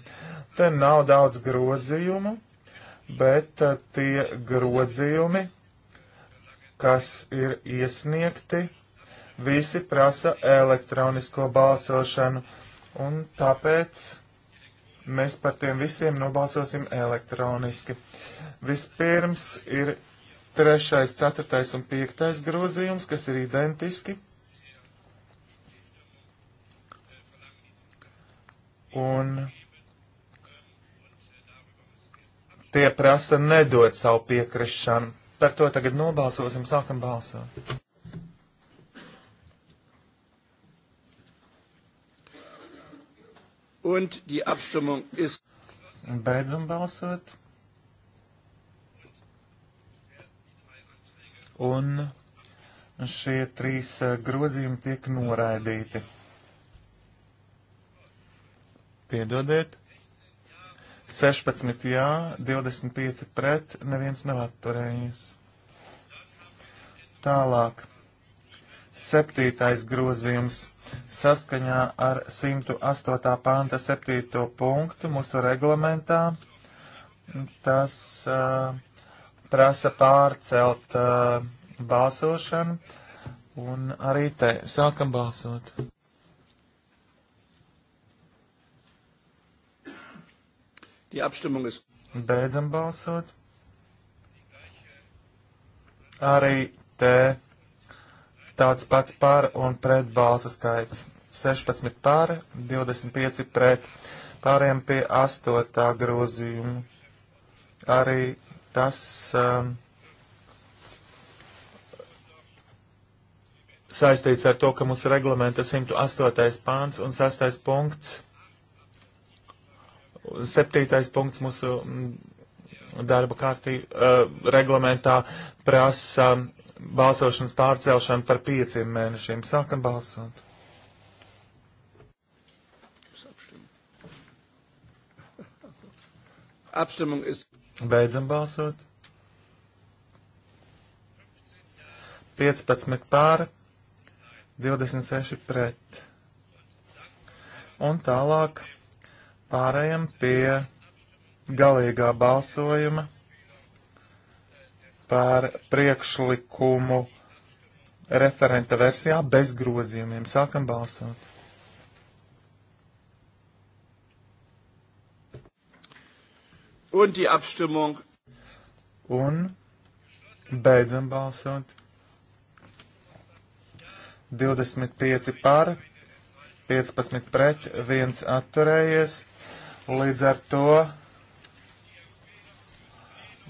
Te nav daudz grozījumu, bet eh, tie grozījumi, kas ir iesniegti, visi prasa elektronisko balsošanu, un tāpēc mēs par tiem visiem nobalsosim elektroniski. Vispirms ir trešais, ceturtais un piektais grozījums, kas ir identiski. Un tie prasa nedot savu piekrišanu. Par to tagad nobalsosim, sākam balsot. Und die Abstimmung ist. Beidzam balsot. Un šie trīs eh, grozījumi tiek noraidīti. Piedodiet. 16 jā, 25 pret, neviens nav atturējies. Tālāk. Septītais grozījums. Saskaņā ar 108. panta 7. punktu mūsu reglamentā tas uh, prasa pārcelt uh, balsošanu un arī te sākam balsot. Die Abstimmung ist. Beidzam balsot. Arī te tāds pats par un pret balsu skaits. 16 par, 25 pret. Pāriem pie 8. grozījuma. Arī tas um, saistīts ar to, ka mūsu reglamenta 108. pāns un 6. punkts Septītais punkts mūsu mm, darba kārtī uh, reglamentā prasa balsošanas pārcelšanu par pieciem mēnešiem. Sākam balsot. Abstimmung ist. Beidzam balsot. 15 pār, 26 pret. Un tālāk Pārējām pie galīgā balsojuma par priekšlikumu referenta versijā bez grozījumiem. Sākam balsot. Un die Abstimmung. Un beidzam balsot. 25 par, 15 pret, 1 atturējies. Līdz ar to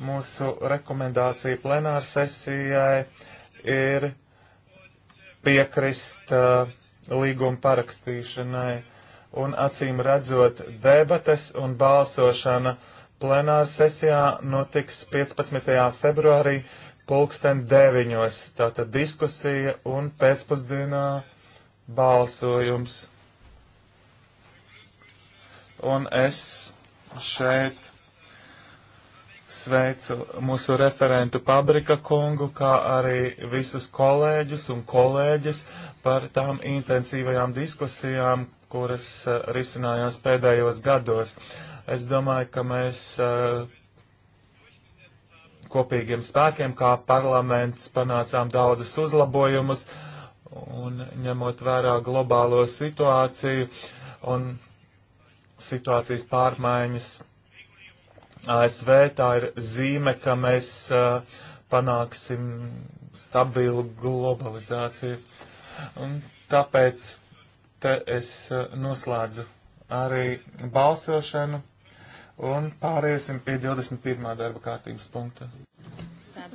mūsu rekomendācija plenāra sesijai ir piekrist uh, līguma parakstīšanai. Un acīm redzot, debates un balsošana plenāra sesijā notiks 15. februārī pulksten 9. Tātad diskusija un pēcpusdienā balsojums un es šeit sveicu mūsu referentu Pabrika kungu, kā arī visus kolēģus un kolēģis par tām intensīvajām diskusijām, kuras uh, risinājās pēdējos gados. Es domāju, ka mēs uh, kopīgiem spēkiem, kā parlaments, panācām daudzus uzlabojumus un ņemot vērā globālo situāciju un situācijas pārmaiņas ASV, tā ir zīme, ka mēs uh, panāksim stabilu globalizāciju. Un tāpēc te es uh, noslēdzu arī balsošanu un pāriesim pie 21. darba kārtības punkta. Ah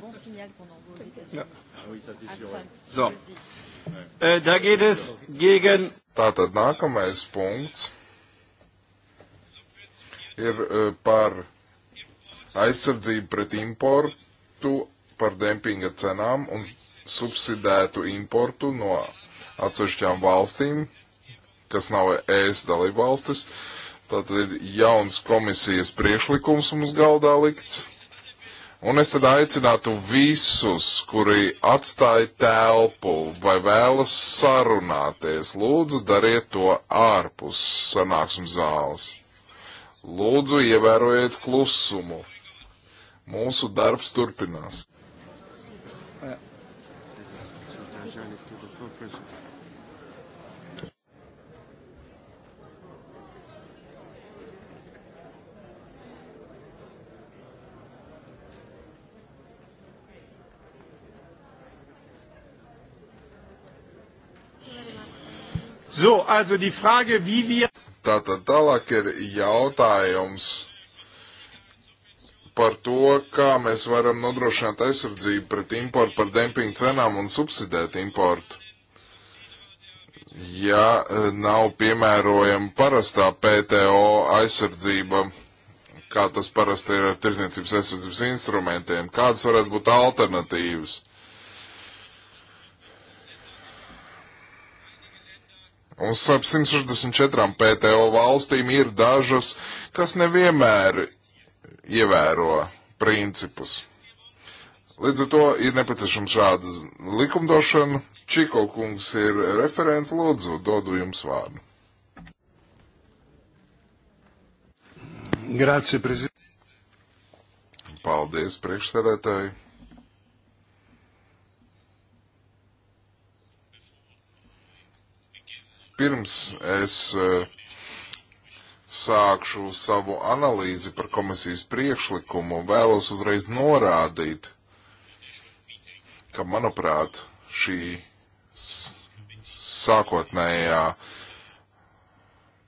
euh, Tātad nākamais punkts ir eh, par aizsardzību pret importu, par dempinga cenām un subsidētu importu no atsevišķām valstīm, kas nav ES dalība valstis. Tātad ir jauns komisijas priekšlikums mums galdā likts. Un es tad aicinātu visus, kuri atstāja telpu vai vēlas sarunāties, lūdzu dariet to ārpus sanāksmes zāles. Lūdzu, ievērojiet klusumu. Mūsu darbs turpinās. So, also die Frage, wie wir Tātad tālāk ir jautājums par to, kā mēs varam nodrošināt aizsardzību pret importu par dempingu cenām un subsidēt importu. Ja e, nav piemērojama parastā PTO aizsardzība, kā tas parasti ir ar tirdzniecības aizsardzības instrumentiem, kādas varētu būt alternatīvas? Un starp 164 PTO valstīm ir dažas, kas nevienmēr ievēro principus. Līdz ar to ir nepieciešama šāda likumdošana. Čiko kungs ir referents, lūdzu, dodu jums vārdu. Grācija, prezidents. Paldies, priekšsēdētāji. pirms es eh, sākšu savu analīzi par komisijas priekšlikumu, vēlos uzreiz norādīt, ka, manuprāt, šī sākotnējā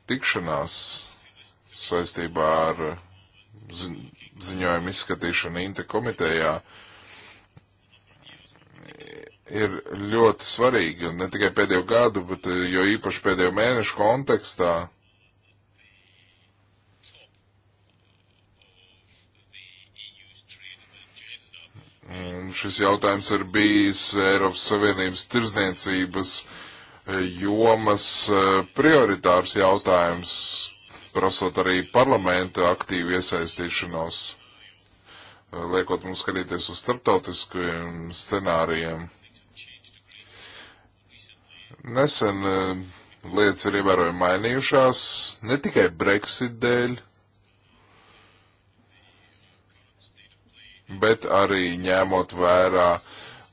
tikšanās saistībā ar ziņojumu izskatīšanu Inte komitejā uh, ir ļoti svarīgi, un ne tikai pēdējo gadu, bet eh, jo īpaši pēdējo mēnešu kontekstā. Un šis jautājums ir bijis Eiropas Savienības tirzniecības eh, jomas eh, prioritārs jautājums, prasot arī parlamenta aktīvu iesaistīšanos, liekot mums skatīties uz starptautiskajiem scenārijiem. Nesen eh, lietas ir ievērojami mainījušās, ne tikai Brexit dēļ, bet arī ņemot vērā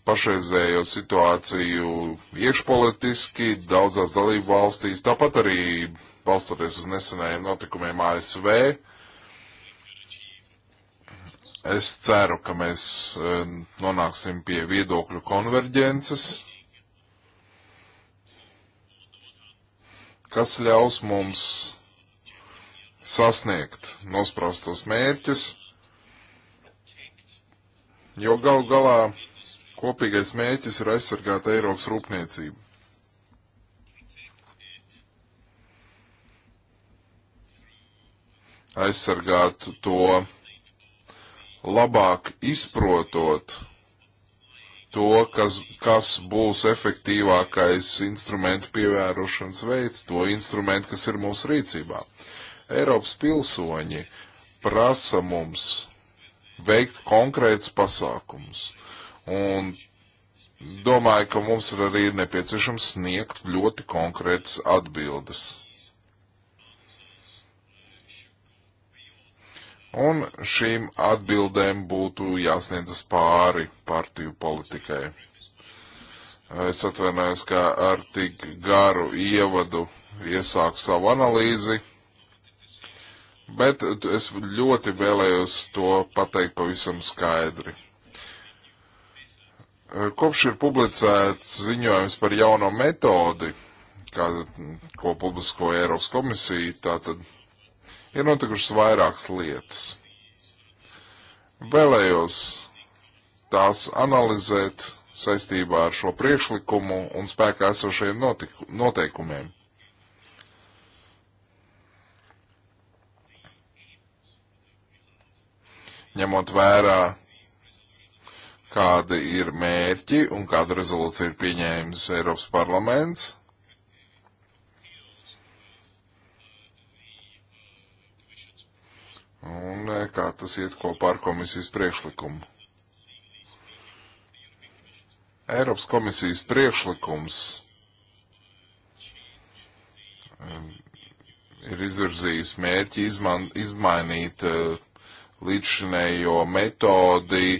pašreizējo situāciju iekšpolitiski daudzās dalību valstīs, tāpat arī balstoties uz nesenajiem notikumiem ASV. Es ceru, ka mēs eh, nonāksim pie viedokļu konverģences kas ļaus mums sasniegt nospraustos mērķus, jo gal galā kopīgais mērķis ir aizsargāt Eiropas rūpniecību. Aizsargāt to labāk izprotot to, kas, kas būs efektīvākais instrumentu pievērošanas veids, to instrumentu, kas ir mūsu rīcībā. Eiropas pilsoņi prasa mums veikt konkrētus pasākumus. Un domāju, ka mums ir arī nepieciešams sniegt ļoti konkrētas atbildes. Un šīm atbildēm būtu jāsniedzas pāri partiju politikai. Es atvainojos, ka ar tik garu ievadu iesāku savu analīzi, bet es ļoti vēlējos to pateikt pavisam skaidri. Kopš ir publicēts ziņojums par jauno metodi, kā, ko publiskoja Eiropas komisija, tātad ir notikušas vairākas lietas. Vēlējos tās analizēt saistībā ar šo priekšlikumu un spēkā esošajiem noteikumiem. Ņemot vērā, kādi ir mērķi un kādu rezolūciju ir pieņēmis Eiropas parlaments, un kā tas iet kopā ar komisijas priekšlikumu. Eiropas komisijas priekšlikums um, ir izvirzījis mērķi izman, izmainīt uh, līdzšinējo metodi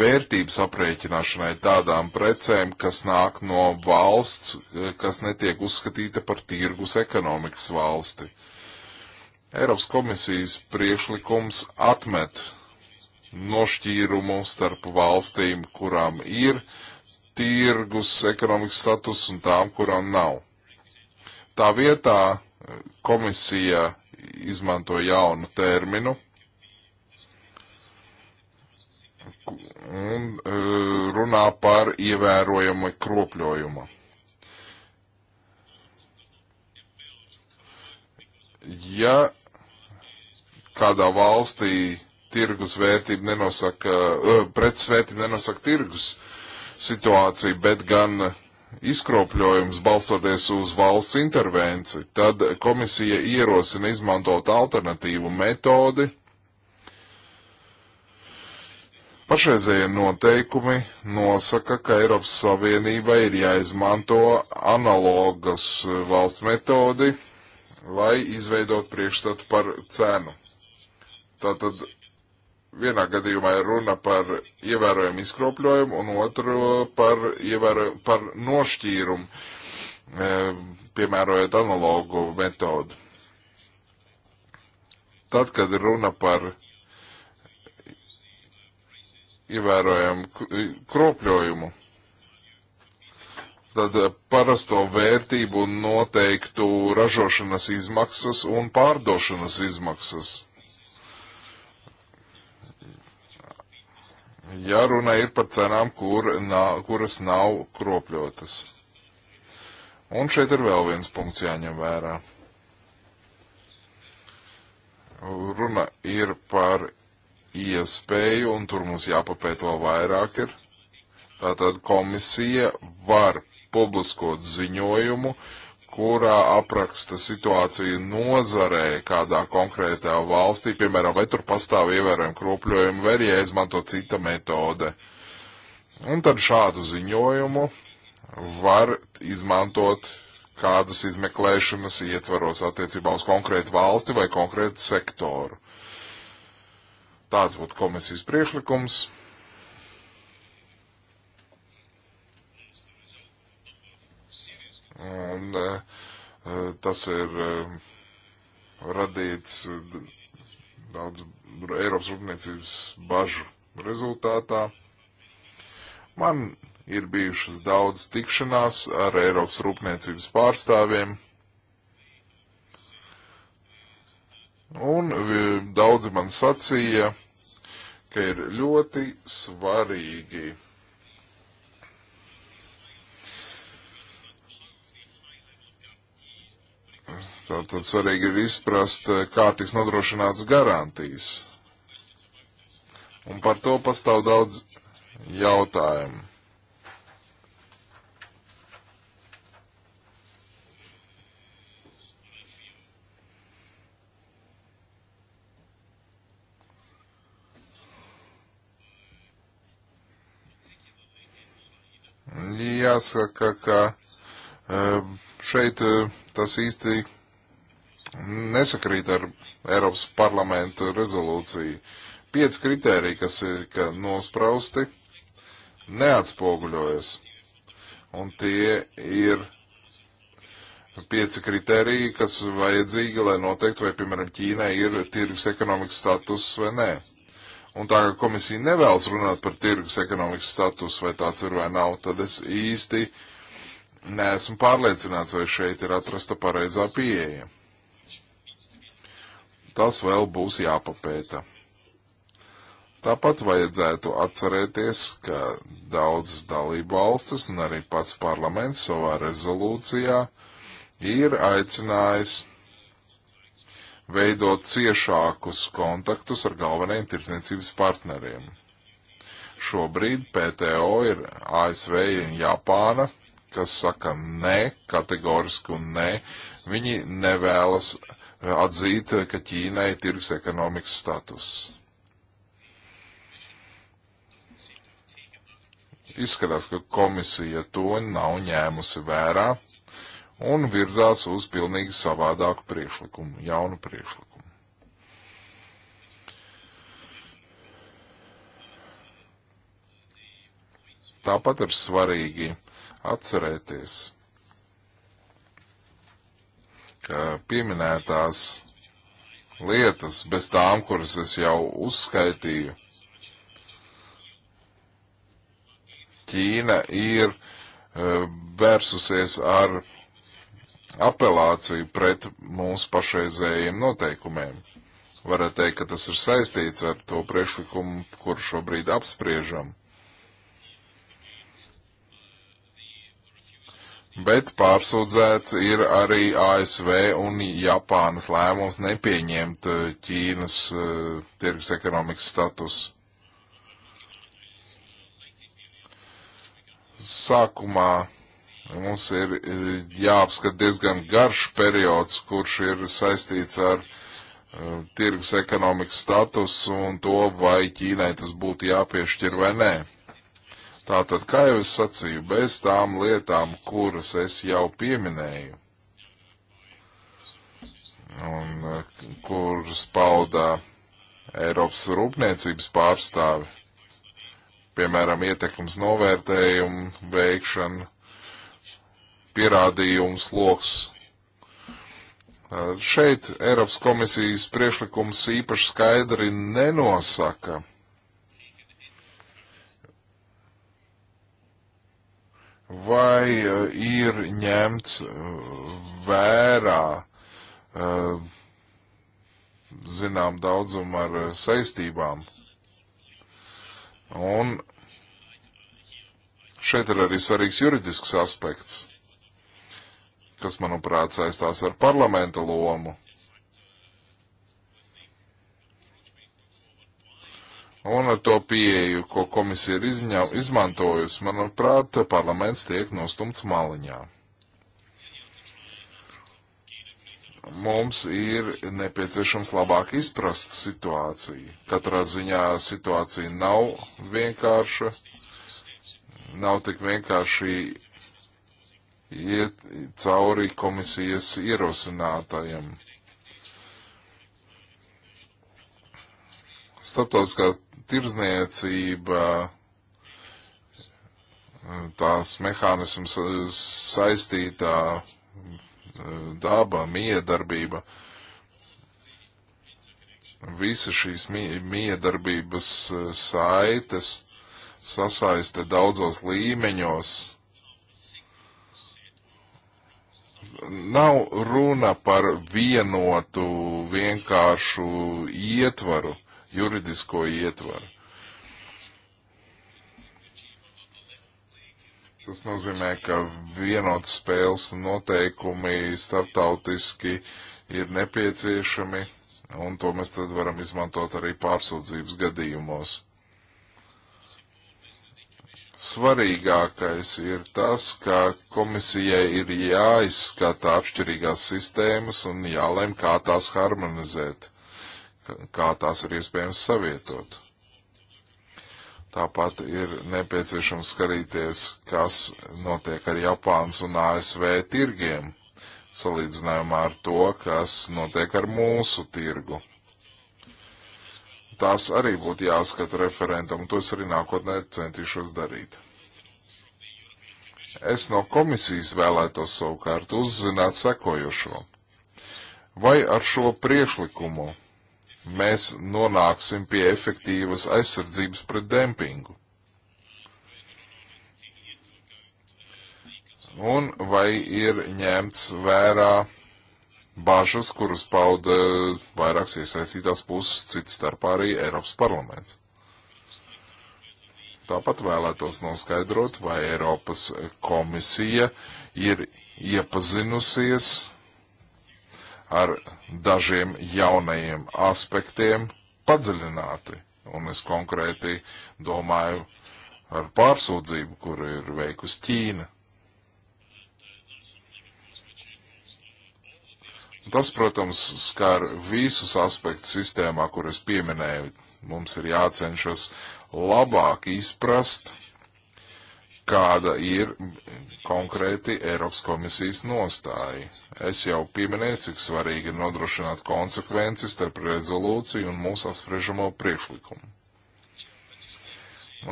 vērtības aprēķināšanai tādām precēm, kas nāk no valsts, uh, kas netiek uzskatīta par tirgus ekonomikas valsti. Uh, Eiropas komisijas priekšlikums atmet nošķīrumu starp valstīm, kurām ir tirgus ekonomikas status un tām, kurām nav. Tā vietā komisija izmanto jaunu terminu un e, runā par ievērojamu kropļojumu. Ja kādā valstī tirgus vērtība nenosaka, eh, preces vērtība nenosaka tirgus situāciju, bet gan izkropļojums balstoties uz valsts intervenci, tad komisija ierosina izmantot alternatīvu metodi. Pašreizējie noteikumi nosaka, ka Eiropas Savienībai ir jāizmanto analogas valsts metodi, lai izveidot priekšstatu par cenu. Tātad vienā gadījumā ir runa par ievērojumu izkropļojumu un otru par, ievērojumu, par nošķīrumu, e, piemērojot analogu metodu. Tad, kad ir runa par ievērojumu kropļojumu, tad parasto vērtību noteiktu ražošanas izmaksas un pārdošanas izmaksas. ja runa ir par cenām, kur nav, kuras nav kropļotas. Un šeit ir vēl viens punkts jāņem vērā. Runa ir par iespēju, un tur mums jāpapēt vēl vairāk ir. Tātad komisija var publiskot ziņojumu, uh, kurā apraksta situāciju nozarē kādā konkrētā valstī, piemēram, vai tur pastāv ievērojami kropļojumi, vai arī jāizmanto cita metode. Un tad šādu ziņojumu var izmantot kādas izmeklēšanas ietvaros attiecībā uz konkrētu valsti vai konkrētu sektoru. Tāds būtu komisijas priekšlikums. Un eh, eh, tas ir eh, radīts daudz Eiropas rūpniecības bažu rezultātā. Man ir bijušas daudz tikšanās ar Eiropas rūpniecības pārstāvjiem. Un daudzi man sacīja, ka ir ļoti svarīgi Tātad svarīgi ir izprast, eh, kā tiks nodrošināts garantijas. Un par to pastāv daudz jautājumu. Jāsaka, ka eh, šeit eh, tas īsti nesakrīt ar Eiropas parlamenta rezolūciju. Pieci kritēriji, kas ir ka nosprausti, neatspoguļojas. Un tie ir pieci kritēriji, kas vajadzīgi, lai noteiktu, vai, piemēram, Ķīnai ir tirgus ekonomikas status vai nē. Un tā kā komisija nevēlas runāt par tirgus ekonomikas status, vai tāds ir vai nav, tad es īsti neesmu pārliecināts, vai šeit ir atrasta pareizā pieeja. Tas vēl būs jāpapēta. Tāpat vajadzētu atcerēties, ka daudzas dalību valstis un arī pats parlaments savā rezolūcijā ir aicinājis veidot ciešākus kontaktus ar galvenajiem tirdzniecības partneriem. Šobrīd PTO ir ASV un Japāna, kas saka nē, kategoriski un nē. Viņi nevēlas atzīt, ka Ķīnai ir tirgus ekonomikas status. Izskatās, ka komisija to nav ņēmusi vērā un virzās uz pilnīgi savādāku priekšlikumu, jaunu priekšlikumu. Tāpat ir svarīgi atcerēties, ka pieminētās lietas, bez tām, kuras es jau uzskaitīju, Ķīna ir uh, vērsusies ar apelāciju pret mūsu pašreizējiem noteikumiem. Varētu teikt, ka tas ir saistīts ar to priekšlikumu, kur šobrīd apspriežam. bet pārsūdzēts ir arī ASV un Japānas lēmums nepieņemt eh, Ķīnas uh, tirgus ekonomikas status. Sākumā mums ir eh, jāapskat diezgan garš periods, kurš ir saistīts ar uh, tirgus ekonomikas status un to, vai Ķīnai tas būtu jāpiešķir vai nē. Tātad, kā jau es sacīju, bez tām lietām, kuras es jau pieminēju, un eh, kuras paudā Eiropas rūpniecības pārstāvi, piemēram, ietekmes novērtējumu veikšana, pierādījumu sloks. Šeit Eiropas komisijas priekšlikums īpaši skaidri nenosaka vai eh, ir ņemts eh, vērā eh, zinām daudzumu ar saistībām. Un šeit ir arī svarīgs juridisks aspekts, kas, manuprāt, saistās ar parlamenta lomu Un ar to pieeju, ko komisija ir izņau, izmantojusi, manuprāt, parlaments tiek nostumts maliņā. Mums ir nepieciešams labāk izprast situāciju. Katrā ziņā situācija nav vienkārša. Nav tik vienkārši iet cauri komisijas ierosinātajiem. Starptautiskā tirzniecība, tās mehānisms saistītā daba, miedarbība. Visa šīs miedarbības saites sasaiste daudzos līmeņos. Nav runa par vienotu, vienkāršu ietvaru juridisko ietvaru. Tas nozīmē, ka vienots spēles noteikumi starptautiski ir nepieciešami, un to mēs tad varam izmantot arī pārsūdzības gadījumos. Svarīgākais ir tas, ka komisijai ir jāizskata atšķirīgās sistēmas un jālem, kā tās harmonizēt kā tās ir iespējams savietot. Tāpat ir nepieciešams skatīties, kas notiek ar Japānas un ASV tirgiem, salīdzinājumā ar to, kas notiek ar mūsu tirgu. Tās arī būtu jāskata referentam, un to es arī nākotnē centīšos darīt. Es no komisijas vēlētos savukārt uzzināt sekojošo. Vai ar šo priekšlikumu mēs nonāksim pie efektīvas aizsardzības pret dempingu. Un vai ir ņemts vērā bažas, kuras pauda vairākas iesaistītās puses, cits starpā arī Eiropas parlaments. Tāpat vēlētos noskaidrot, vai Eiropas komisija ir iepazinusies ar dažiem jaunajiem aspektiem padziļināti. Un es konkrēti domāju ar pārsūdzību, kuru ir veikusi Ķīna. Tas, protams, skar visus aspektus sistēmā, kur es pieminēju. Mums ir jācenšas labāk izprast, kāda ir konkrēti Eiropas komisijas nostāja. Es jau pieminēju, cik svarīgi ir nodrošināt konsekvenci starp rezolūciju un mūsu apspriežamo priekšlikumu.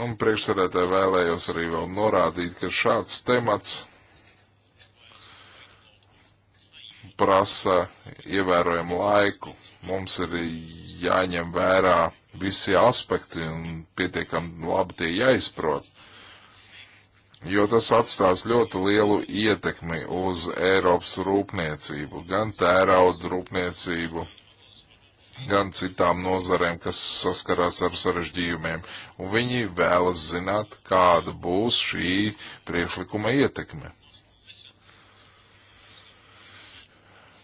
Un priekšsarētāji vēlējos arī vēl norādīt, ka šāds temats prasa ievērojumu laiku. Mums ir jāņem vērā visi aspekti un pietiekami labi tie jāizprot jo tas atstās ļoti lielu ietekmi uz Eiropas rūpniecību, gan tērauda rūpniecību, gan citām nozarēm, kas saskarās ar sarežģījumiem, un viņi vēlas zināt, kāda būs šī priekšlikuma ietekme.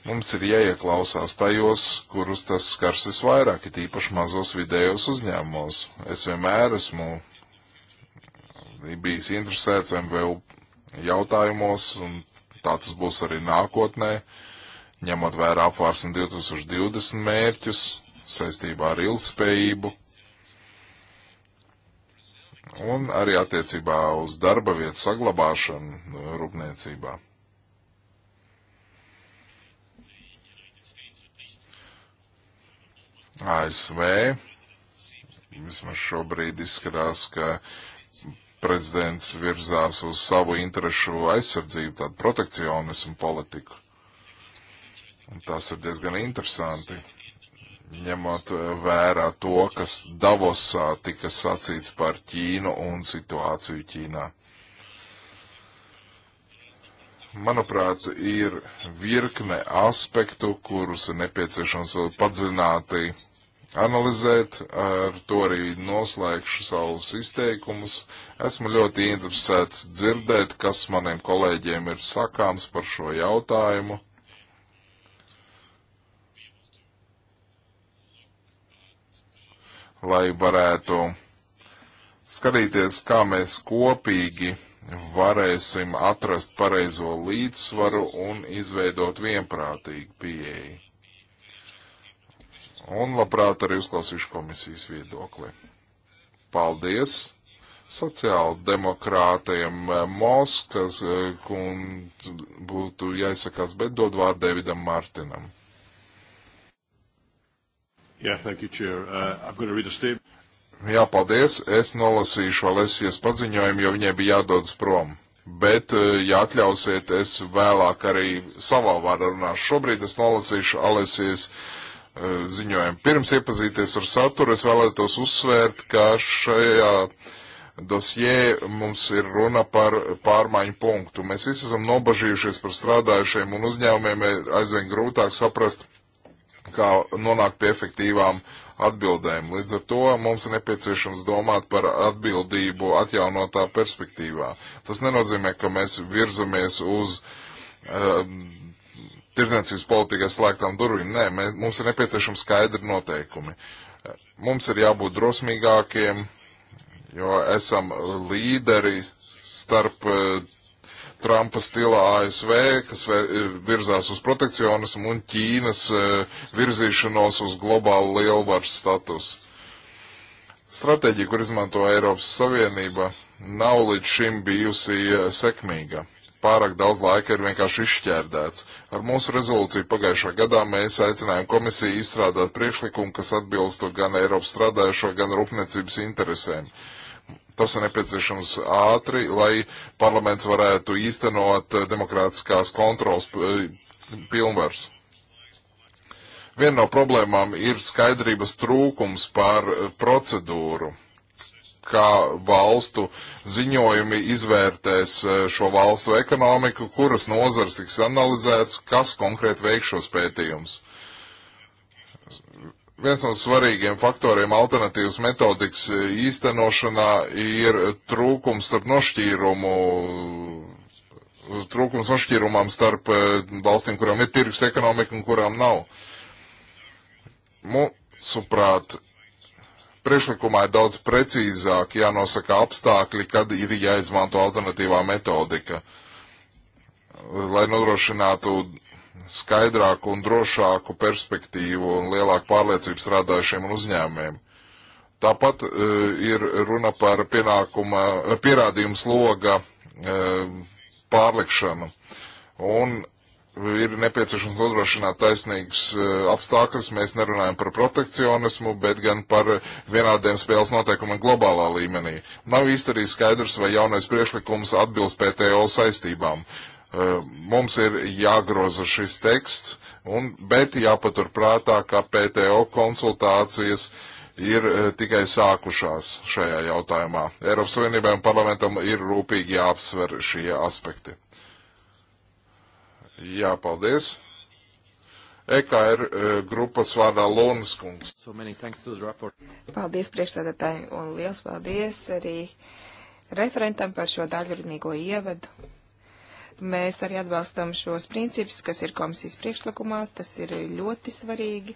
Mums ir jāieklausās tajos, kurus tas skars visvairāk, it īpaši mazos vidējos uzņēmumos. Es vienmēr esmu bijis interesēts MVU jautājumos, un tā tas būs arī nākotnē, ņemot vērā apvārsni 2020 mērķus saistībā ar ilgspējību un arī attiecībā uz darba vietu saglabāšanu rūpniecībā. ASV vismaz šobrīd izskatās, ka prezidents virzās uz savu interesu aizsardzību, tādu protekcionismu politiku. Un tas ir diezgan interesanti, ņemot eh, vērā to, kas Davosā tika sacīts par Ķīnu un situāciju Ķīnā. Manuprāt, ir virkne aspektu, kurus ir nepieciešams vēl padziļināti analizēt, ar to arī noslēgšu savus izteikumus. Esmu ļoti interesēts dzirdēt, kas maniem kolēģiem ir sakāms par šo jautājumu. Lai varētu skatīties, kā mēs kopīgi varēsim atrast pareizo līdzsvaru un izveidot vienprātīgu pieeju un labprāt arī uzklausīšu komisijas viedokli. Paldies! Sociāldemokrātiem eh, Moskas eh, un būtu jāizsakās, bet dod vārdu Davidam Martinam. Yeah, thank you, Chair. Uh, I'm going to read a statement. Jā, paldies. Es nolasīšu Alesijas paziņojumu, jo viņai bija jādodas prom bet, eh, ja atļausiet, es vēlāk arī savā vārdā runāšu. Šobrīd es nolasīšu Alesijas ziņojumu. Pirms iepazīties ar saturu, es vēlētos uzsvērt, ka šajā dosjē mums ir runa par pārmaiņu punktu. Mēs visi esam nobažījušies par strādājušiem un uzņēmumiem ir aizvien grūtāk saprast, kā nonākt pie efektīvām atbildēm. Līdz ar to mums ir nepieciešams domāt par atbildību atjaunotā perspektīvā. Tas nenozīmē, ka mēs virzamies uz um, tirdzniecības politikai slēgtām durvīm. Nē, mē, mums ir nepieciešams skaidri noteikumi. Mums ir jābūt drosmīgākiem, jo esam līderi starp eh, Trumpa stila ASV, kas eh, virzās uz protekcionismu, un Ķīnas eh, virzīšanos uz globālu lielvaru statusu. Stratēģija, kur izmanto Eiropas Savienība, nav līdz šim bijusi sekmīga pārāk daudz laika ir vienkārši izšķērdēts. Ar mūsu rezolūciju pagājušā gadā mēs aicinājām komisiju izstrādāt priekšlikumu, kas atbilstu gan Eiropas strādājušo, gan rūpniecības interesēm. Tas ir nepieciešams ātri, lai parlaments varētu īstenot demokrātiskās kontrols eh, pilnvars. Viena no problēmām ir skaidrības trūkums par eh, procedūru kā valstu ziņojumi izvērtēs e, šo valstu ekonomiku, kuras nozars tiks analizēts, kas konkrēti veiks šos pētījumus. Viens no svarīgiem faktoriem alternatīvas metodikas e, īstenošanā ir trūkums starp nošķīrumu, trūkums nošķīrumam starp e, valstīm, kurām ir tirgus ekonomika un kurām nav. Mūsuprāt, Priekšlikumā ir daudz precīzāk jānosaka apstākļi, kad ir jāizmanto alternatīvā metodika, lai nodrošinātu skaidrāku un drošāku perspektīvu un lielāku pārliecības radājušiem uzņēmumiem. Tāpat uh, ir runa par pienākuma, e, pierādījums loga uh, e, pārlikšanu. Un ir nepieciešams nodrošināt taisnīgus eh, apstākļus. Mēs nerunājam par protekcionismu, bet gan par vienādiem spēles noteikumiem globālā līmenī. Nav īsti arī skaidrs, vai jaunais priešlikums atbilst PTO saistībām. Eh, mums ir jāgroza šis teksts, un, bet jāpatur prātā, ka PTO konsultācijas ir eh, tikai sākušās šajā jautājumā. Eiropas Savienībai un parlamentam ir rūpīgi jāapsver šie aspekti. Jā, paldies. EKR er, e, grupas vārdā Lonas kungs. So paldies priekšsēdētāji un liels paldies arī referentam par šo daļrunīgo ievadu. Mēs arī atbalstam šos principus, kas ir komisijas priekšlikumā. Tas ir ļoti svarīgi,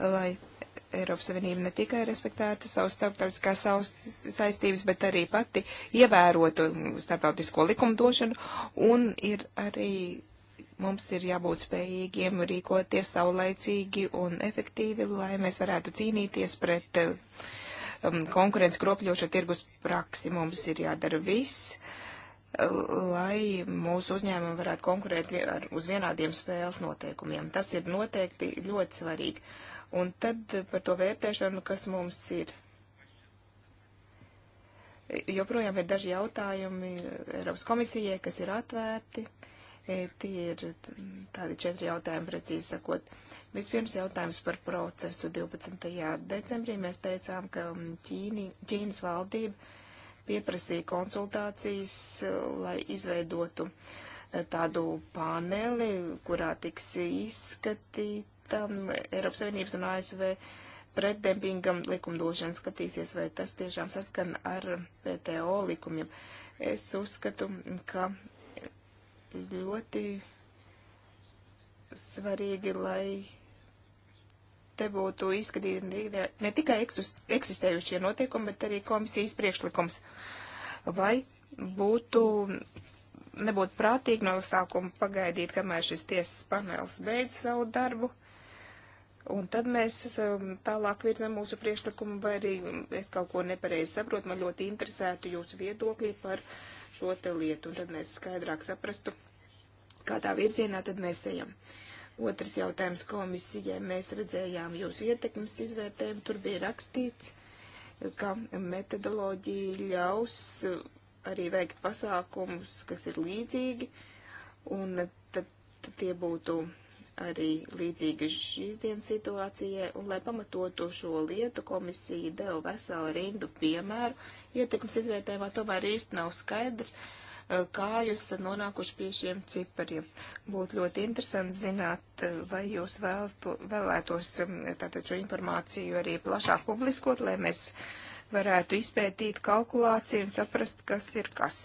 lai Eiropas Savienība ne tikai respektētu savus starptautiskās saistības, bet arī pati ievērotu starptautisko likumdošanu un ir arī Mums ir jābūt spējīgiem rīkoties saulaicīgi un efektīvi, lai mēs varētu cīnīties pret um, konkurences kropļošo tirgus praksi. Mums ir jādara viss, lai mūsu uzņēmumi varētu konkurēt ar, uz vienādiem spēles noteikumiem. Tas ir noteikti ļoti svarīgi. Un tad par to vērtēšanu, kas mums ir joprojām ir daži jautājumi Eiropas komisijai, kas ir atvērti. Tie ir tādi četri jautājumi, precīzi sakot. Vispirms jautājums par procesu. 12. decembrī mēs teicām, ka um, Ķīni, Ķīnas valdība pieprasīja konsultācijas, uh, lai izveidotu uh, tādu paneli, kurā tiks izskatīta Eiropas Savienības un ASV pretdempingam likumdošana skatīsies, vai tas tiešām saskan ar PTO likumiem. Es uzskatu, ka ļoti svarīgi, lai te būtu izskatīti ne tikai eksistējušie notiekumi, bet arī komisijas priekšlikums. Vai būtu, nebūtu prātīgi no sākuma pagaidīt, kamēr šis tiesas panelis beidz savu darbu, un tad mēs tālāk virzam mūsu priekšlikumu, vai arī es kaut ko nepareizi saprotu, man ļoti interesētu jūsu viedokļi par uh, šo te lietu, un tad mēs skaidrāk saprastu, kādā virzienā tad mēs ejam. Otrs jautājums komisijai. Mēs redzējām jūsu ietekmes izvērtējumu, tur bija rakstīts, ka metodoloģija ļaus arī veikt pasākumus, kas ir līdzīgi, un tad, tad tie būtu arī līdzīga šīs dienas situācijai, un lai pamatotu šo lietu, komisija deva veselu rindu piemēru. Ietekmes izvērtējumā tomēr īsti nav skaidrs, e, kā jūs esat nonākuši pie šiem cipariem. Būtu ļoti interesanti zināt, e, vai jūs vēlto, vēlētos tātad šo informāciju arī plašāk publiskot, lai mēs varētu izpētīt kalkulāciju un saprast, kas ir kas.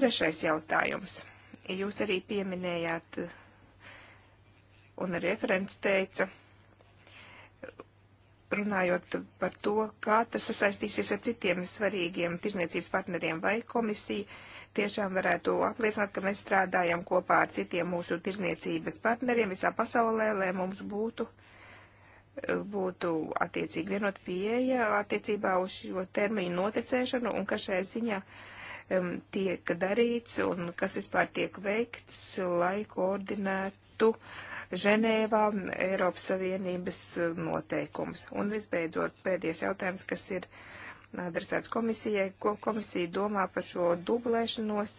Trešais jautājums. Jūs arī pieminējāt uh, un referents teica, runājot par to, kā tas sasaistīsies ar citiem svarīgiem tirzniecības partneriem vai komisiju, tiešām varētu apliecināt, ka mēs strādājam kopā ar citiem mūsu tirzniecības partneriem visā pasaulē, lai mums būtu, būtu attiecīgi vienot pieeja attiecībā uz šo termiņu noticēšanu un ka šajā ziņā um, tiek darīts un kas vispār tiek veikts, lai koordinētu uh, Ženēvā Eiropas Savienības e, noteikumus. Un visbeidzot, pēdējais jautājums, kas ir adresēts komisijai, ko komisija domā par šo dublēšanos.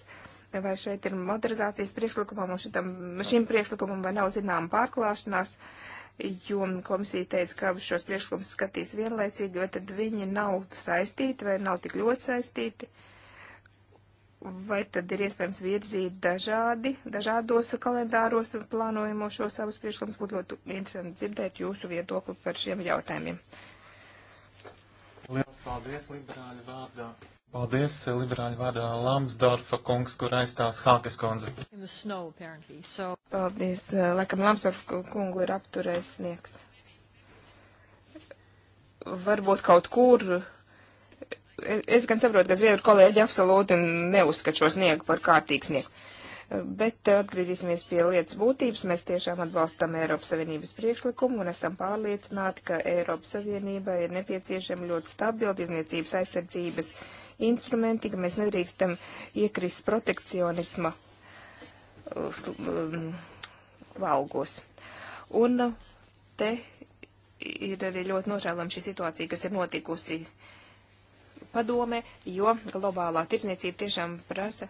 Vai šeit ir modernizācijas priekšlikumam un šitam, šim priekšlikumam vai nav zinām pārklāšanās? jo komisija teica, ka abus šos priekšlikumus skatīs vienlaicīgi, jo tad viņi nav saistīti vai nav tik ļoti saistīti. Uh, vai tad ir iespējams virzīt dažādi, dažādos kalendāros un plānojamo šo savus priekšlikumus? Būtu ļoti interesanti dzirdēt jūsu viedokli par šiem jautājumiem. Liels paldies liberāļu vārdā. Paldies, eh, liberāļu vārdā Lamsdorfa kungs, kur aizstās Hākas kundze. So... Paldies, eh, laikam Lamsdorfa kungu ir apturējis sniegs. Varbūt kaut kur es gan saprotu, ka zviedru kolēģi absolūti neuzskat šo sniegu par kārtīgu sniegu. Bet eh, atgriezīsimies pie lietas būtības. Mēs tiešām atbalstam Eiropas Savienības priekšlikumu un esam pārliecināti, ka Eiropas Savienībai ir nepieciešama ļoti stabila izniecības aizsardzības instrumenti, ka mēs nedrīkstam iekrist protekcionisma valgos. Eh, mm, un eh, te ir arī ļoti nožēlama šī situācija, kas ir notikusi uh, padomē, jo globālā tirzniecība tiešām prasa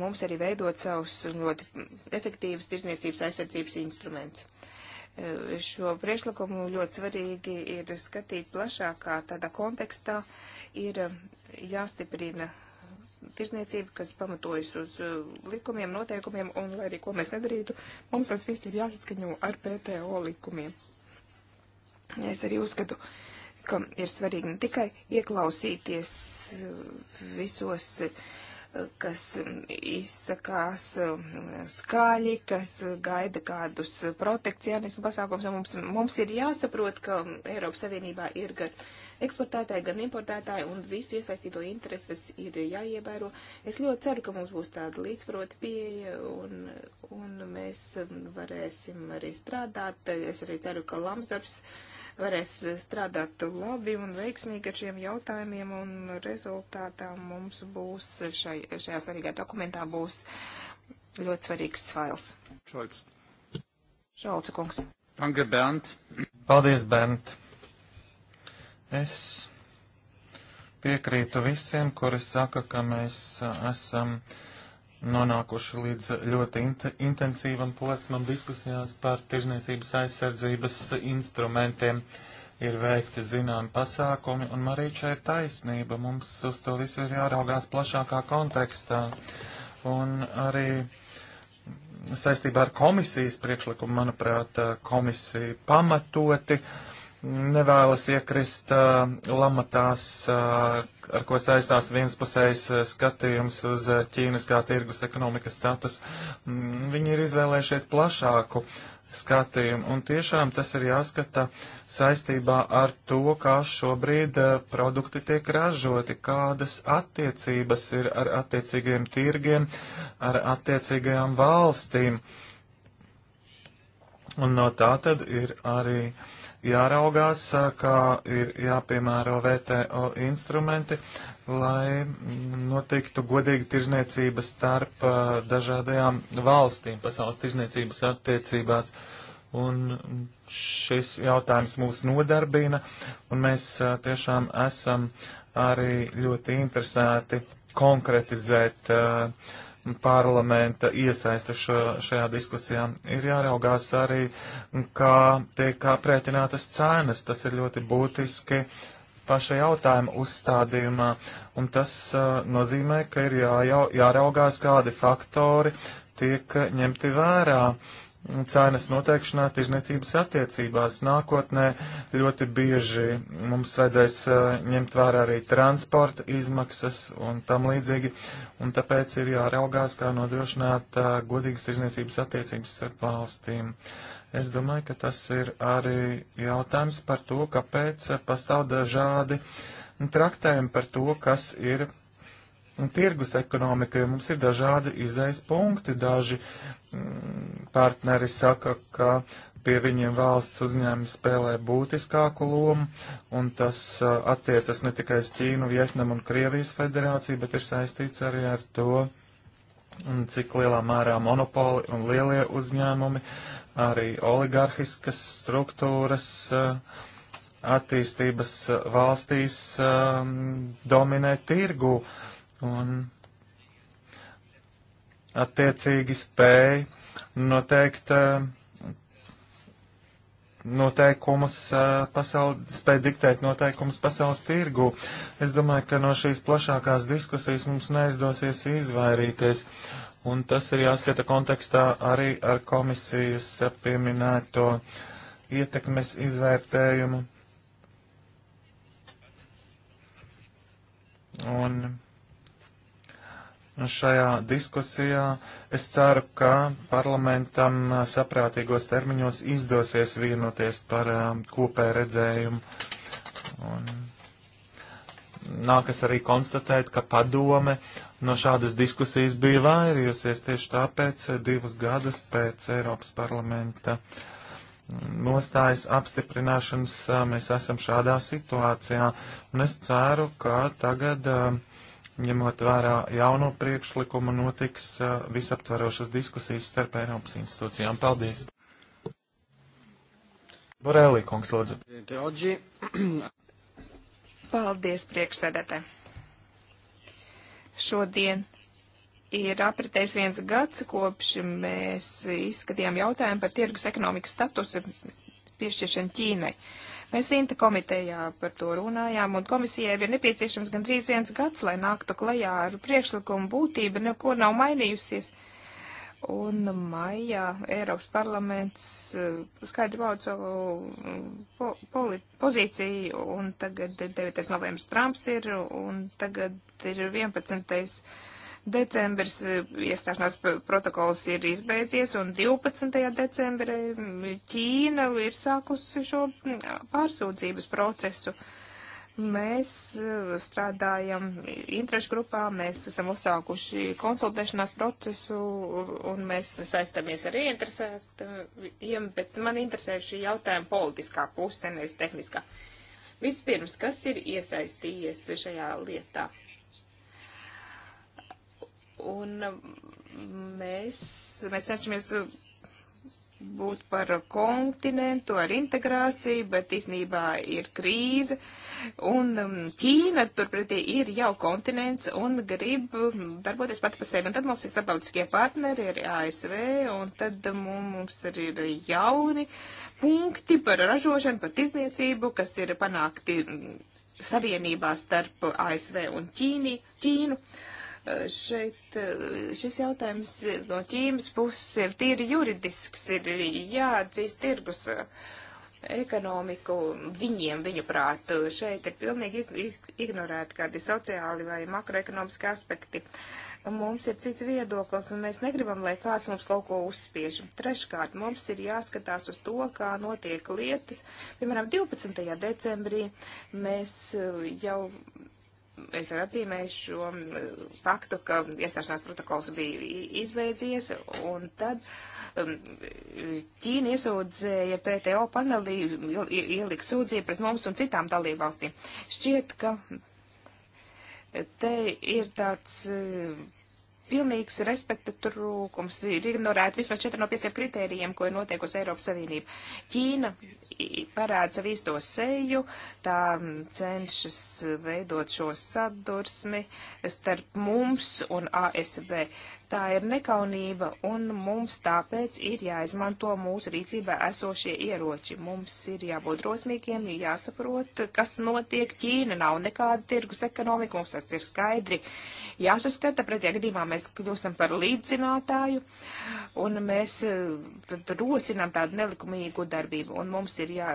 mums arī veidot savus ļoti efektīvus tirzniecības aizsardzības instrumentus. E, šo priekšlikumu ļoti svarīgi ir skatīt plašākā tādā kontekstā, ir e, jāstiprina tirzniecība, kas pamatojas uz e, likumiem, noteikumiem, un lai arī ko mēs nedarītu, mums tas viss ir jāsaskaņo ar PTO likumiem. Es arī uzskatu, uh, ka ir svarīgi ne tikai ieklausīties uh, visos, uh, kas um, izsakās uh, skaļi, kas gaida kādus protekcionismu pasākums. Mums, mums ir jāsaprot, ka Eiropas Savienībā ir gan eksportētāji, gan importētāji, un visu iesaistīto intereses ir jāievēro. Es ļoti ceru, ka mums būs tāda līdzproti pieeja, un, un mēs um, varēsim arī strādāt. Es arī ceru, ka Lamsdorfs varēs strādāt labi un veiksmīgi ar šiem jautājumiem, un rezultātā mums būs šai, šajā svarīgā dokumentā būs ļoti svarīgs fails. Šolts. Šolts kungs. Danke, Bernd. Paldies, Bernd. Es piekrītu visiem, kuri saka, ka mēs esam. Uh, nonākuši līdz ļoti int intensīvam posmam diskusijās par tirzniecības aizsardzības instrumentiem. Ir veikti zināmi pasākumi, un Marīčai ir taisnība. Mums uz to visu ir jāraugās plašākā kontekstā. Un arī saistībā ar komisijas priekšlikumu, manuprāt, komisija pamatoti uh, nevēlas iekrist uh, lamatās, uh, ar ko saistās vienspusējs uh, skatījums uz uh, Ķīnas kā tirgus ekonomikas status. Mm, viņi ir izvēlējušies plašāku skatījumu, un tiešām tas ir jāskata saistībā ar to, kā šobrīd uh, produkti tiek ražoti, kādas attiecības ir ar attiecīgiem tirgiem, ar attiecīgajām valstīm. Un no tā tad ir arī uh, jāraugās, kā ir jāpiemēro VTO instrumenti, lai notiktu godīga tirzniecība starp dažādajām valstīm pasaules tirzniecības attiecībās. Un šis jautājums mūs nodarbina, un mēs tiešām esam arī ļoti interesēti konkretizēt uh, parlamenta iesaista šo, šajā diskusijā. Ir jāraugās arī, kā tiek aprēķinātas cenas. Tas ir ļoti būtiski paša jautājuma uzstādījumā. Un tas uh, nozīmē, ka ir jā, jāraugās, kādi faktori tiek ņemti vērā. Uh, cenas noteikšanā tirzniecības attiecībās. Nākotnē ļoti bieži mums vajadzēs uh, ņemt vērā arī transporta izmaksas un tam līdzīgi, un tāpēc ir jāraugās, kā nodrošināt uh, godīgas tirzniecības attiecības starp valstīm. Es domāju, ka tas ir arī jautājums par to, kāpēc uh, pastāv dažādi traktējumi par to, kas ir tirgus ekonomika, jo mums ir dažādi izējas punkti. Daži mm, partneri saka, ka pie viņiem valsts uzņēmumi spēlē būtiskāku lomu, un tas uh, attiecas ne tikai uz Ķīnu, Vietnamu un Krievijas federāciju, bet ir saistīts arī ar to, cik lielā mērā monopoli un lielie uzņēmumi, arī oligarhiskas struktūras uh, attīstības valstīs um, dominē tirgu. Uh, un attiecīgi spēj noteikt eh, noteikumus eh, pasaules, spēj diktēt noteikumus pasaules tirgu. Es domāju, ka no šīs plašākās diskusijas mums neizdosies izvairīties. Un tas ir jāskata kontekstā arī ar komisijas pieminēto ietekmes izvērtējumu. Un šajā diskusijā. Es ceru, ka parlamentam saprātīgos termiņos izdosies vienoties par um, kopēju redzējumu. Un nākas arī konstatēt, ka padome no šādas diskusijas bija vairījusies tieši tāpēc eh, divus gadus pēc Eiropas parlamenta mm, nostājas apstiprināšanas eh, mēs esam šādā situācijā. Un es ceru, ka tagad uh, Ņemot vērā jauno priekšlikumu, notiks uh, visaptvarošas diskusijas starp Eiropas institūcijām. Paldies! Borelī, kungs, lūdzu. Paldies, priekšsēdētē. Šodien ir apritējis viens gads, kopš mēs izskatījām jautājumu par tirgus ekonomikas statusu piešķiršanu Ķīnai. Uh, Mēs Inta komitejā par to runājām, un komisijai bija nepieciešams gandrīz viens gads, lai nāktu klajā ar priekšlikumu būtību, neko nav mainījusies. Un maijā Eiropas parlaments eh, skaidri pauda savu eh, po, poli, pozīciju, un tagad 9. novembris Trumps ir, un tagad ir 11. Decembris eh, iestāšanās protokols ir izbeidzies, un 12. decembrī mm, Ķīna ir sākusi šo mm, pārsūdzības procesu. Mēs eh, strādājam interešu grupā, mēs esam uzsākuši konsultēšanās procesu un mēs saistamies ar ieinteresētiem, bet man interesē šī jautājuma politiskā puse, nevis tehniskā. Vispirms, kas ir iesaistījies šajā lietā? Un mēs, mēs cenšamies būt par kontinentu ar integrāciju, bet īsnībā ir krīze. Un um, Ķīna turpretī ir jau kontinents un grib darboties pati par sevi. Un tad mums ir starptautiskie partneri, ir ASV, un tad mums arī ir jauni punkti par ražošanu, par izniecību, kas ir panākti savienībā starp ASV un Ķīni, Ķīnu. Ķīnu. Šeit šis jautājums no Ķīnas puses ir tīri juridisks, ir jāatzīst tirgus ekonomiku viņiem, viņuprāt. Šeit ir pilnīgi ignorēti kādi sociāli vai makroekonomiski aspekti. Mums ir cits viedoklis, un mēs negribam, lai kāds mums kaut ko uzspiež. Treškārt, mums ir jāskatās uz to, kā notiek lietas. Piemēram, 12. decembrī mēs jau es jau atzīmēju šo eh, faktu, ka iestāšanās protokols bija izbeidzies, un tad um, Ķīna iesūdzēja PTO panelī, ielika sūdzību pret mums un citām dalībvalstīm. Šķiet, ka te ir tāds eh, pilnīgs respekta trūkums. Ir ignorēti vismaz 4 no 5 kritērijiem, ko ir noteikusi Eiropas Savienība. Ķīna parāda savu īsto seju, tā cenšas veidot šo sadursmi starp mums un ASV. Tā ir nekaunība, un mums tāpēc ir jāizmanto mūsu rīcībā esošie ieroči. Mums ir jābūt drosmīgiem, jāsaprot, kas notiek. Ķīna nav nekāda tirgus ekonomika, mums tas ir skaidri jāsaskata. Pretējā gadījumā mēs kļūstam par līdzinātāju, un mēs eh, tad rosinām tādu nelikumīgu darbību, un mums ir jā,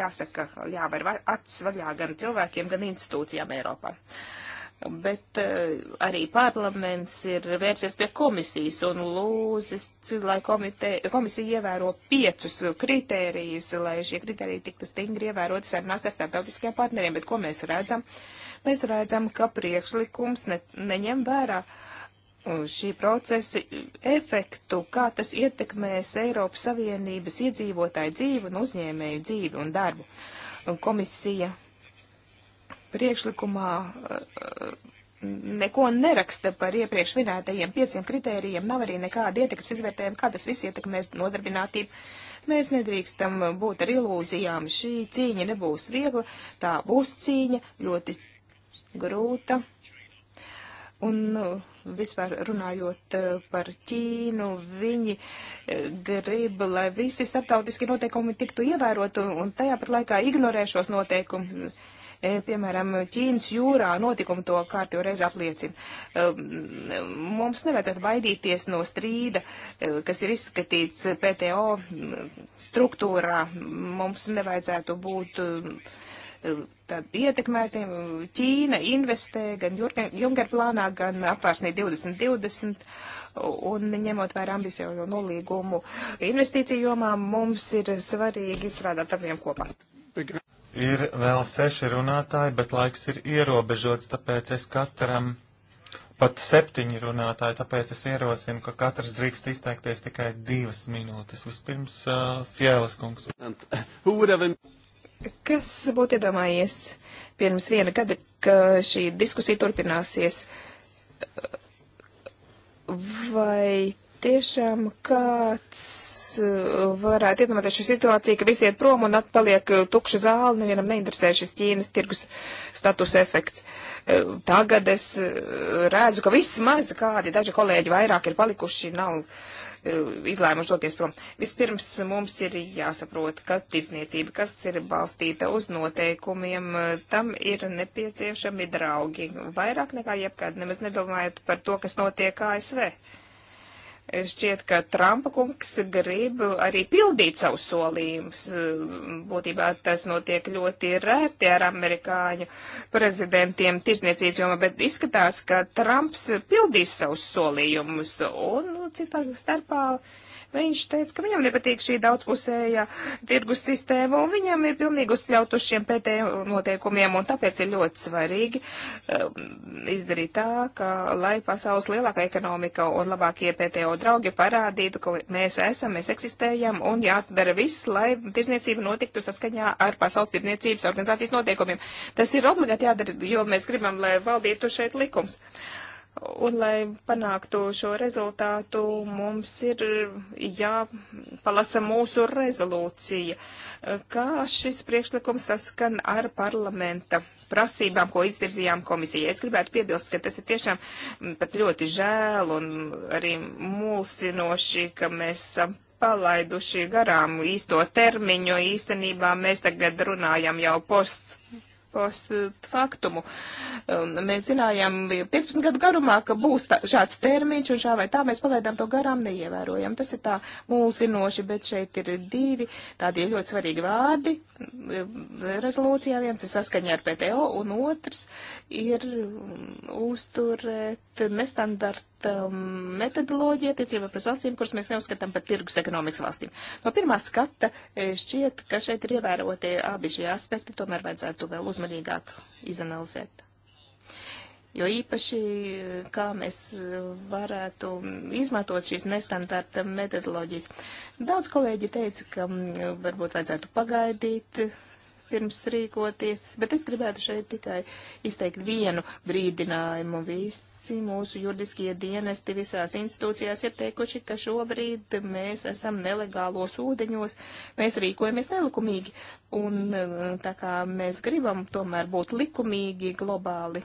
jāsaka, jāvar acis vaļā gan cilvēkiem, gan institūcijām Eiropā. Uh, bet eh, arī parlaments ir vērsies pie komisijas un lūzis, lai komite, komisija ievēro piecus kritērijus, lai šie kritēriji tiktu stingri ievēroti sarunās ar starptautiskajiem partneriem. Bet ko mēs redzam? Mēs redzam, ka priekšlikums ne, neņem vērā uh, šī procesa efektu, kā tas ietekmēs Eiropas Savienības iedzīvotāju dzīvi un uzņēmēju dzīvi un darbu. Un komisija priekšlikumā eh, eh, neko neraksta par iepriekš minētajiem pieciem kritērijiem, nav arī nekāda ietekmes izvērtējuma, kā tas viss ietekmēs nodarbinātību. Mēs nedrīkstam būt ar ilūzijām. Šī cīņa nebūs viegla, tā būs cīņa, ļoti grūta. Un eh, vispār runājot par Ķīnu, viņi grib, lai visi starptautiski noteikumi tiktu ievērot un tajā pat laikā ignorē šos noteikumus E, piemēram, Ķīnas jūrā notikumi to kārtīgi reiz apliecina. Mums nevajadzētu baidīties no strīda, e, kas ir izskatīts PTO struktūrā. Mums nevajadzētu būt e, tad ietekmētiem. Ķīna investē gan Junker plānā, gan apvārsnī 2020, un ņemot vērā ambiciozo nolīgumu investīciju jomā, mums ir svarīgi izstrādāt ar viņiem kopā. Ir vēl seši runātāji, bet laiks ir ierobežots, tāpēc es katram pat septiņi runātāji, tāpēc es ierosinu, ka katrs drīkst izteikties tikai divas minūtes. Vispirms uh, Fjēlas kungs. Kas būtu iedomājies pirms viena gada, ka šī diskusija turpināsies? Vai tiešām kāds uh, varētu iedomāties šo situāciju, ka visi iet prom un atpaliek uh, tukša zāle, nevienam neinteresē šis Ķīnas tirgus status efekts. Uh, tagad es redzu, ka viss maz kādi, daži kolēģi vairāk ir palikuši, nav izlēmuši doties prom. Vispirms mums ir jāsaprot, ka tirsniecība, kas ir balstīta uz noteikumiem, tam ir nepieciešami draugi. Vairāk nekā jebkad, nemaz nedomājot par to, kas notiek ASV. Uh, Šķiet, ka Trumpa kungs grib arī pildīt savus solījumus. Būtībā tas notiek ļoti reti ar amerikāņu prezidentiem tirsniecības jomā, bet izskatās, ka Trumps pildīs savus solījumus un nu, citā starpā. Uh, Viņš teica, ka viņam nepatīk šī daudzpusējā tirgus sistēma, un viņam ir pilnīgi uzkļaut uz šiem pētējiem noteikumiem, un tāpēc ir ļoti svarīgi um, izdarīt tā, ka, lai pasaules lielākā ekonomika un labākie pētējo draugi parādītu, ka mēs esam, mēs eksistējam, un jādara viss, lai tirzniecība notiktu saskaņā ar pasaules tirzniecības organizācijas noteikumiem. Tas ir obligāti jādara, jo mēs gribam, lai valdītu šeit likums. Uh, Un, lai panāktu šo rezultātu, mums ir jāpalasa mūsu rezolūcija, kā šis priekšlikums saskan ar parlamenta prasībām, ko izvirzījām komisijai. Es gribētu piebilst, ka tas ir tiešām pat ļoti žēl un arī mulsinoši, ka mēs esam palaiduši garām īsto termiņu. Īstenībā mēs tagad runājam jau post post e, faktumu. Um, mēs zinājām 15 e, gadu garumā, ka būs tā, šāds termiņš, un šā vai tā mēs palaidām to garām neievērojam. Tas ir tā mūsinoši, bet šeit ir divi tādie ļoti svarīgi vārdi rezolūcijā, viens ir saskaņā ar PTO, un otrs ir um, uzturēt nestandarta um, metodoloģiju attiecībā pret valstīm, kuras mēs neuzskatām par tirgus ekonomikas valstīm. No pirmā skata eh, šķiet, ka šeit ir ievērotie abi šie aspekti, tomēr vajadzētu vēl uzmanīgāk izanalizēt jo īpaši, eh, kā mēs eh, varētu izmantot šīs nestandarta metodoloģijas. Daudz kolēģi teica, ka mm, varbūt vajadzētu pagaidīt eh, pirms rīkoties, bet es gribētu šeit tikai izteikt vienu brīdinājumu. Visi mūsu juridiskie dienesti visās institūcijās ir teikuši, ka šobrīd mēs esam nelegālos ūdeņos, mēs rīkojamies nelikumīgi, un tā kā mēs gribam tomēr būt likumīgi globāli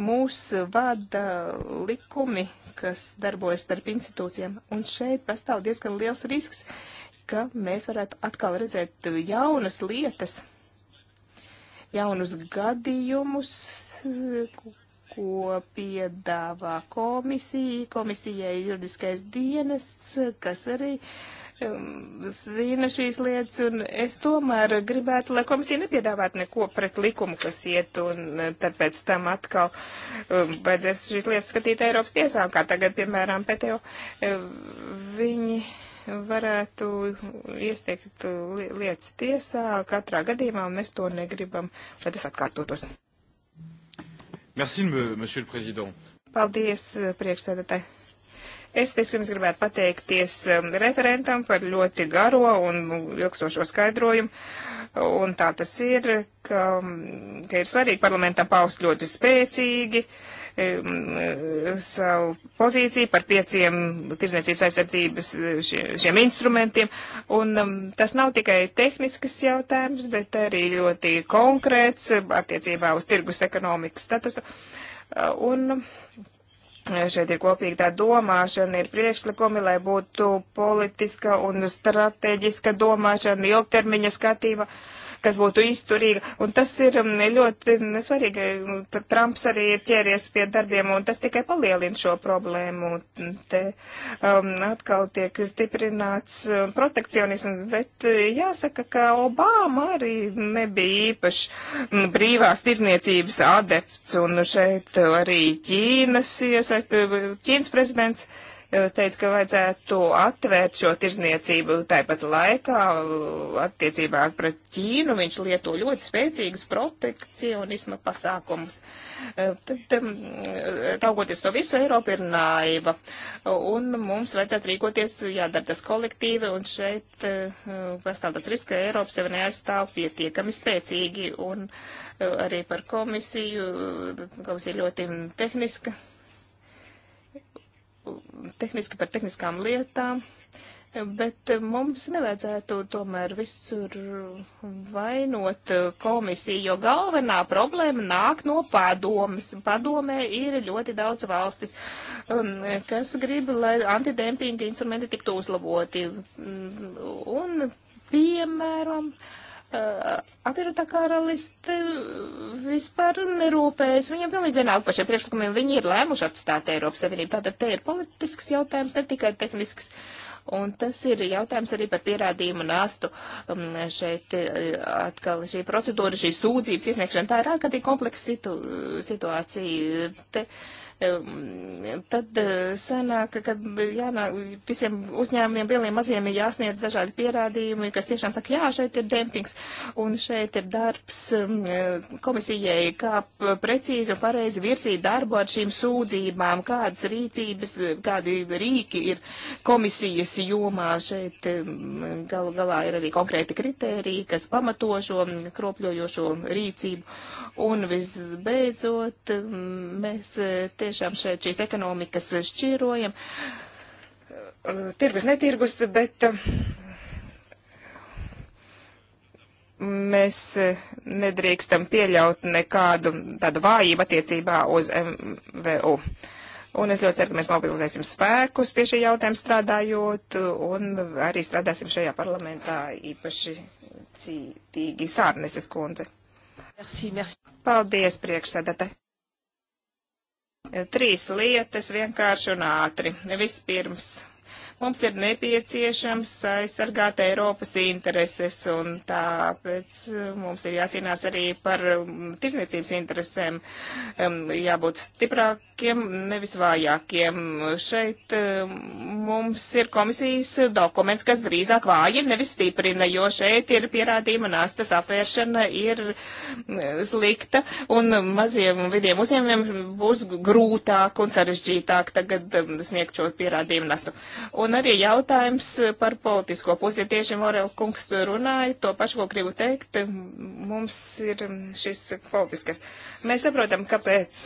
mūs vada likumi, kas darbojas starp institūcijām, un šeit pastāv diezgan liels risks, ka mēs varētu atkal redzēt jaunas lietas, jaunus gadījumus, ko piedāvā komisija, komisijai juridiskais dienests, kas arī uh, Um, zina šīs lietas, un es tomēr gribētu, lai komisija nepiedāvātu neko pret likumu, kas iet, un uh, tad pēc tam atkal um, vajadzēs šīs lietas skatīt Eiropas tiesām, kā tagad, piemēram, PTO. Um, viņi varētu iestiekt uh, lietas tiesā katrā gadījumā, un mēs to negribam, lai tas atkārtotos. Merci, monsieur le président. Paldies, uh, priekšsēdētāji. Es vispirms gribētu pateikties um, referentam par ļoti garo un ilgstošo skaidrojumu. Un tā tas ir, ka, um, ka ir svarīgi parlamentam paust ļoti spēcīgi um, savu pozīciju par pieciem tirzniecības aizsardzības uh, šiem instrumentiem. Un tas nav tikai tehnisks jautājums, bet arī ļoti konkrēts attiecībā uz tirgus ekonomikas statusu. Uh, un, Šeit ir kopīga tā domāšana, ir priekšlikumi, lai būtu politiska un strateģiska domāšana, ilgtermiņa skatība. Uh, kas būtu izturīga. Un tas ir um, ļoti svarīgi. Trumps arī ir ķēries pie darbiem, un tas tikai palielina šo problēmu. Te um, atkal tiek stiprināts um, protekcionisms, bet uh, jāsaka, ka Obama arī nebija īpaši mm, brīvās tirzniecības adepts, un šeit arī Ķīnas iesaist, uh, Ķīnas prezidents. Uh, teica, ka vajadzētu atvērt šo tirzniecību tāpat laikā attiecībā pret Ķīnu. Viņš lieto ļoti spēcīgas protekcionisma pasākumus. Eh, tad, raugoties to visu, Eiropa ir naiva. Un mums vajadzētu rīkoties, jādara tas kolektīvi, un šeit eh, pastāv tāds risks, ka Eiropas jau neaizstāv pietiekami spēcīgi. Un eh, arī par komisiju, komisija ļoti tehniska tehniski par tehniskām lietām, bet mums nevajadzētu tomēr visur vainot komisiju, jo galvenā problēma nāk no padomas. Padomē ir ļoti daudz valstis, um, kas grib, lai antidempinga instrumenti tiktu uzlaboti. Un, piemēram, uh, Eh, apvienotā karaliste eh, vispār nerūpējas. Viņam pilnīgi vienalga par šiem priekšlikumiem. Viņi ir lēmuši atstāt Eiropas Savienību. Tātad te ir politisks jautājums, ne tikai tehnisks. Un tas ir jautājums arī par pierādījumu nāstu. Um, šeit eh, atkal šī procedūra, šī sūdzības iesniegšana, tā ir ārkārtīgi kompleksa situ, situācija. Te, uh, tad eh, sanāk, ka jānāk, visiem uzņēmumiem, lieliem maziem ir jāsniedz dažādi pierādījumi, kas tiešām saka, jā, šeit ir dempings un šeit ir darbs eh, komisijai, kā precīzi un pareizi virsīt darbu ar šīm sūdzībām, kādas rīcības, kādi rīki ir komisijas jomā. Šeit gal, galā ir arī konkrēti kritēriji, kas pamato šo kropļojošo rīcību. Un visbeidzot, mēs te tiešām šeit šīs ekonomikas šķīrojam. Uh, tirgus netirgus, bet uh, mēs uh, nedrīkstam pieļaut nekādu tādu vājību attiecībā uz MVU. Un es ļoti ceru, ka mēs mobilizēsim spēkus pie šī jautājuma strādājot, un arī strādāsim šajā parlamentā īpaši cītīgi sārneses kundze. Merci, merci. Paldies, priekšsēdētāji. Trīs lietas vienkārši un ātri. Vispirms Mums ir nepieciešams aizsargāt Eiropas intereses, un tāpēc uh, mums ir jācīnās arī par um, tirsniecības interesēm, um, jābūt stiprākiem, nevis vājākiem. Šeit um, mums ir komisijas dokuments, kas drīzāk vāji, nevis stiprina, jo šeit ir pierādījuma nastas apvēršana ir mm, slikta, un maziem vidiem uzņēmumiem būs grūtāk un sarežģītāk tagad sniegt šo pierādījumu nastu. Un Un arī jautājums eh, par politisko pusi. Tieši Morel kungs runāja to pašu, ko gribu teikt. Mums ir šis politiskais. Mēs saprotam, kāpēc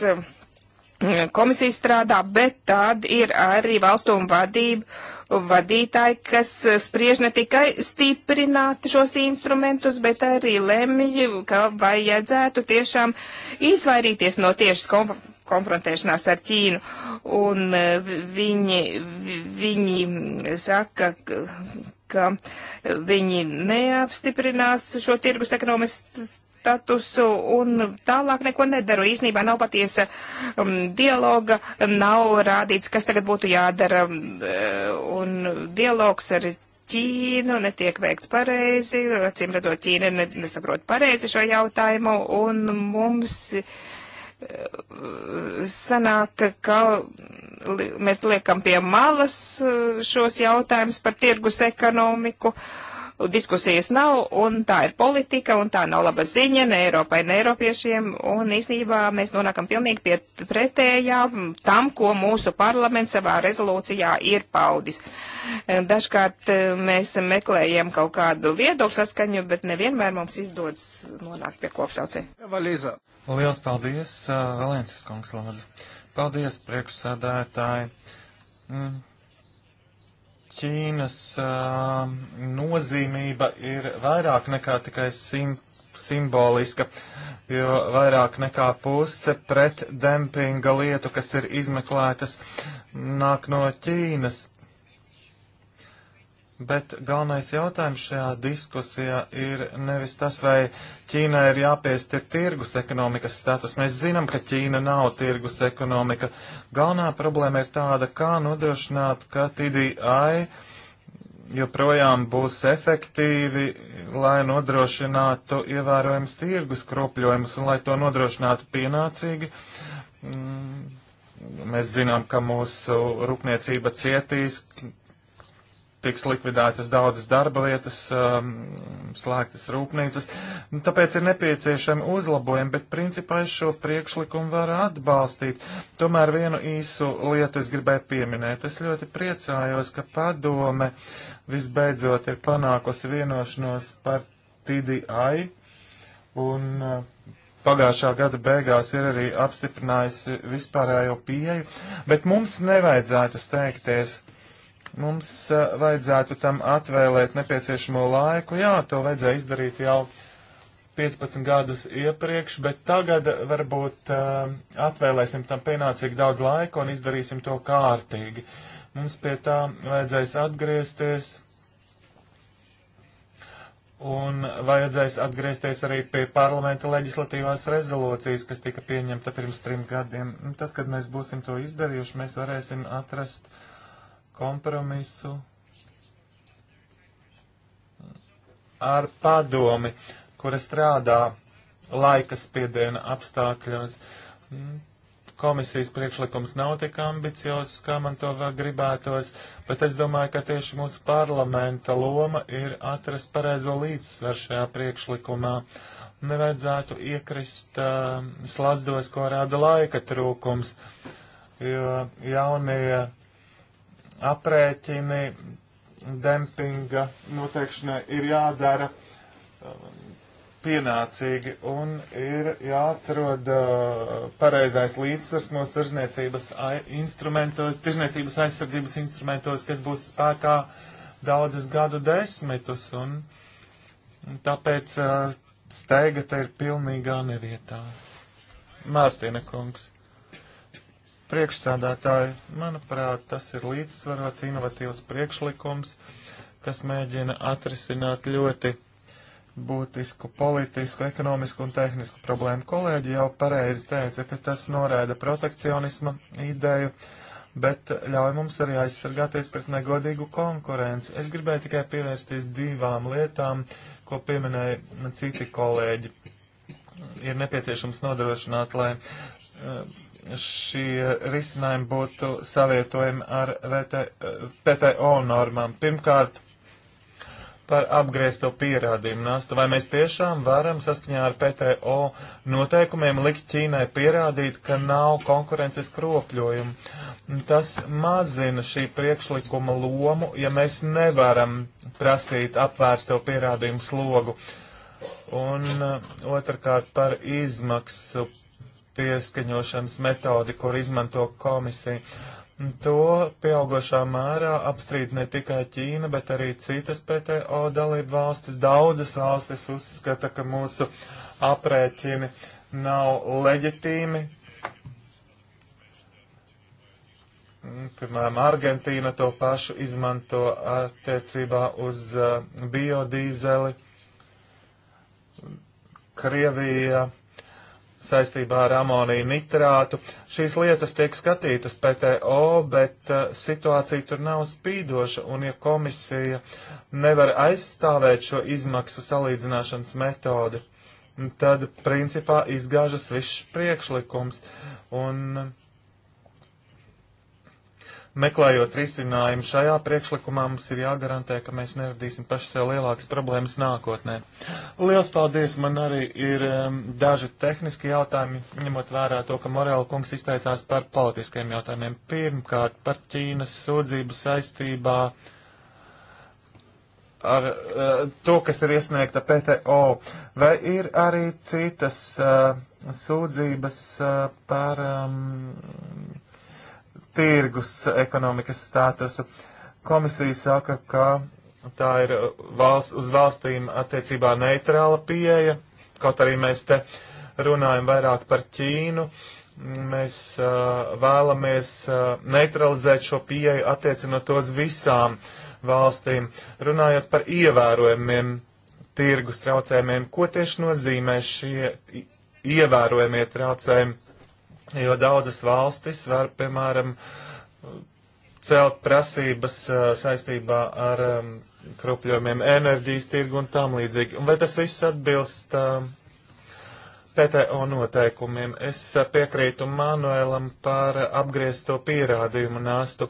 komisija strādā, bet tad ir arī valstu un vadību vadītāji, kas spriež ne tikai stiprināt šos instrumentus, bet arī lemj, ka vajadzētu tiešām izvairīties no tiešas konf konfrontēšanās ar Ķīnu. Un e, viņi, viņi saka, ka viņi neapstiprinās šo tirgus ekonomiskas statusu un tālāk neko nedaru. Īsnībā nav patiesa um, dialoga, nav rādīts, kas tagad būtu jādara, um, eh, un dialogs ar Ķīnu netiek veikts pareizi, acīm redzot, Ķīna nesaprot pareizi šo jautājumu, un mums eh, sanāk, ka mēs liekam pie malas eh, šos jautājumus par tirgus ekonomiku. Uh, diskusijas nav, un tā ir politika, un tā nav laba ziņa ne Eiropai, ne Eiropiešiem, un īsnībā mēs nonākam pilnīgi pie pretējā tam, ko mūsu parlaments savā rezolūcijā ir paudis. Dažkārt eh, mēs meklējam kaut kādu viedokļu saskaņu, bet nevienmēr mums izdodas nonākt pie kopsaucē. Valīza. Liels paldies, eh, Valences kungs, lūdzu. Paldies, priekšsādātāji. Mm Ķīnas uh, nozīmība ir vairāk nekā tikai sim simboliska, jo vairāk nekā puse pret dempinga lietu, kas ir izmeklētas, nāk no Ķīnas. Bet galvenais jautājums šajā diskusijā ir nevis tas, vai Ķīnai ir jāpiestir tirgus ekonomikas status. Mēs zinām, ka Ķīna nav tirgus ekonomika. Galvenā problēma ir tāda, kā nodrošināt, ka TDI joprojām būs efektīvi, lai nodrošinātu ievērojams tirgus kropļojumus un lai to nodrošinātu pienācīgi. Mm, mēs zinām, ka mūsu rūpniecība cietīs, tiks likvidētas daudzas darba vietas, um, slēgtas rūpnīcas. Tāpēc ir nepieciešami uzlabojumi, bet principā es šo priekšlikumu varu atbalstīt. Tomēr vienu īsu lietu es gribēju pieminēt. Es ļoti priecājos, ka padome visbeidzot ir panākusi vienošanos par TDI un uh, pagājušā gada beigās ir arī apstiprinājusi vispārējo pieeju, bet mums nevajadzētu steigties Mums uh, vajadzētu tam atvēlēt nepieciešamo laiku. Jā, to vajadzēja izdarīt jau 15 gadus iepriekš, bet tagad varbūt uh, atvēlēsim tam pienācīgi daudz laika un izdarīsim to kārtīgi. Mums pie tā vajadzēs atgriezties. Un vajadzēs atgriezties arī pie parlamenta leģislatīvās rezolūcijas, kas tika pieņemta pirms trim gadiem. Un tad, kad mēs būsim to izdarījuši, mēs varēsim atrast uh, kompromisu ar padomi, kura strādā laika spiediena apstākļos. Mm, komisijas priekšlikums nav tik ambiciozs, kā man to vēl gribētos, bet es domāju, ka tieši mūsu parlamenta loma ir atrast pareizo līdzsvaru šajā priekšlikumā. Nevajadzētu iekrist uh, slazdos, ko rāda laika trūkums, jo jaunie aprēķini dempinga noteikšanai ir jādara um, pienācīgi un ir jāatrod uh, pareizais līdzsvars no tirzniecības instrumentos, tirzniecības aizsardzības instrumentos, kas būs spēkā daudzus gadu desmitus un tāpēc uh, steiga te ir pilnīgā nevietā. Mārtiņa kungs priekšsādātāji. Manuprāt, tas ir līdzsvarots, inovatīvs priekšlikums, kas mēģina atrisināt ļoti būtisku politisku, ekonomisku un tehnisku problēmu. Kolēģi jau pareizi teica, ka tas norāda protekcionisma ideju, bet ļauj mums arī aizsargāties pret negodīgu konkurenci. Es gribēju tikai pievērsties divām lietām, ko pieminēja citi kolēģi. Ir nepieciešams nodrošināt, lai uh, šie risinājumi būtu savietojami ar VT, PTO normām. Pirmkārt, par apgriezto pierādījumu nastu. Vai mēs tiešām varam saskaņā ar PTO noteikumiem likt Ķīnai pierādīt, ka nav konkurences kropļojumu? Tas mazina šī priekšlikuma lomu, ja mēs nevaram prasīt apvērsto pierādījumu slogu. Un uh, otrkārt par izmaksu pieskaņošanas metodi, kur izmanto komisija. To pieaugošā mērā apstrīd ne tikai Ķīna, bet arī citas PTO dalību valstis. Daudzas valstis uzskata, ka mūsu aprēķini nav leģitīmi. Piemēram, Argentīna to pašu izmanto attiecībā uz uh, biodīzeli. Krievija saistībā ar amoniju nitrātu. Šīs lietas tiek skatītas PTO, bet uh, situācija tur nav spīdoša, un ja komisija nevar aizstāvēt šo izmaksu salīdzināšanas metodi, tad principā izgāžas viss priekšlikums. Un meklējot risinājumu šajā priekšlikumā, mums ir jāgarantē, ka mēs neradīsim paši sev lielākas problēmas nākotnē. Lielas paldies! Man arī ir um, daži tehniski jautājumi, ņemot vērā to, ka Morēla kungs izteicās par politiskiem jautājumiem. Pirmkārt, par Ķīnas sūdzību saistībā ar uh, to, kas ir iesniegta PTO. Vai ir arī citas uh, sūdzības uh, par um, tirgus ekonomikas statusu. Komisija saka, ka tā ir valsts, uz valstīm attiecībā neitrāla pieeja, kaut arī mēs te runājam vairāk par Ķīnu. Mēs uh, vēlamies uh, neutralizēt šo pieeju attiecinot uz visām valstīm, runājot par ievērojumiem tirgus traucējumiem. Ko tieši nozīmē šie ievērojamie traucējumi? jo daudzas valstis var, piemēram, celt prasības saistībā ar kropļojumiem enerģijas tirgu un tam līdzīgi. Un vai tas viss atbilst PTO noteikumiem. Es piekrītu Manuēlam par apgriezto pierādījumu nāstu.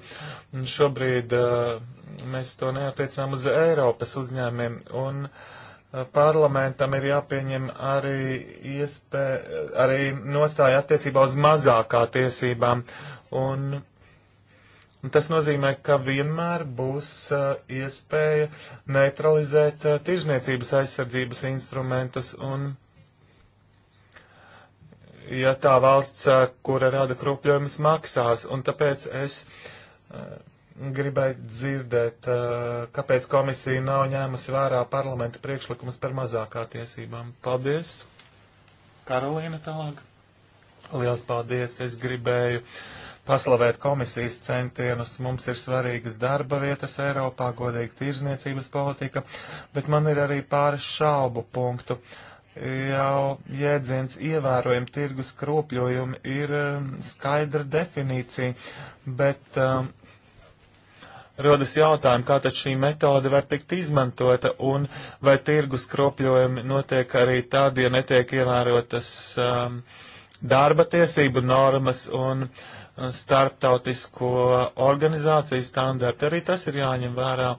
Šobrīd uh, mēs to neatiecām uz Eiropas uzņēmiem, un parlamentam ir jāpieņem arī, iespē, arī nostāja attiecībā uz mazākā tiesībām. Un, un tas nozīmē, ka vienmēr būs uh, iespēja neutralizēt uh, tirzniecības aizsardzības instrumentus. Un, ja tā valsts, uh, kura rada krupļojumus, maksās, un tāpēc es. Uh, gribētu dzirdēt, eh, kāpēc komisija nav ņēmusi vērā parlamenta priekšlikumus par mazākā tiesībām. Paldies! Karolīna tālāk. Liels paldies! Es gribēju paslavēt komisijas centienus. Mums ir svarīgas darba vietas Eiropā, godīga tirzniecības politika, bet man ir arī pāris šaubu punktu. Jau jēdziens ievērojami tirgus kropļojumi ir eh, skaidra definīcija, bet um, rodas jautājumi, kā tad šī metode var tikt izmantota un vai tirgus kropļojumi notiek arī tad, ja netiek ievērotas um, darba tiesību normas un uh, starptautisko organizāciju standarti. Arī tas ir jāņem vērā.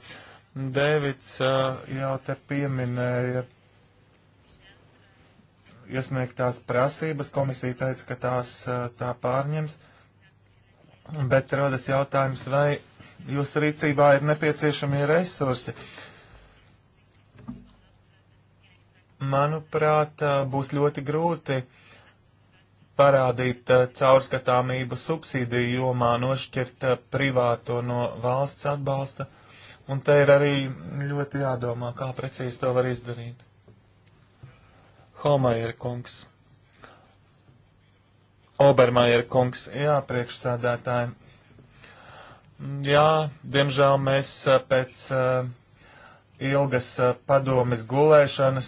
Dēvids uh, jau te pieminēja iesniegtās prasības. Komisija teica, ka tās uh, tā pārņems. Bet rodas jautājums, vai jūsu rīcībā ir nepieciešamie resursi. Manuprāt, būs ļoti grūti parādīt caurskatāmību subsīdiju jomā, nošķirt privāto no valsts atbalsta. Un te ir arī ļoti jādomā, kā precīzi to var izdarīt. Holmajer kungs. Obermajer kungs, jā, priekšsādātāji. Jā, diemžēl mēs pēc ilgas padomes gulēšanas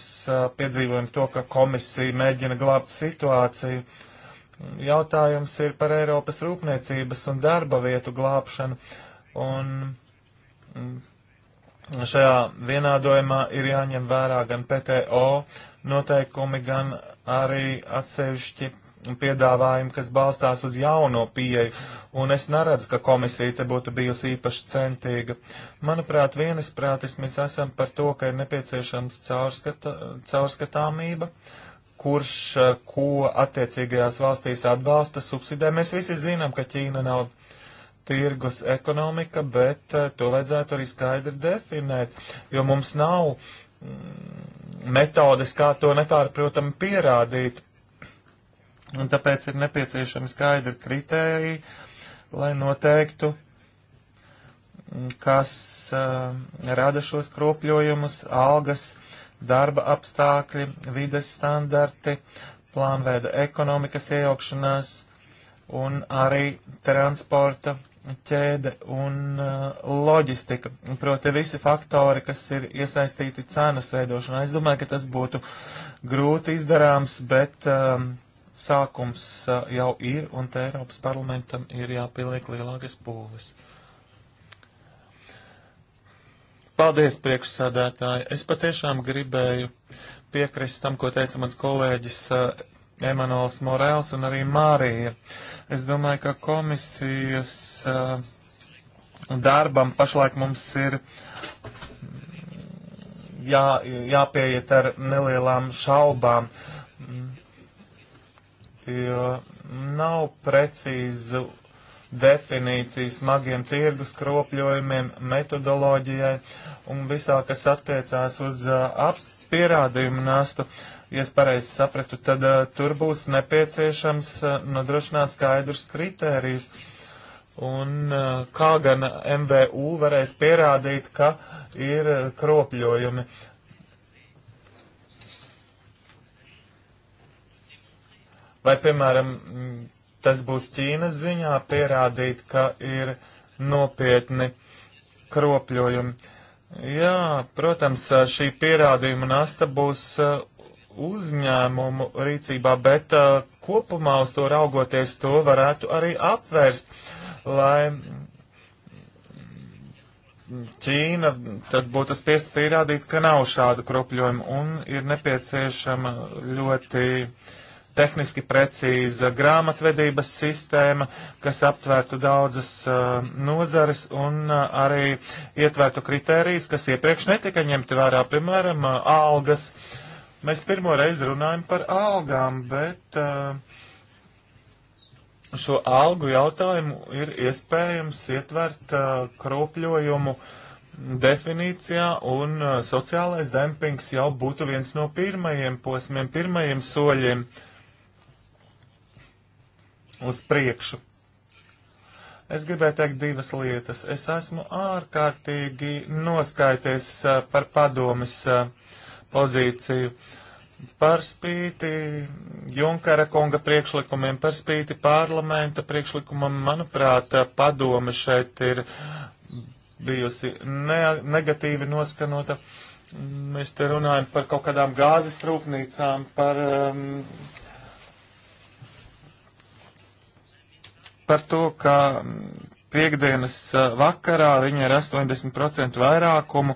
piedzīvojam to, ka komisija mēģina glābt situāciju. Jautājums ir par Eiropas rūpniecības un darba vietu glābšanu. Un mm, šajā vienādojumā ir jāņem vērā gan PTO noteikumi, gan arī atsevišķi piedāvājumu, kas balstās uz jauno pieeju, un es neredzu, ka komisija te būtu bijusi īpaši centīga. Manuprāt, vienisprātis mēs esam par to, ka ir nepieciešams caurskata, caurskatāmība, kurš ko attiecīgajās valstīs atbalsta subsidē. Mēs visi zinām, ka Ķīna nav tirgus ekonomika, bet eh, to vajadzētu arī skaidri definēt, jo mums nav mm, metodes, kā to nepārprotami pierādīt Un tāpēc ir nepieciešami skaidri kritēriji, lai noteiktu, kas uh, rada šos kropļojumus, algas, darba apstākļi, vides standarti, plānveida ekonomikas iejaukšanās un arī transporta ķēde un uh, loģistika. Proti visi faktori, kas ir iesaistīti cenas veidošanā. Es domāju, ka tas būtu grūti izdarāms, bet um, sākums uh, jau ir, un te Eiropas parlamentam ir jāpieliek lielākas pūles. Paldies, priekšsādātāji. Es patiešām gribēju piekrist tam, ko teica mans kolēģis uh, Emanuels Morēls un arī Mārija. Es domāju, ka komisijas uh, darbam pašlaik mums ir jā, jāpieiet ar nelielām šaubām. Uh, jo nav precīzu definīciju smagiem tirgus kropļojumiem, metodoloģijai un visā, kas attiecās uz uh, pierādījumu nastu. Ja es pareizi sapratu, tad uh, tur būs nepieciešams uh, nodrošināt skaidrus kritērijus. Un kā gan MVU varēs pierādīt, ka ir kropļojumi? Uh, Vai, piemēram, tas būs Ķīnas ziņā pierādīt, ka ir nopietni kropļojumi? Jā, protams, šī pierādījuma nasta būs uh, uzņēmumu rīcībā, bet uh, kopumā uz to raugoties to varētu arī apvērst, lai Ķīna tad būtu spiest pierādīt, ka nav šādu kropļojumu un ir nepieciešama ļoti uh, tehniski precīza grāmatvedības sistēma, kas aptvērtu daudzas uh, nozares un uh, arī ietvērtu kritērijas, kas iepriekš netika ņemti vērā, piemēram, uh, algas. Mēs pirmo reizi runājam par algām, bet šo algu jautājumu ir iespējams ietvert kropļojumu definīcijā, un sociālais dempings jau būtu viens no pirmajiem posmiem, pirmajiem soļiem. Uh, uz priekšu. Es gribēju teikt divas lietas. Es esmu ārkārtīgi noskaities par padomis pozīciju. Par spīti Junkara kunga priekšlikumiem, par spīti parlamenta priekšlikumam, manuprāt, padome šeit ir bijusi ne negatīvi noskanota. Mēs te runājam par kaut kādām gāzes rūpnīcām, par um, par to, ka piekdienas vakarā viņi ar 80% vairākumu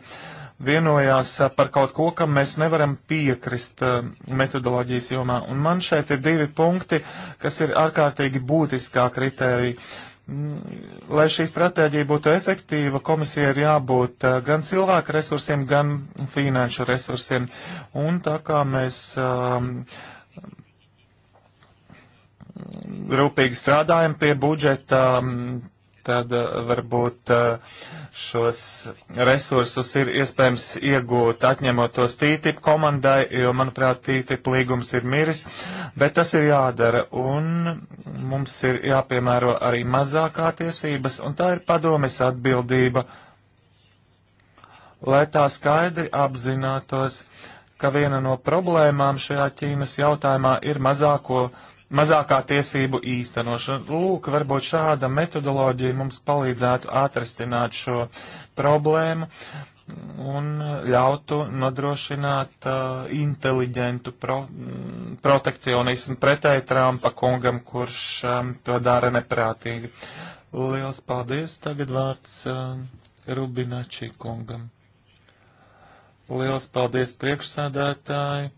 vienojās par kaut ko, kam mēs nevaram piekrist metodoloģijas jomā. Un man šeit ir divi punkti, kas ir ārkārtīgi būtiskā kritērija. Mm, lai šī stratēģija būtu efektīva, komisija ir jābūt gan cilvēku resursiem, gan finanšu resursiem. Un tā kā mēs uh, rūpīgi strādājam pie budžeta, tad eh, varbūt eh, šos resursus ir iespējams iegūt, atņemot tos TTIP komandai, jo, manuprāt, TTIP līgums ir miris, bet tas ir jādara, un mums ir jāpiemēro arī mazākā tiesības, un tā ir padomes atbildība, lai tā skaidri apzinātos, ka viena no problēmām šajā Ķīnas jautājumā ir mazāko tiesības mazākā tiesību īstenošana. Lūk, varbūt šāda metodoloģija mums palīdzētu atristināt šo problēmu un ļautu nodrošināt uh, inteliģentu pro, mm, protekcionismu pretēji Trumpa kungam, kurš um, to dara neprātīgi. Liels paldies! Tagad vārds uh, um, Rubinačī kungam. Liels paldies priekšsādātāji!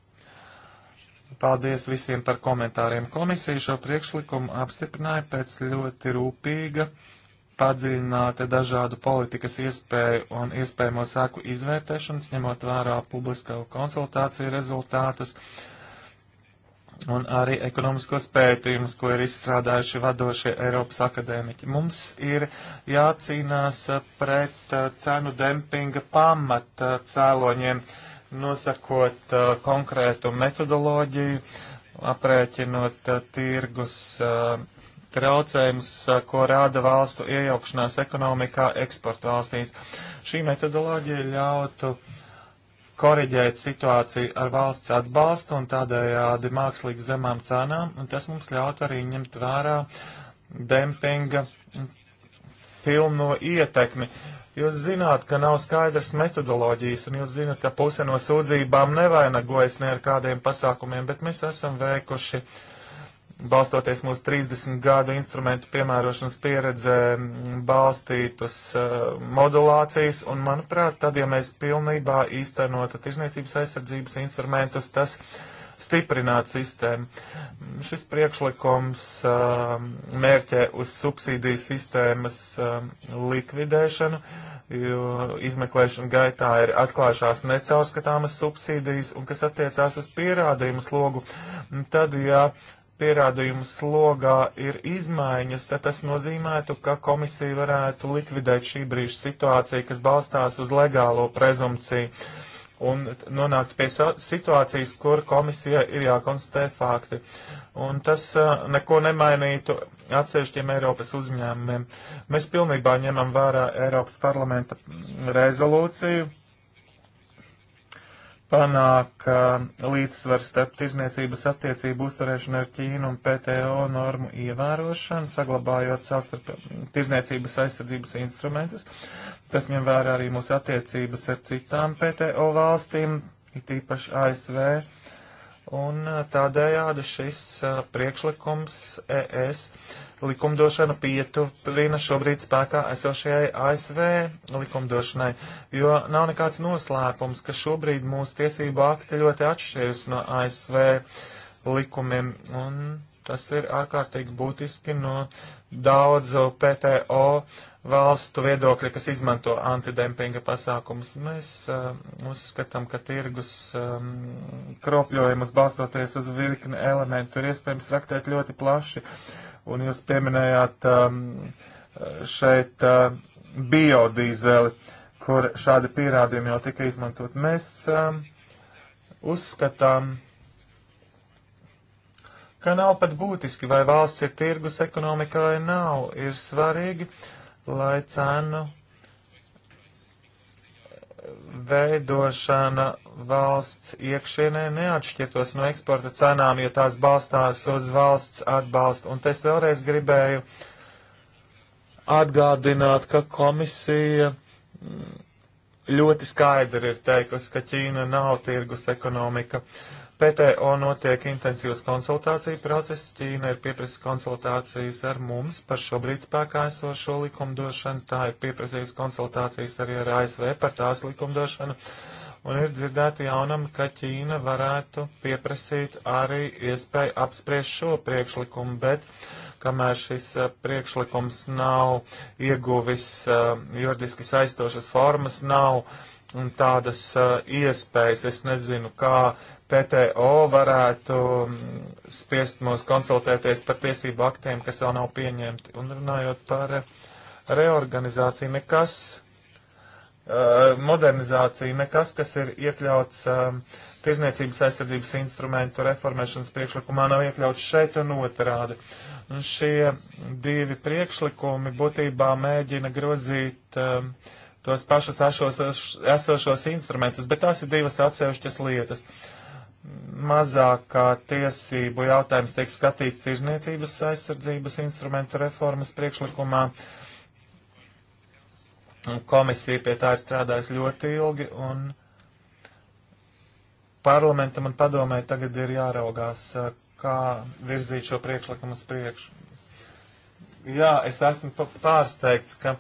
Paldies visiem par komentāriem. Komisija šo priekšlikumu apstiprināja pēc ļoti rūpīga padziļināta dažādu politikas iespēju un iespējamo sāku izvērtēšanas, ņemot vērā publiskā konsultāciju rezultātus un arī ekonomiskos pētījumus, ko ir izstrādājuši vadošie Eiropas akadēmiķi. Mums ir jācīnās pret uh, cenu dempinga pamata uh, cēloņiem. Uh, nosakot uh, konkrētu metodoloģiju, aprēķinot uh, tirgus uh, traucējumus, uh, ko rāda valstu iejaukšanās ekonomikā eksporta valstīs. Šī metodoloģija ļautu koriģēt situāciju ar valsts atbalstu un tādējādi mākslīgi zemām cenām, un tas mums ļautu arī ņemt vērā dempinga pilno ietekmi. Uh, Jūs zināt, ka nav skaidrs metodoloģijas, un jūs zināt, ka puse no sūdzībām nevainagojas ne ar kādiem pasākumiem, bet mēs esam veikuši, balstoties mūsu 30 gadu instrumentu piemērošanas pieredzē, balstītas uh, modulācijas, un, manuprāt, tad, ja mēs pilnībā īstenotu tirzniecības aizsardzības instrumentus, tas stiprināt sistēmu. Šis priekšlikums uh, mērķē uz subsīdiju sistēmas uh, likvidēšanu, jo izmeklēšana gaitā ir atklāšās necaurskatāmas subsīdijas, un kas attiecās uz pierādījumu slogu, tad, ja pierādījumu slogā ir izmaiņas, tad tas nozīmētu, ka komisija varētu likvidēt šī brīža situāciju, kas balstās uz legālo prezumciju. Uh, un nonākt pie situācijas, kur komisija ir jākonstatē fakti. Un tas uh, neko nemainītu atsevišķiem Eiropas uzņēmumiem. Mēs pilnībā ņemam vērā Eiropas parlamenta rezolūciju panāk uh, līdzsvaru starp tirzniecības attiecību uzturēšanu ar Ķīnu un PTO normu ievērošanu, saglabājot savstarp tirzniecības aizsardzības instrumentus. Tas ņem vērā arī mūsu attiecības ar citām PTO valstīm, it īpaši ASV. Un tādējādi šis uh, priekšlikums ES likumdošana pieturina šobrīd spēkā esošajai ASV likumdošanai, jo nav nekāds noslēpums, ka šobrīd mūsu tiesību akti ļoti atšķiras no ASV likumiem, un tas ir ārkārtīgi būtiski no daudzu PTO valstu viedokļa, kas izmanto antidempinga pasākumus. Mēs uh, uzskatām, ka tirgus um, kropļojumus balstoties uz virkni elementu ir iespējams traktēt ļoti plaši. Uh, Un jūs pieminējāt um, šeit uh, biodīzeli, kur šādi pierādījumi jau tika izmantot. Mēs um, uzskatām, ka nav pat būtiski, vai valsts ir tirgus ekonomikā vai nav. Ir svarīgi, lai cenu veidošana valsts iekšienē neatšķirtos no eksporta cenām, jo tās balstās uz valsts atbalstu. Un es vēlreiz gribēju atgādināt, ka komisija ļoti skaidri ir teikusi, ka Ķīna nav tirgus ekonomika. PTO notiek intensīvas konsultāciju process. Ķīna ir pieprasījusi konsultācijas ar mums par šobrīd spēkā esošo likumdošanu. Tā ir pieprasījusi konsultācijas arī ar ASV par tās likumdošanu. Uh, un ir dzirdēti jaunam, ka Ķīna varētu pieprasīt arī iespēju apspriest šo priekšlikumu, bet kamēr šis eh, priekšlikums nav ieguvis eh, juridiski saistošas formas, nav tādas eh, iespējas. Es nezinu, kā PTO varētu mm, spiest mūs konsultēties par tiesību aktiem, kas vēl nav pieņemti. Un runājot par reorganizāciju, nekas Eh, modernizācija nekas, kas ir iekļauts eh, tirzniecības aizsardzības instrumentu reformēšanas priekšlikumā, nav iekļauts šeit un otrādi. Un šie divi priekšlikumi būtībā mēģina grozīt um, tos pašus ašos, aš, esošos instrumentus, bet tās ir divas atsevišķas lietas. Mazākā tiesību jautājums tiek skatīts tirzniecības aizsardzības instrumentu reformas priekšlikumā. Uh, Komisija pie tā ir strādājusi ļoti ilgi, un parlamentam un padomē tagad ir jāraugās, kā virzīt šo priekšlikumu uz priekšu. Jā, es esmu pārsteigts, ka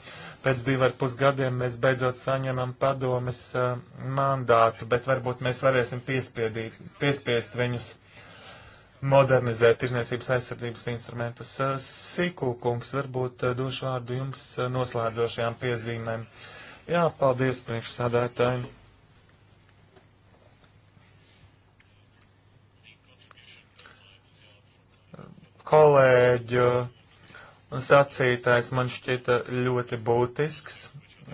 pēc divi ar pus gadiem mēs beidzot saņemam padomes uh, mandātu, bet varbūt mēs varēsim piespiedīt, piespiest viņus modernizēt tirzniecības aizsardzības instrumentus. Sīkūkungs, varbūt došu vārdu jums noslēdzošajām piezīmēm. Jā, paldies priekšsādātājiem. Kolēģi sacītais man šķita ļoti būtisks.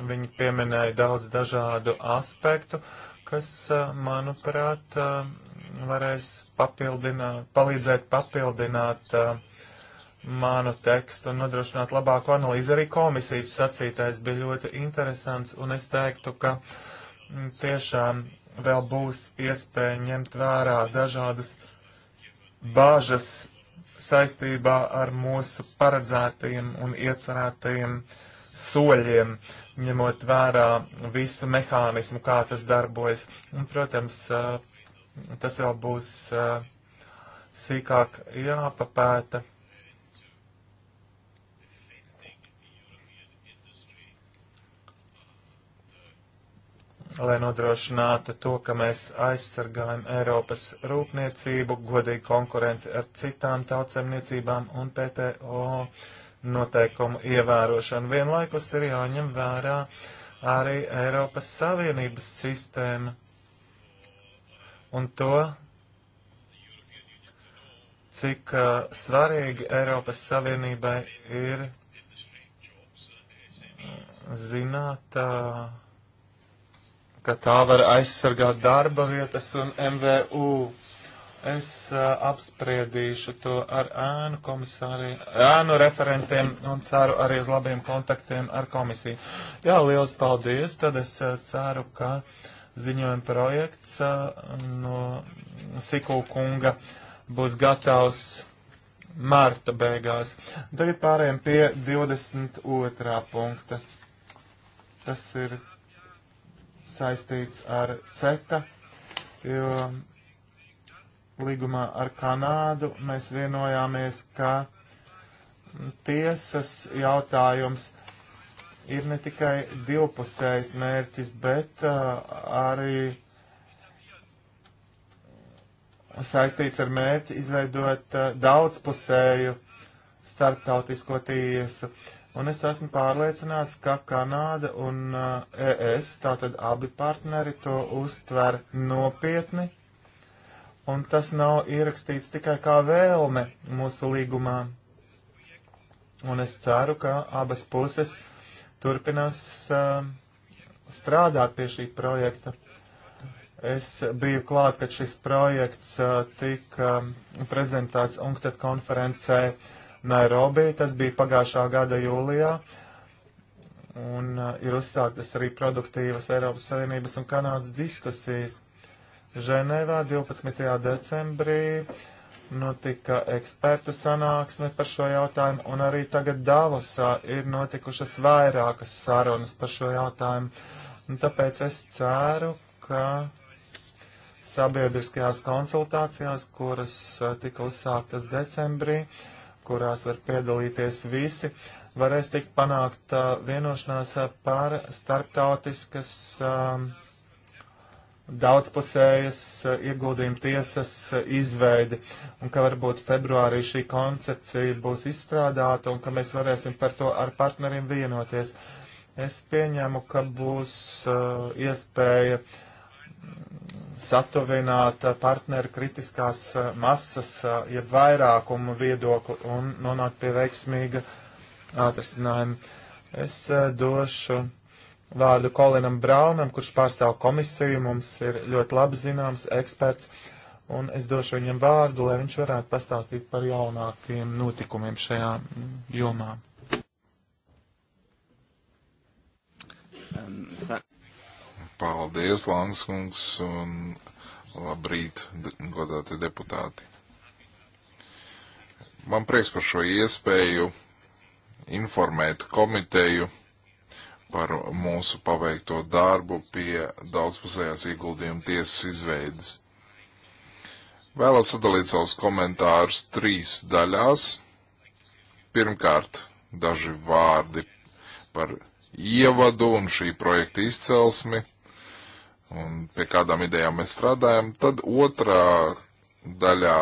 Viņi pieminēja daudz dažādu aspektu, kas, manuprāt, varēs papildināt, palīdzēt papildināt uh, manu tekstu un nodrošināt labāku analīzi. Arī komisijas sacītais bija ļoti interesants, un es teiktu, ka m, mm, tiešām vēl būs iespēja ņemt vērā dažādas bāžas saistībā ar mūsu paredzētajiem un iecerētajiem soļiem, ņemot vērā visu mehānismu, kā tas darbojas. Un, protams, uh, Tas vēl būs uh, sīkāk jāpapēta. lai nodrošinātu to, ka mēs aizsargājam Eiropas rūpniecību, godīgi konkurenci ar citām tautsemniecībām un PTO noteikumu ievērošanu. Vienlaikus ir jāņem vērā arī Eiropas Savienības sistēma un to, cik uh, svarīgi Eiropas Savienībai ir uh, zināt, uh, ka tā var aizsargāt darba vietas un MVU. Es uh, apspriedīšu to ar ēnu komisāriem, ēnu referentiem un ceru arī uz labiem kontaktiem ar komisiju. Jā, liels paldies, tad es uh, ceru, ka uh, ziņojuma projekts no Sikū kunga būs gatavs marta beigās. Tagad pārējiem pie 22. punkta. Tas ir saistīts ar CETA, jo līgumā ar Kanādu mēs vienojāmies, ka tiesas jautājums ir ne tikai divpusējs mērķis, bet uh, arī saistīts ar mērķi izveidot uh, daudzpusēju starptautisko tiesu. Un es esmu pārliecināts, ka Kanāda un uh, ES, tātad abi partneri, to uztver nopietni. Un tas nav ierakstīts tikai kā vēlme mūsu līgumā. Un es ceru, ka abas puses uh, turpinās uh, strādāt pie šī projekta. Es biju klāt, kad šis projekts uh, tika prezentēts UNCTAD konferencē Nairobi. Tas bija pagājušā gada jūlijā. Un uh, ir uzsāktas arī produktīvas Eiropas Savienības un Kanādas diskusijas. Ženēvā 12. decembrī uh, notika nu, eksperta sanāksme par šo jautājumu, un arī tagad Davosā ir notikušas vairākas sarunas par šo jautājumu. Un tāpēc es ceru, ka sabiedriskajās konsultācijās, kuras eh, tika uzsāktas decembrī, kurās var piedalīties visi, varēs tikt panākt vienošanās eh, par starptautiskas uh, daudzpusējas eh, ieguldījuma tiesas eh, izveidi, un ka varbūt februārī šī koncepcija būs izstrādāta, un ka mēs varēsim par to ar partneriem vienoties. Es pieņēmu, ka būs uh, iespēja satuvināt partneru kritiskās masas, jeb vairākumu viedokli un nonākt pie veiksmīga atrisinājuma. Es uh, došu vārdu Kolinam Braunam, kurš pārstāv komisiju, mums ir ļoti labi zināms eksperts, un es došu viņam vārdu, lai viņš varētu pastāstīt par jaunākajiem notikumiem šajā mm, jomā. Um, Paldies, Lanskungs, un labrīt, godāti deputāti. Man prieks par šo iespēju informēt komiteju par mūsu paveikto darbu pie daudzpusējās ieguldījuma tiesas izveidas. Vēlos sadalīt savus komentārus trīs daļās. Pirmkārt, daži vārdi par ievadu un šī projekta izcelsmi un pie kādām idejām mēs strādājam. Tad otrā daļā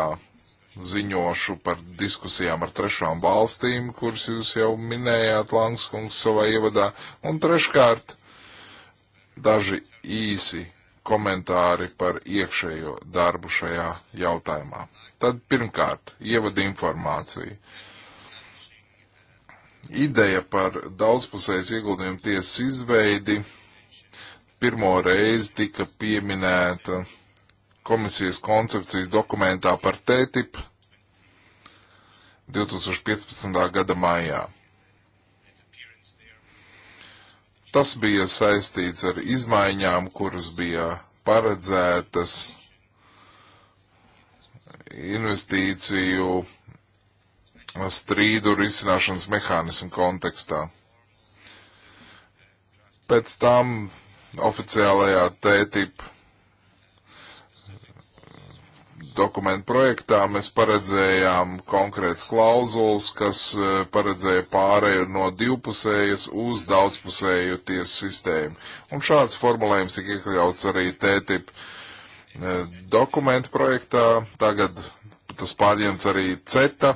ziņošu par diskusijām ar trešām valstīm, kuras jūs jau minējāt, Langskungs, savā ievadā. Un treškārt, daži īsi komentāri par iekšējo darbu šajā jautājumā. Tad pirmkārt, ievada informācija. Ideja par daudzpusējas ieguldījumu tiesas izveidi pirmo reizi tika pieminēta komisijas koncepcijas dokumentā par TTIP 2015. gada maijā. Tas bija saistīts ar izmaiņām, kuras bija paredzētas investīciju strīdu risināšanas mehānismu kontekstā. Pēc tam oficiālajā TTIP dokumentu projektā mēs paredzējām konkrēts klauzulas, kas e, paredzēja pārēju no divpusējas uz daudzpusēju tiesu sistēmu. Un šāds formulējums tika iekļauts arī TTIP e, dokumentu projektā. Tagad tas pārņemts arī CETA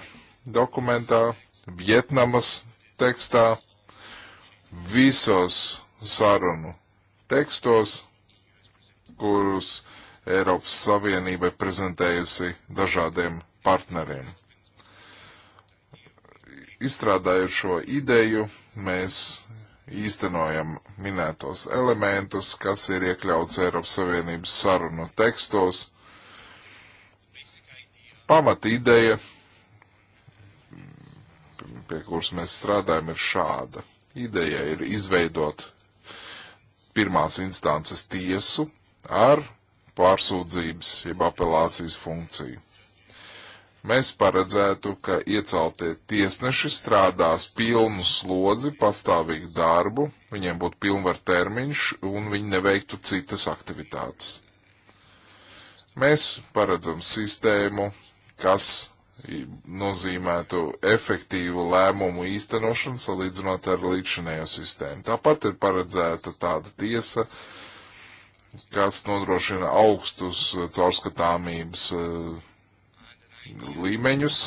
dokumentā, Vietnamas tekstā, visos sarunu tekstos, kurus uh, Eiropas Savienībai prezentējusi dažādiem partneriem. Izstrādājušo ideju mēs īstenojam minētos elementus, kas ir iekļauts Eiropas Savienības sarunu tekstos. Pamat ideja, pie kuras mēs strādājam, ir šāda. Ideja ir izveidot pirmās instances tiesu ar pārsūdzības jeb apelācijas funkciju. Mēs paredzētu, ka ieceltie tiesneši strādās pilnu slodzi, pastāvīgu darbu, viņiem būtu pilnvar termiņš un viņi neveiktu citas aktivitātes. Mēs paredzam sistēmu, kas nozīmētu efektīvu lēmumu īstenošanu salīdzinot ar līdzinējo sistēmu. Tāpat ir paredzēta tāda tiesa, uh, kas nodrošina augstus eh, caurskatāmības eh, līmeņus.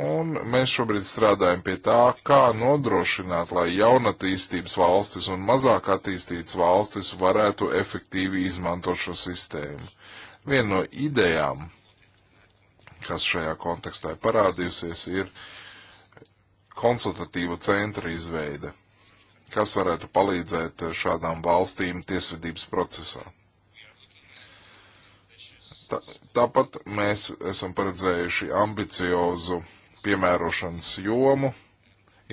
Un mēs šobrīd strādājam pie tā, kā nodrošināt, lai jaunatīstības valstis un mazāk attīstītas valstis varētu efektīvi izmantot šo sistēmu. Viena no idejām, kas šajā kontekstā ir parādījusies, ir konsultatīva centra izveide kas varētu palīdzēt eh, šādām valstīm tiesvedības procesā. Ta, tāpat mēs esam paredzējuši ambiciozu piemērošanas jomu,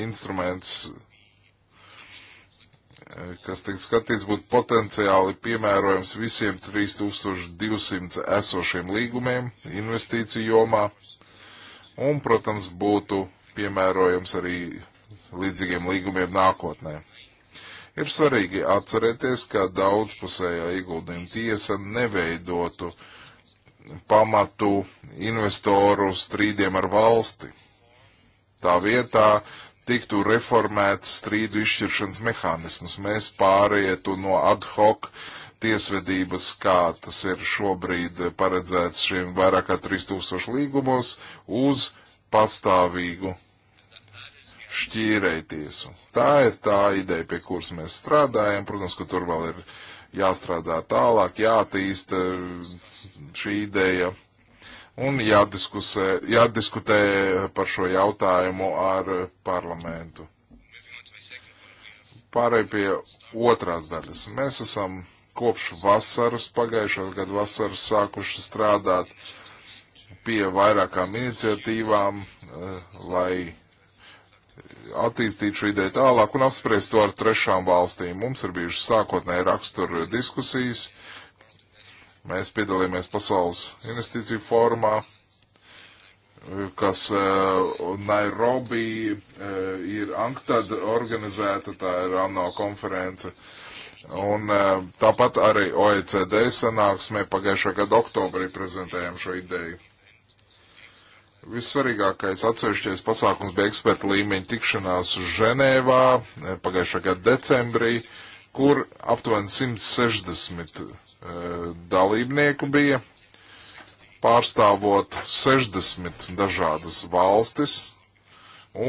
instruments, eh, kas tiek skatīts, būtu potenciāli piemērojams visiem 3200 esošiem līgumiem investīciju jomā, un, protams, būtu piemērojams arī līdzīgiem līgumiem nākotnē. Ir svarīgi atcerēties, ka daudzpusējā ieguldījuma tiesa neveidotu pamatu investoru strīdiem ar valsti. Tā vietā tiktu reformēts strīdu izšķiršanas mehānisms. Mēs pārietu no ad hoc tiesvedības, kā tas ir šobrīd paredzēts šiem vairāk kā 3000 līgumos, uz pastāvīgu šķīrēja tiesu. Tā ir tā ideja, pie kuras mēs strādājam. Protams, ka tur vēl ir jāstrādā tālāk, jātīsta eh, šī ideja un jādiskutē par šo jautājumu ar parlamentu. Pārēj pie otrās daļas. Mēs esam kopš vasaras, pagājušā gada vasaras sākuši strādāt pie vairākām iniciatīvām, eh, lai attīstīt šo ideju tālāk un apspriest to ar trešām valstīm. Mums ir bijušas sākotnēji rakstura diskusijas. Mēs piedalījāmies Pasaules investīciju fórumā, kas eh, Nairobi eh, ir Anktad organizēta, tā ir ANO konference. Un eh, tāpat arī OECD sanāksmē pagājušā gada oktobrī prezentējām šo ideju. Vissvarīgākais atsevišķies pasākums bija eksperta līmeņa tikšanās Ženēvā eh, pagājušā gada decembrī, kur aptuveni 160 e, eh, dalībnieku bija, pārstāvot 60 dažādas valstis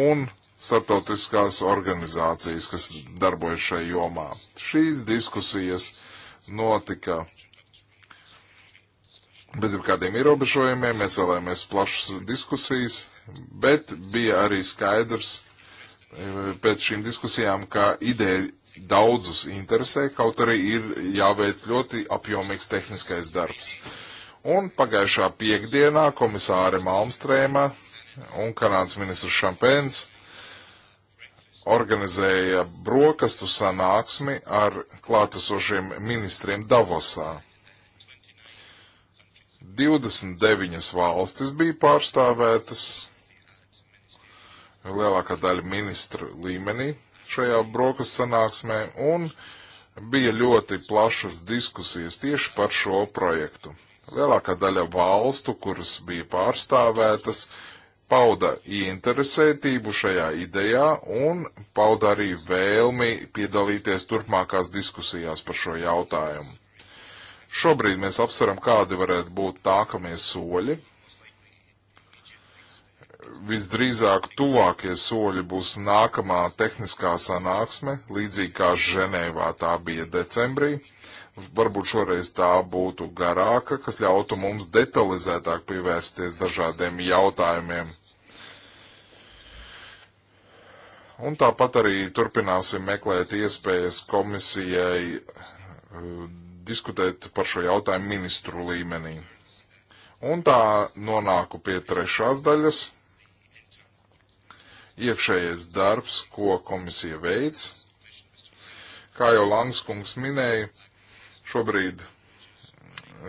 un starptautiskās organizācijas, kas darbojas šajā jomā. Šīs diskusijas notika bez jebkādiem ierobežojumiem, mēs vēlējāmies plašas diskusijas, bet bija arī skaidrs e, pēc šīm diskusijām, ka ideja daudzus interesē, kaut arī ir jāveic ļoti apjomīgs tehniskais darbs. Un pagājušā piekdienā komisāre Malmstrēma un Kanādas ministrs Šampēns organizēja brokastu sanāksmi ar klātesošiem ministriem Davosā 29 valstis bija pārstāvētas, lielākā daļa ministra līmenī šajā brokas sanāksmē, un bija ļoti plašas diskusijas tieši par šo projektu. Lielākā daļa valstu, kuras bija pārstāvētas, pauda ieinteresētību šajā idejā un pauda arī vēlmi piedalīties turpmākās diskusijās par šo jautājumu. Šobrīd mēs apsveram, kādi varētu būt nākamie soļi. Visdrīzāk tuvākie soļi būs nākamā tehniskā sanāksme, līdzīgi kā Ženēvā tā bija decembrī. Varbūt šoreiz tā būtu garāka, kas ļautu mums detalizētāk pievērsties dažādiem jautājumiem. Un tāpat arī turpināsim meklēt iespējas komisijai eh, diskutēt par šo jautājumu ministru līmenī. Un tā nonāku pie trešās daļas - iekšējais darbs, ko komisija veids. Kā jau Lanskungs minēja, šobrīd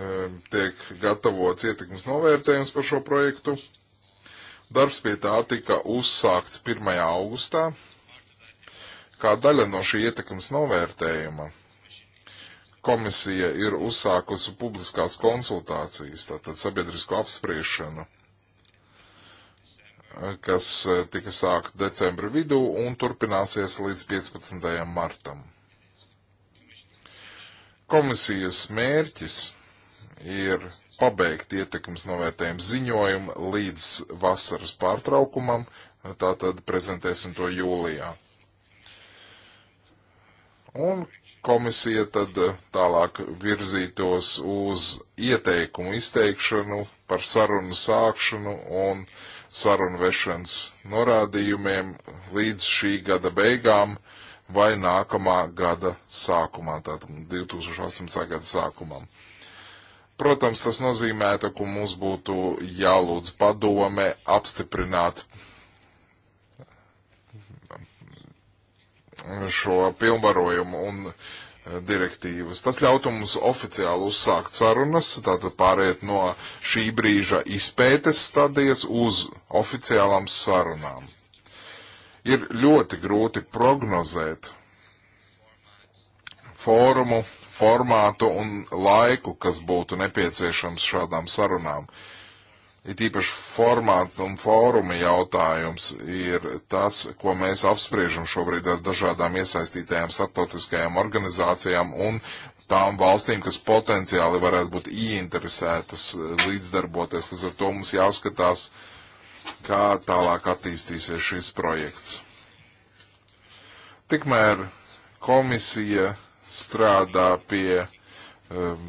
e, tiek gatavots ietekmes novērtējums par šo projektu. Darbs pie tā tika uzsākts 1. augustā, kā daļa no šī ietekmes novērtējuma komisija ir uzsākusi publiskās konsultācijas, tātad sabiedrisko apspriešanu, kas eh, tika sākta decembra vidū un turpināsies līdz 15. martam. Komisijas mērķis ir pabeigt ietekmes novērtējumu ziņojumu līdz vasaras pārtraukumam, tātad prezentēsim to jūlijā. Un komisija tad eh, tālāk virzītos uz ieteikumu izteikšanu par sarunu sākšanu un sarunu vešanas norādījumiem līdz šī gada beigām vai nākamā gada sākumā, tātad 2018. gada sākumam. Protams, tas nozīmētu, ka mums būtu jālūdz padome apstiprināt šo pilnvarojumu un e, direktīvas. Tas ļautu mums oficiāli uzsākt sarunas, tātad pāriet no šī brīža izpētes stadijas uz oficiālām sarunām. Ir ļoti grūti prognozēt fórumu, formātu un laiku, kas būtu nepieciešams šādām sarunām. Uh, it īpaši formāts un fóruma jautājums ir tas, ko mēs apspriežam šobrīd ar dažādām iesaistītajām starptautiskajām organizācijām un tām valstīm, kas potenciāli varētu būt ieinteresētas līdzdarboties. Līdz ar to mums jāskatās, kā tālāk attīstīsies šis projekts. Tikmēr komisija strādā pie um,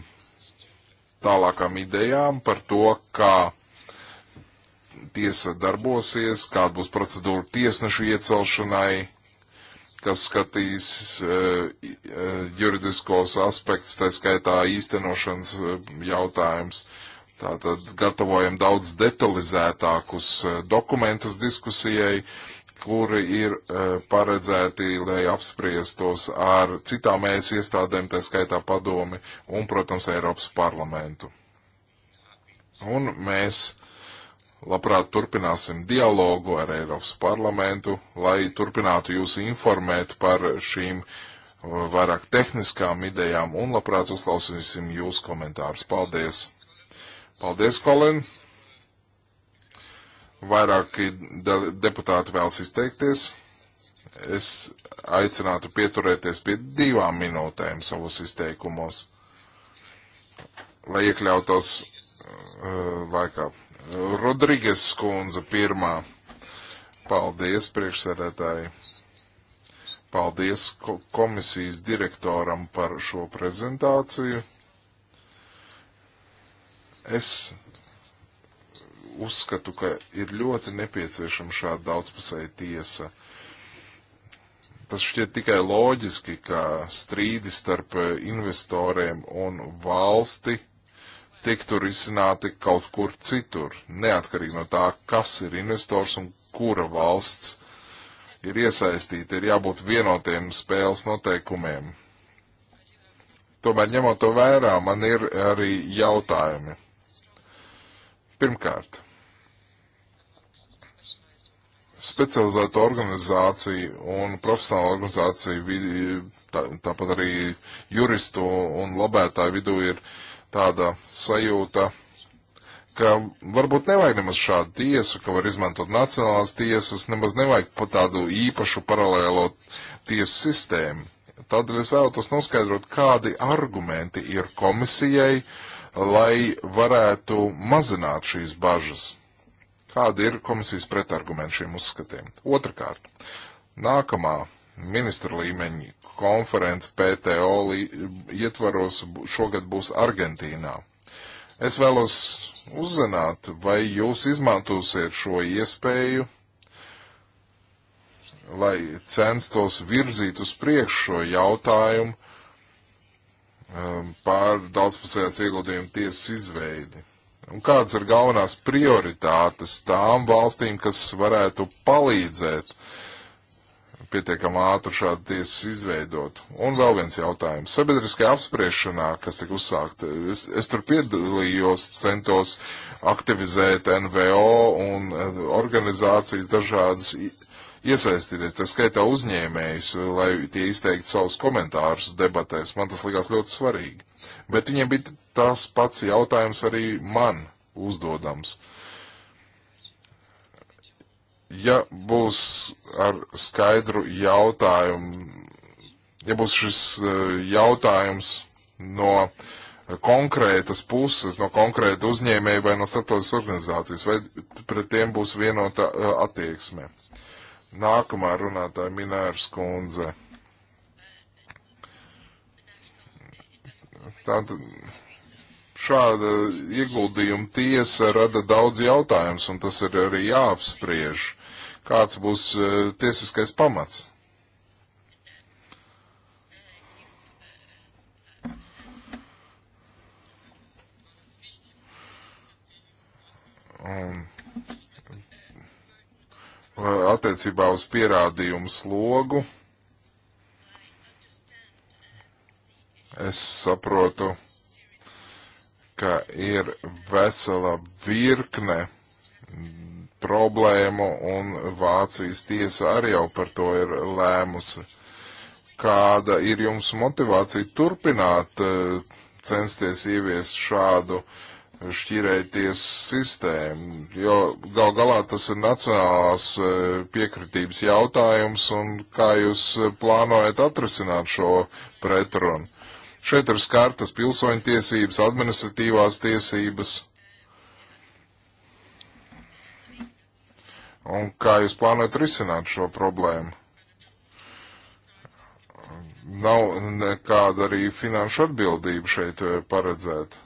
tālākām idejām par to, kā tiesa darbosies, kāda būs procedūra tiesnešu iecelšanai, kas skatīs e, e, juridiskos aspektus, tā skaitā īstenošanas e, jautājums. Tātad gatavojam daudz detalizētākus dokumentus diskusijai, kuri ir paredzēti, lai apspriestos ar citām ēs iestādēm, tā skaitā padomi un, protams, Eiropas parlamentu. Un mēs labprāt turpināsim dialogu ar Eiropas parlamentu, lai turpinātu jūs informēt par šīm uh, vairāk tehniskām idejām un labprāt uzklausīsim jūsu komentārus. Paldies! Paldies, Kolin! Vairāki de deputāti vēlas izteikties. Es aicinātu pieturēties pie divām minūtēm savos izteikumos, lai iekļautos uh, laikā. Rodrīgas skundze pirmā. Paldies, priekšsēdētāji. Paldies komisijas direktoram par šo prezentāciju. Es uzskatu, ka ir ļoti nepieciešama šāda daudzpusēja tiesa. Tas šķiet tikai loģiski, ka strīdi starp investoriem un valsti – tiktu risināti kaut kur citur, neatkarīgi no tā, kas ir investors un kura valsts ir iesaistīta, ir jābūt vienotiem spēles noteikumiem. Tomēr ņemot to vērā, man ir arī jautājumi. Pirmkārt, specializēta organizācija un profesionāla organizācija, tāpat arī juristu un labētāju vidū ir uh, tāda sajūta, ka varbūt nevajag nemaz šādu tiesu, ka var izmantot nacionālās tiesas, nemaz nevajag pat tādu īpašu paralēlo tiesu sistēmu. Tādēļ es vēlētos noskaidrot, kādi argumenti ir komisijai, lai varētu mazināt šīs bažas. Kāda ir komisijas pretargumenta šiem uzskatiem? Otrakārt, nākamā ministra līmeņa konference PTO ietvaros šogad būs Argentīnā. Es vēlos uzzināt, vai jūs izmantosiet šo iespēju, lai censtos virzīt uz priekšu šo jautājumu um, pār daudzpusējās ieguldījumu tiesas izveidi. Un kādas ir galvenās prioritātes tām valstīm, kas varētu palīdzēt pietiekami ātri šādu tiesu izveidot. Un vēl viens jautājums. Sabiedriskajā apspriešanā, kas tika uzsākta, es, es tur piedalījos, centos aktivizēt NVO un eh, organizācijas dažādas iesaistīties, tā skaitā uzņēmējus, lai tie izteiktu savus komentārus debatēs. Man tas likās ļoti svarīgi. Bet viņiem bija tas pats jautājums arī man uzdodams. Uh, ja būs ar skaidru jautājumu, ja būs šis e, jautājums no konkrētas puses, no konkrēta uzņēmēja vai no starptautiskas organizācijas, vai pret tiem būs vienota e, attieksme. Nākamā runātāja Minērs Kundze. Tātad šāda ieguldījuma tiesa rada daudz jautājums, un tas ir arī jāapspriež kāds būs e, tiesiskais pamats. Un e, attiecībā uz pierādījumu slogu es saprotu, ka ir vesela virkne problēmu, un Vācijas tiesa arī jau par to ir lēmusi. Kāda ir jums motivācija turpināt eh, censties ieviest šādu šķirēties sistēmu, jo gal galā tas ir nacionālās eh, piekritības jautājums, un kā jūs plānojat atrisināt šo pretrunu? Šeit ir skartas pilsoņu tiesības, administratīvās tiesības Un kā jūs plānojat risināt šo problēmu? Nav nekāda arī finanšu atbildība šeit eh, paredzēta.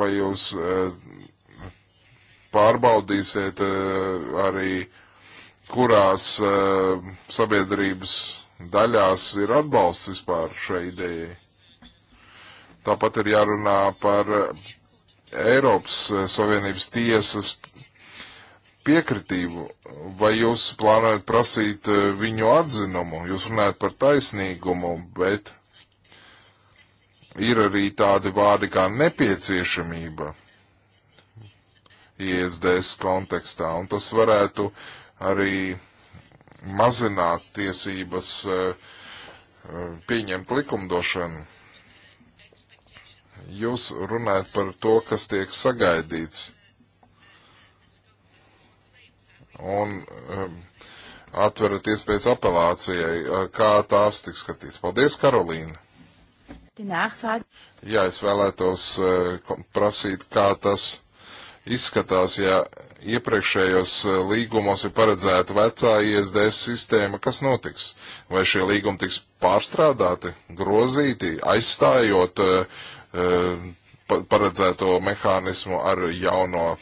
Vai jūs eh, pārbaudīsiet eh, arī, kurās sabiedrības daļās ir atbalsts vispār šai idejai? Tāpat ir jārunā par Eiropas Savienības tiesas piekritību, vai jūs plānojat prasīt eh, viņu atzinumu, jūs runājat par taisnīgumu, bet ir arī tādi vārdi kā nepieciešamība ISDS e kontekstā, un tas varētu arī mazināt tiesības eh, eh, pieņemt likumdošanu. Jūs runājat par to, kas tiek sagaidīts un um, atverat iespējas apelācijai, uh, kā tās tiks skatīts. Paldies, Karolīna! Jā, es vēlētos uh, prasīt, kā tas izskatās, ja iepriekšējos uh, līgumos ir paredzēta vecā ISDS sistēma, kas notiks? Vai šie līgumi tiks pārstrādāti, grozīti, aizstājot uh, paredzēto mehānismu ar jauno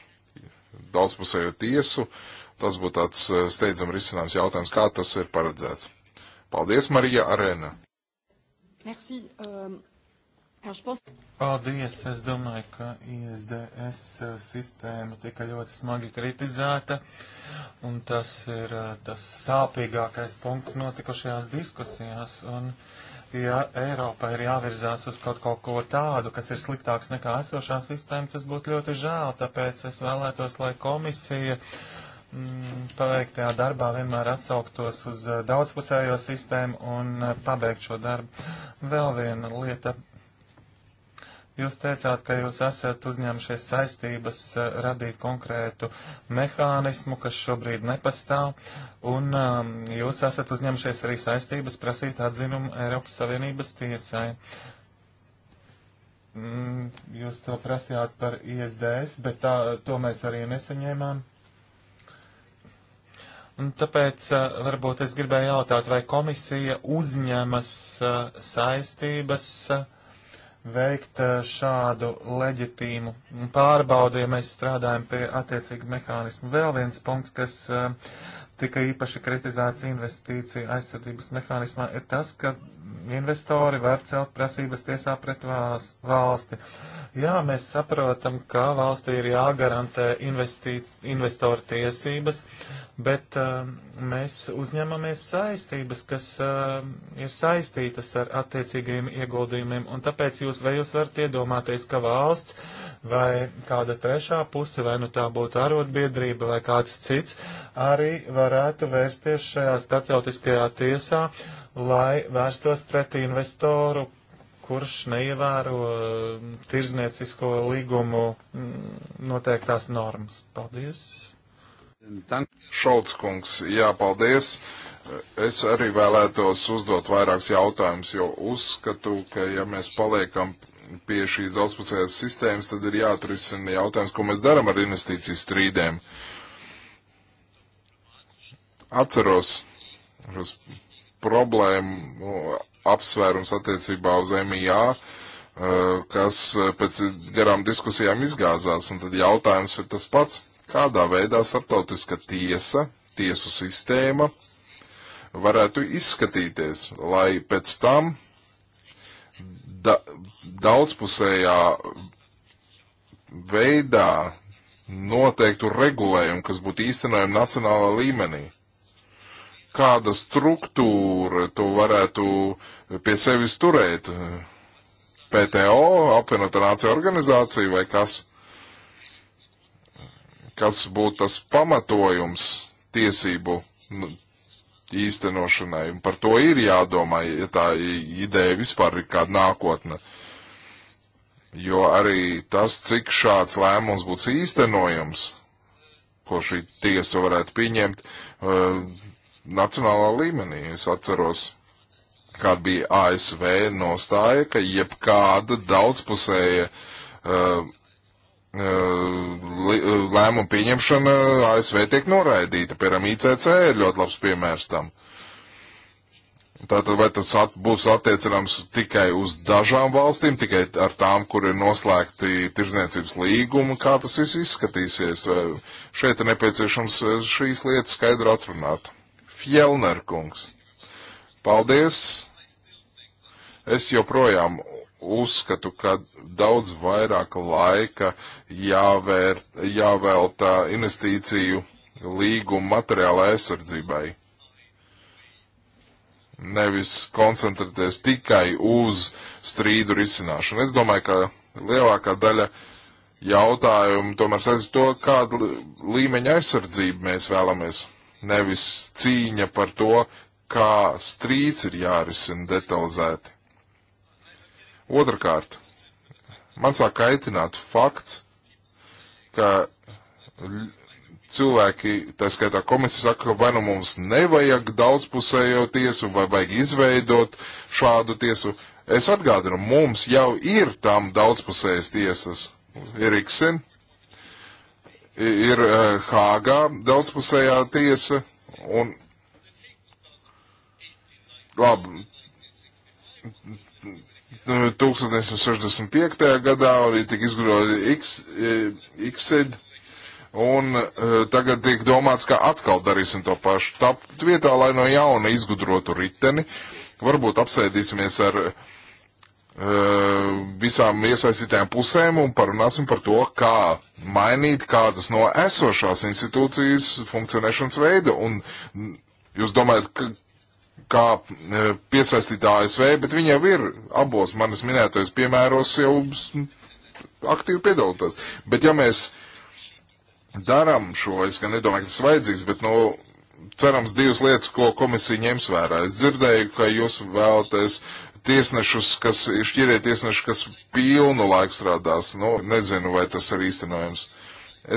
daudzpusēju tiesu? Uh, Tas būtu tāds eh, steidzam risinājums jautājums, kā tas ir paredzēts. Paldies, Marija Arēna. Merci. Um, pense... Paldies. Es domāju, ka ISDS eh, sistēma tika ļoti smagi kritizēta, un tas ir eh, tas sāpīgākais punkts notikušajās diskusijās. Un, ja Eiropa ir jāvirzās uz kaut, kaut ko tādu, kas ir sliktāks nekā esošā sistēma, tas būtu ļoti žēl. Tāpēc es vēlētos, lai komisija uh, Mm, paveiktajā darbā vienmēr atsauktos uz eh, daudzpusējo sistēmu un eh, pabeigt šo darbu. Vēl viena lieta. Jūs teicāt, ka jūs esat uzņēmušies saistības eh, radīt konkrētu mehānismu, kas šobrīd nepastāv, un um, jūs esat uzņēmušies arī saistības prasīt atzinumu Eiropas Savienības tiesai. Mm, jūs to prasījāt par ISDS, bet tā, to mēs arī nesaņēmām. Uh, Un tāpēc eh, varbūt es gribēju jautāt, vai komisija uzņemas eh, saistības eh, veikt šādu leģitīmu pārbaudi, ja mēs strādājam pie attiecīga mehānismu. Vēl viens punkts, kas tika īpaši kritizēts investīcija aizsardzības mehānismā, ir tas, ka investori var celt prasības tiesā pret valsti. Jā, mēs saprotam, ka valstī ir jāgarantē investī, investoru tiesības, bet uh, mēs uzņemamies saistības, kas uh, ir saistītas ar attiecīgajiem ieguldījumiem, un tāpēc jūs vai jūs varat iedomāties, ka valsts vai kāda trešā puse, vai nu tā būtu arotbiedrība vai kāds cits, arī varētu vērsties šajā starptautiskajā tiesā, lai vērstos pret investoru, kurš neievēro uh, tirzniecisko līgumu mm, noteiktās normas. Paldies! Šolts kungs, jā, paldies. Es arī vēlētos uzdot vairākus jautājumus, jo uzskatu, ka ja mēs paliekam pie šīs daudzpusējās sistēmas, tad ir jāatrisina jautājums, ko mēs darām ar investīciju strīdiem. Atceros šos problēmu apsvērums attiecībā uz MIA, eh, kas eh, pēc garām diskusijām izgāzās, un tad jautājums ir tas pats kādā veidā starptautiska tiesa, tiesu sistēma varētu izskatīties, lai pēc tam da daudzpusējā veidā noteiktu regulējumu, kas būtu īstenojami nacionālā līmenī. Kāda struktūra to varētu pie sevis turēt? PTO, apvienotā nācija organizācija vai kas? kas būtu tas pamatojums tiesību nu, īstenošanai. Un par to ir jādomā, ja tā ideja vispār ir kāda nākotne. Jo arī tas, cik šāds lēmums būs īstenojams, ko šī tiesa varētu pieņemt uh, nacionālā līmenī. Es atceros, kāda bija ASV nostāja, ka jebkāda daudzpusēja uh, Eh, eh, lēmumu pieņemšana ASV tiek noraidīta. Piemēram, ICC ir ļoti labs piemērs tam. Tātad vai tas at, būs attiecināms tikai uz dažām valstīm, tikai ar tām, kur ir noslēgti tirzniecības līgumi, kā tas viss izskatīsies? Eh, šeit ir nepieciešams šīs lietas skaidri atrunāt. Fjellner kungs. Paldies! Es joprojām uzskatu, ka daudz vairāk laika jāvēr, jāvēlta investīciju līguma materiāla aizsardzībai. Nevis koncentrēties tikai uz strīdu risināšanu. Es domāju, ka lielākā daļa jautājumu tomēr saistās to, kādu līmeņa aizsardzību mēs vēlamies. Nevis cīņa par to, kā strīds ir jārisina detalizēti. Otrakārt, man sāk kaitināt fakts, ka cilvēki, tā skaitā komisija saka, ka vai nu mums nevajag daudzpusējo tiesu, vai vajag izveidot šādu tiesu. Es atgādinu, mums jau ir tam daudzpusējas tiesas. Ir Iksen, ir eh, Hāgā daudzpusējā tiesa, un labi, 1965. Nu, gadā tika izgudrota XSED, eh, un eh, tagad tiek domāts, ka atkal darīsim to pašu. Tā vietā, lai no jauna izgudrotu riteni, varbūt apsēdīsimies ar eh, visām iesaistītām pusēm un parunāsim par to, kā mainīt kādas no esošās institūcijas funkcionēšanas veidu. Un jūs domājat, kā e, piesaistītā ASV, bet viņa jau ir abos manis minētajos piemēros jau aktīvi piedalīties. Bet ja mēs darām šo, es gan nedomāju, ka tas vajadzīgs, bet no nu, cerams divas lietas, ko komisija ņems vērā. Es dzirdēju, ka jūs vēlaties tiesnešus, kas šķirē tiesneši, kas pilnu laiku strādās. Nu, nezinu, vai tas ir īstenojums.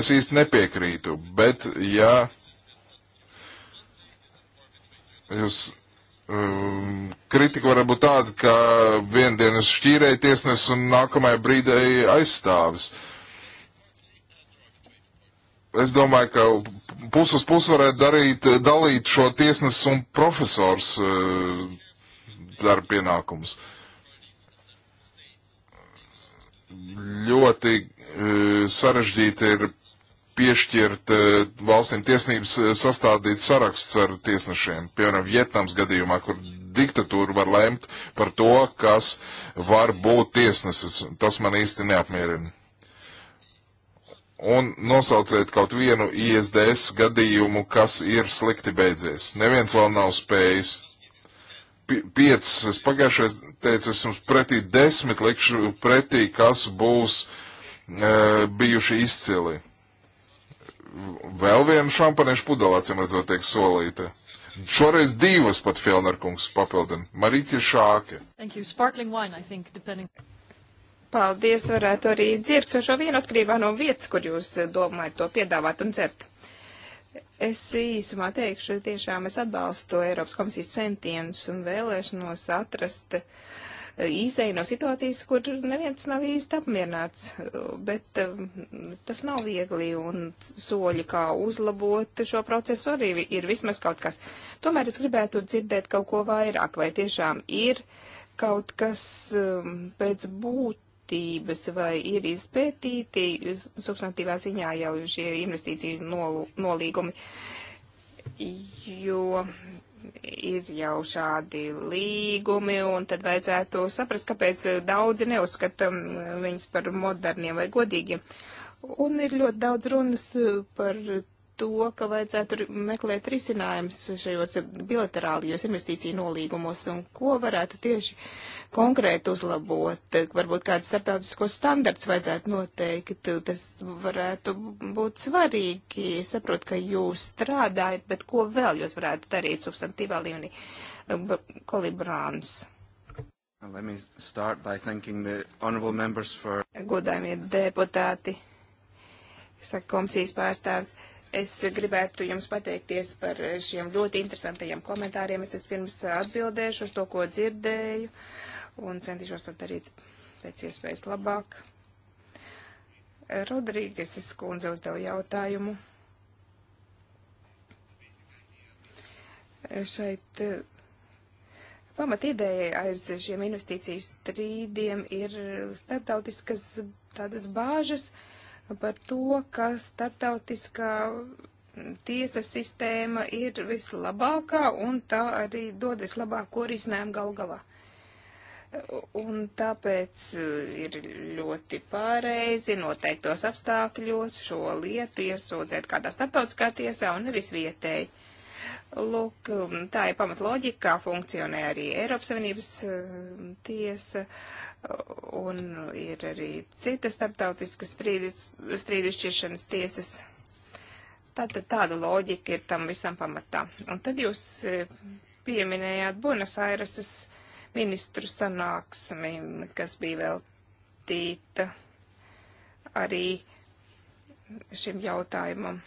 Es īsti nepiekrītu, bet ja jūs Um, kritika var būt tāda, ka viendienas šķīrēja tiesnes un nākamajā brīdī aizstāvis. Es domāju, ka pus uz pus varētu darīt, dalīt šo tiesnes un profesors uh, darba pienākumus. Ļoti uh, eh, sarežģīti ir piešķirt eh, valstīm tiesnības eh, sastādīt saraksts ar tiesnešiem. Piemēram, Vietnams gadījumā, kur diktatūra var lemt par to, kas var būt tiesnesis. Tas man īsti neapmierina. Un nosauciet kaut vienu ISDS gadījumu, kas ir slikti beidzies. Neviens vēl nav spējis. P piecas, es pagājušais teicu, es jums pretī desmit likšu pretī, kas būs e, bijuši izcili vēl viena šampaniešu pudelē, acīm redzot, tiek solīta. Šoreiz divas pat Fjellnerkungs papildina. Marīķa Šāke. Thank you. Sparkling wine, I think, depending. Paldies, varētu arī dzirksošo vienu atkarībā no vietas, kur jūs eh, domājat to piedāvāt un dzert. Es īsumā teikšu, tiešām es atbalstu Eiropas komisijas centienus un vēlēšanos atrast uh, izēja no situācijas, kur neviens nav īsti apmierināts, bet um, tas nav viegli un soļi, kā uzlabot šo procesu arī ir vismaz kaut kas. Tomēr es gribētu dzirdēt kaut ko vairāk, vai tiešām ir kaut kas um, pēc būt vērtības vai ir izpētīti substantīvā ziņā jau šie investīciju nol, nolīgumi, jo ir jau šādi līgumi, un tad vajadzētu saprast, kāpēc daudzi neuzskata mm, viņus par moderniem vai godīgiem. Un ir ļoti daudz runas par to, ka vajadzētu meklēt risinājumus šajos bilaterālajos investīciju nolīgumos un ko varētu tieši konkrēti uzlabot. Varbūt kāds starptautiskos standarts vajadzētu noteikt. Tas varētu būt svarīgi. Es saprotu, ka jūs strādājat, bet ko vēl jūs varētu darīt substantīvā līmenī? Kolibrāns. Let me start by thanking the honorable members for. Godājumie deputāti, saka komisijas pārstāvs. Uh, Es gribētu jums pateikties par šiem ļoti interesantajiem komentāriem. Es vispirms atbildēšu uz to, ko dzirdēju, un centīšos to darīt pēc iespējas labāk. Rodrīgas skundze uzdeva jautājumu. Šeit eh, pamat ideja aiz šiem investīciju strīdiem ir starptautiskas tādas bāžas, uh, par to, ka starptautiskā tiesas sistēma ir vislabākā un tā arī dod vislabāko risinājumu gal galā. Un tāpēc uh, ir ļoti pareizi noteiktos apstākļos šo lietu iesūdzēt kādā starptautiskā tiesā un nevis vietēji. Lūk, um, tā ir pamatloģika, kā funkcionē arī Eiropas Savienības uh, tiesa. Uh, un ir arī citas starptautiskas strīdišķiršanas tiesas. Tātad tāda loģika ir tam visam pamatā. Un tad jūs e, pieminējāt Buenos Aireses ministru sanāksmi, kas bija veltīta arī šim jautājumam.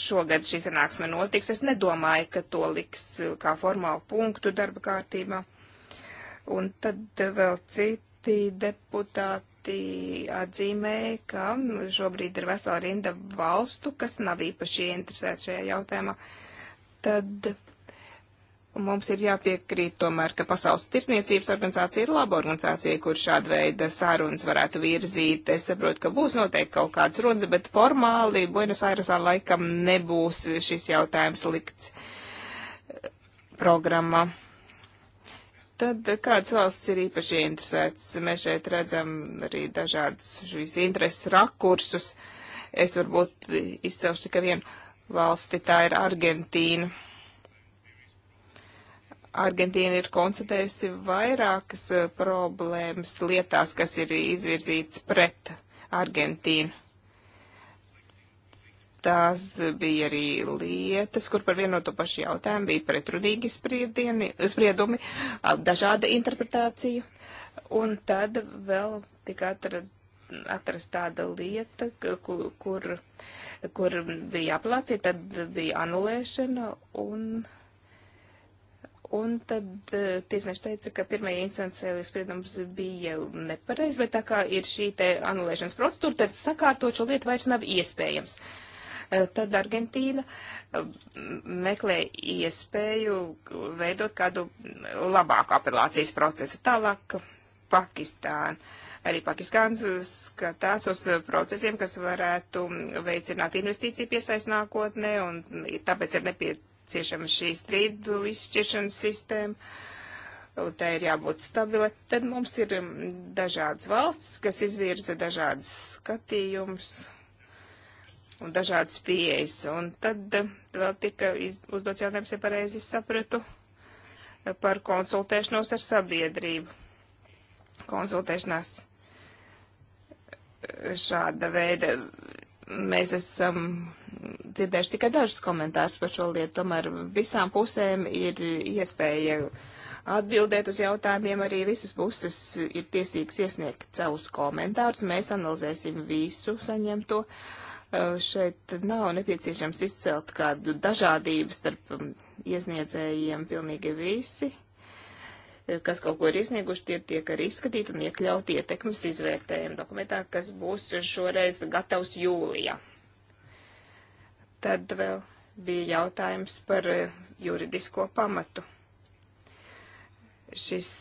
Šogad šī sanāksme notiks. Es nedomāju, ka to liks kā formālu punktu darba kārtībā. Un tad vēl citi deputāti atzīmēja, ka šobrīd ir vesela rinda valstu, kas nav īpaši interesēti šajā jautājumā. Tad mums ir jāpiekrīt tomēr, ka Pasaules tirsniecības organizācija ir laba organizācija, kur šāda veida sarunas varētu virzīt. Es saprotu, ka būs noteikti kaut kāds runas, bet formāli Buenos Airesā laikam nebūs šis jautājums likts programmā. Tad kādas valsts ir īpaši interesētas? Mēs šeit redzam arī dažādus šīs intereses rakursus. Es varbūt izcelšu tikai vienu valsti, tā ir Argentīna. Argentīna ir konstatējusi vairākas eh, problēmas lietās, kas ir izvirzītas pret Argentīnu. Tās bija arī lietas, kur par vienu no to pašu jautājumu bija pretrunīgi spriedumi, dažāda interpretācija. Un tad vēl tika atrada atrast tāda lieta, kur, kur, kur bija apelācija, tad bija anulēšana, un, un tad e, tiesneši teica, ka pirmajā instancē spriedums bija nepareiz, bet tā kā ir šī te anulēšanas procedūra, tad sakārtot šo lietu vairs nav iespējams. Uh, Eh, tad Argentīna eh, meklē iespēju veidot kādu labāku apelācijas procesu. Tālāk Pakistāna. Arī Pakistāns skatās uz procesiem, kas varētu veicināt investīciju piesaistnākotnē, un tāpēc ir nepieciešama šī strīdu izšķiršanas sistēma un tai ir jābūt stabile, tad mums ir dažādas valstis, kas izvirza dažādus skatījumus un dažādas pieejas. Un tad eh, vēl tika uzdots jautājums, ja pareizi sapratu, eh, par konsultēšanos ar sabiedrību. Konsultēšanās eh, šāda veida. Mēs esam dzirdējuši tikai dažus komentārus par šo lietu, tomēr visām pusēm ir iespēja atbildēt uz jautājumiem, arī visas puses ir tiesīgas iesniegt savus komentārus. Mēs analizēsim visu saņemto. Uh, Eh, šeit nav nepieciešams izcelt kādu dažādību starp um, iesniedzējiem pilnīgi visi, eh, kas kaut ko ir izsnieguši, tie tiek arī izskatīti un iekļauti ietekmes izvērtējuma dokumentā, kas būs šoreiz gatavs jūlijā. Tad vēl bija jautājums par eh, juridisko pamatu. Šis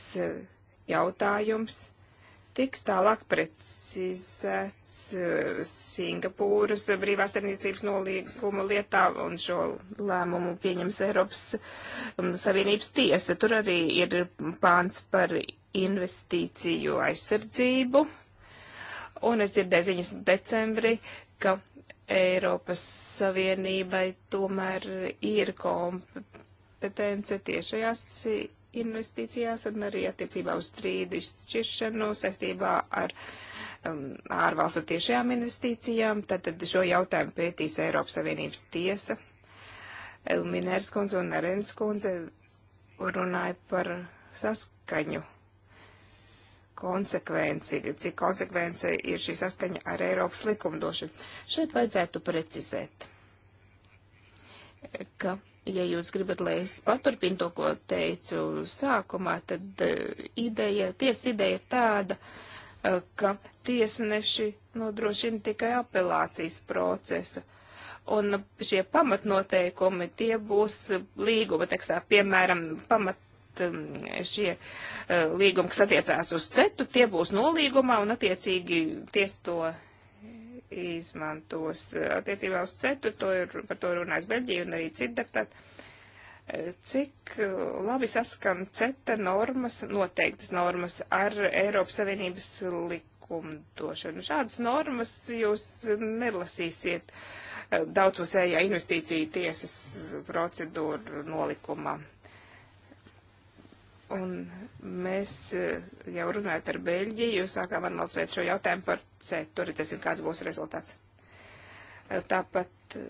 jautājums tiks tālāk precizēts eh, Singapūras brīvās saimniecības nolīguma lietā, un šo lēmumu pieņems Eiropas um, Savienības tiesa. Tur arī ir pāns par investīciju aizsardzību, un es dzirdēju ziņas decembri, ka Eiropas Savienībai tomēr ir kompetence tiešajās investīcijās un arī attiecībā uz strīdu izšķiršanu saistībā ar um, ārvalstu tiešajām investīcijām. Tātad šo jautājumu pētīs Eiropas Savienības tiesa. Minērs kundze un Arens kundze runāja par saskaņu konsekvenci, cik konsekvence ir šī saskaņa ar Eiropas likumdošanu. Šeit vajadzētu precizēt, ka ja jūs gribat, lai es paturpinu to, ko teicu sākumā, tad eh, ideja, tiesa ideja ir tāda, eh, ka tiesneši nodrošina tikai apelācijas procesu. Un šie pamatnoteikumi, tie būs līguma tekstā, piemēram, pamat mm, šie eh, līgumi, kas attiecās uz cetu, tie būs nolīgumā un attiecīgi ties to izmantos. Attiecībā uz CETU, to ir, par to runājas Beļģija un arī citi deputāti cik labi saskan CETA normas, noteiktas normas ar Eiropas Savienības likumdošanu. Šādas normas jūs nelasīsiet eh, daudzpusējā investīcija tiesas procedūru nolikumā. Un mēs e, jau runājot ar Beļģiju, sākām analizēt šo jautājumu par C. Tur redzēsim, kāds būs rezultāts. E, tāpat e,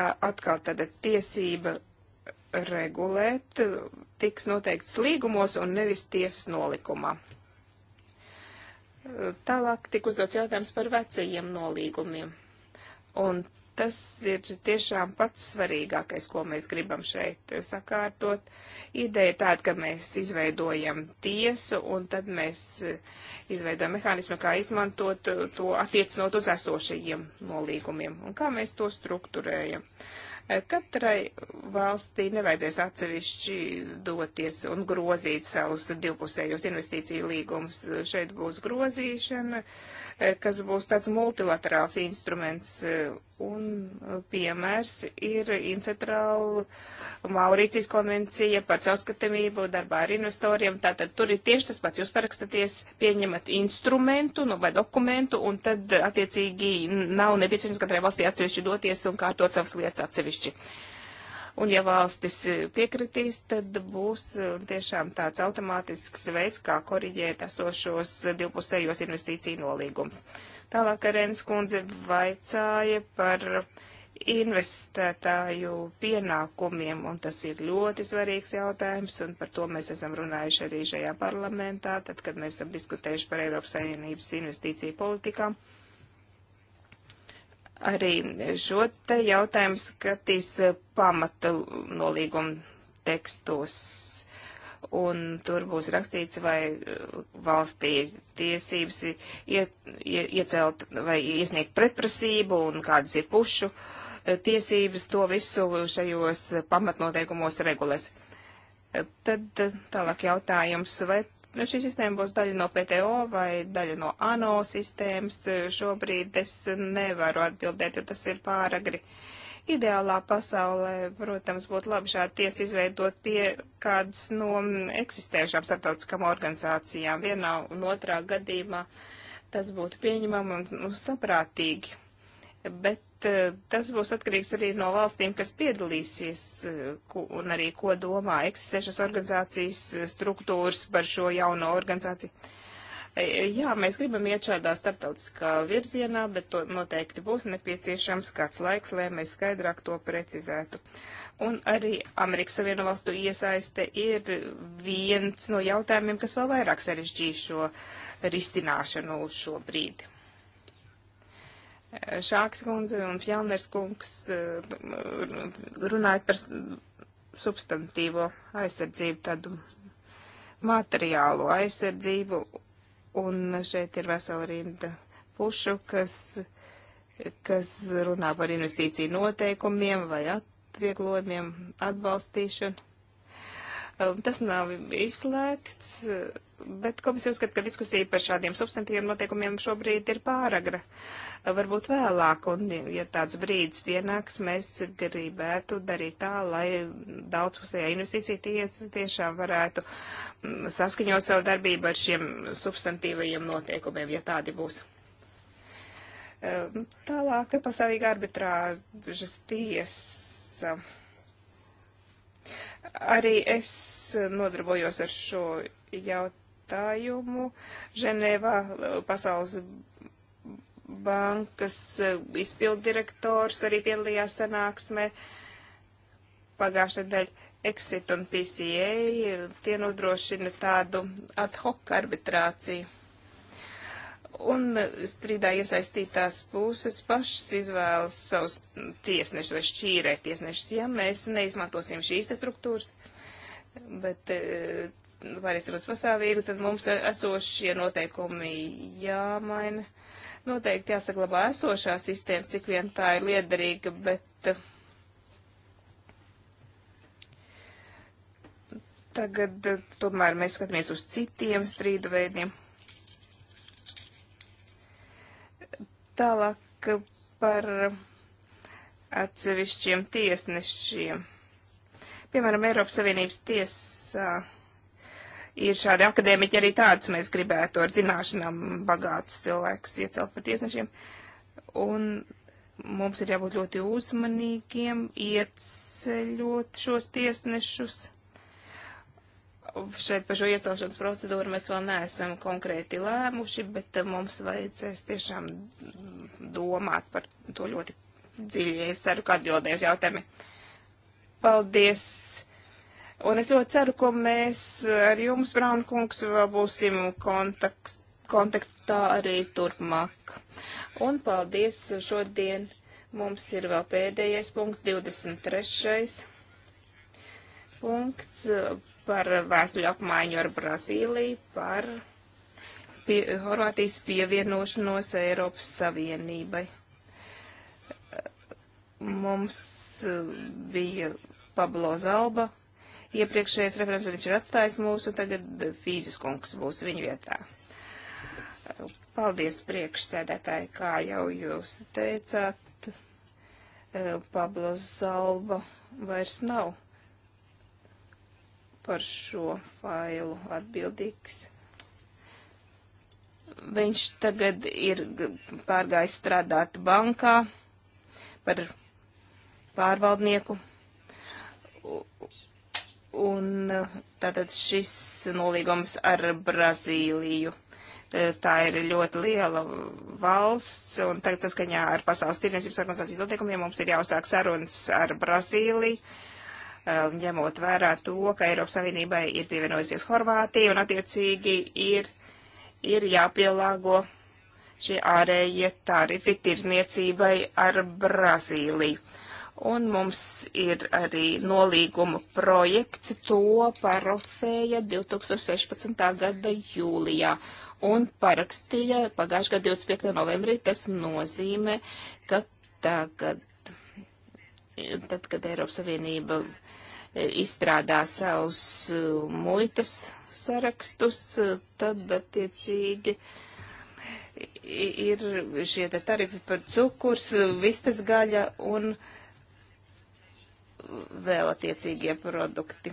atkal tāda tiesība regulēt tiks noteikts līgumos un nevis tiesas nolikumā. Tālāk tika uzdots jautājums par vecajiem nolīgumiem. Un Tas ir tiešām pats svarīgākais, ko mēs gribam šeit sakārtot. Ideja tāda, ka mēs izveidojam tiesu un tad mēs eh, izveidojam mehānismu, kā izmantot to attiecinot uz esošajiem nolīgumiem un kā mēs to strukturējam eh, katrai valstī nevajadzēs atsevišķi doties un grozīt savus divpusējos investīciju līgumus. Šeit būs grozīšana, Eh, kas būs tāds multilaterāls instruments. Eh, un eh, piemērs ir incentrāla Maurīcijas konvencija par caurskatamību darbā ar investoriem. Tātad tur ir tieši tas pats. Jūs parakstaties, pieņemat instrumentu nu, vai dokumentu, un tad attiecīgi nav nepieciešams katrai valstī atsevišķi doties un kārtot savas lietas atsevišķi. Uh, Un ja valstis piekritīs, tad būs uh, tiešām tāds automātisks veids, kā koriģēt esošos divpusējos investīciju nolīgums. Tālāk Rēnas kundze vaicāja par investētāju pienākumiem, un tas ir ļoti svarīgs jautājums, un par to mēs esam runājuši arī šajā parlamentā, tad, kad mēs esam diskutējuši par Eiropas Savienības investīciju politikām. Arī šo te jautājumu skatīs eh, pamata nolīguma tekstos. Un tur būs rakstīts, vai eh, valstī ir tiesības ie, ie, iecelt vai iesniegt pretprasību un kādas ir pušu eh, tiesības. To visu šajos pamatnoteikumos regulēs. Tad tālāk jautājums, vai Nu, šī sistēma būs daļa no PTO vai daļa no ANO sistēmas. Šobrīd es nevaru atbildēt, jo tas ir pāragri. Ideālā pasaulē, protams, būtu labi šādu tiesu izveidot pie kādas no nu, eksistējušām starptautiskām organizācijām. Vienā un otrā gadījumā tas būtu pieņemami un nu, saprātīgi. Bet bet eh, tas būs atkarīgs arī no valstīm, kas piedalīsies eh, un arī ko domā eksistēšas organizācijas eh, struktūras par šo jauno organizāciju. Jā, mēs gribam iet šādā starptautiskā virzienā, bet to noteikti būs nepieciešams kāds laiks, lai mēs skaidrāk to precizētu. Un arī Amerikas Savieno valstu iesaiste ir viens no jautājumiem, kas vēl vairāk sarežģīs šo risināšanu šobrīd. Šāks kundze un Fjellners kungs eh, runājot par substantīvo aizsardzību, tādu materiālo aizsardzību, un šeit ir vesela rinda pušu, kas, kas runā par investīciju noteikumiem vai atvieglojumiem, atbalstīšanu. Um, tas nav izslēgts, eh, bet komisija uzskata, ka diskusija par šādiem substantīviem noteikumiem šobrīd ir pāragra. Uh, varbūt vēlāk, un ja tāds brīdis pienāks, mēs gribētu darīt tā, lai daudzpusējā investīcija tiec, tiešām varētu mm, saskaņot savu darbību ar šiem substantīvajiem noteikumiem, ja tādi būs. E, tālāk pastāvīga arbitrāžas tiesa. Arī es nodarbojos ar šo jautājumu. Ženēvā Pasaules bankas e, izpildirektors arī piedalījās sanāksmē pagājušā daļa. Exit un PCA, e, tie nodrošina tādu ad hoc arbitrāciju. Un e, strīdā iesaistītās puses pašas izvēlas savus tiesnešus vai šķīrē tiesnešus, ja mēs neizmantosim šīs te struktūras, bet pāriesim uz pasāvīgu, tad mums esošie noteikumi jāmaina. Noteikti jāsaglabā esošā sistēma, cik vien tā ir liederīga, bet eh, tagad eh, tomēr mēs skatāmies uz citiem strīdu veidiem. Tālāk eh, par atsevišķiem tiesnešiem. Piemēram, Eiropas Savienības tiesā ir šādi akadēmiķi arī tādus mēs gribētu ar zināšanām bagātus cilvēkus iecelt par tiesnešiem. Un mums ir jābūt ļoti uzmanīgiem, ieceļot šos tiesnešus. Šeit par šo iecelšanas procedūru mēs vēl neesam konkrēti lēmuši, bet mums vajadzēs tiešām domāt par to ļoti dziļi. Es ceru, ka atbildēs jautājumi. Paldies! Un es ļoti ceru, ka mēs ar jums, Brauna kungs, vēl būsim kontakts, kontaktā arī turpmāk. Un paldies šodien. Mums ir vēl pēdējais punkts, 23. punkts par vēstuļu apmaiņu ar Brazīliju, par pie, Horvātijas pievienošanos Eiropas Savienībai. Mums bija Pablo Zalba iepriekšējais referents, bet viņš ir atstājis mūsu, tagad fīziskungs būs viņa vietā. Paldies priekšsēdētāji, kā jau jūs teicāt, eh, Pablo Zalba vairs nav par šo failu atbildīgs. Viņš tagad ir pārgājis strādāt bankā par pārvaldnieku Un tātad šis nolīgums ar Brazīliju. E, tā ir ļoti liela valsts, un tagad saskaņā ar Pasaules tirniecības organizācijas noteikumiem mums ir jāuzsāk sarunas ar Brazīliju, e, ņemot vērā to, ka Eiropas Savienībai ir pievienojusies Horvātija, un attiecīgi ir, ir jāpielāgo šie ārējie tarifi tirzniecībai ar Brazīliju. Un mums ir arī nolīguma projekts, to parofēja 2016. gada jūlijā un parakstīja pagājušā gada 25. novembrī. Tas nozīmē, ka tagad, tad, kad Eiropas Savienība e, izstrādā savus e, muitas sarakstus, e, tad attiecīgi ir šie tarifi par cukurs, vistas gaļa un uh, vēl attiecīgie produkti.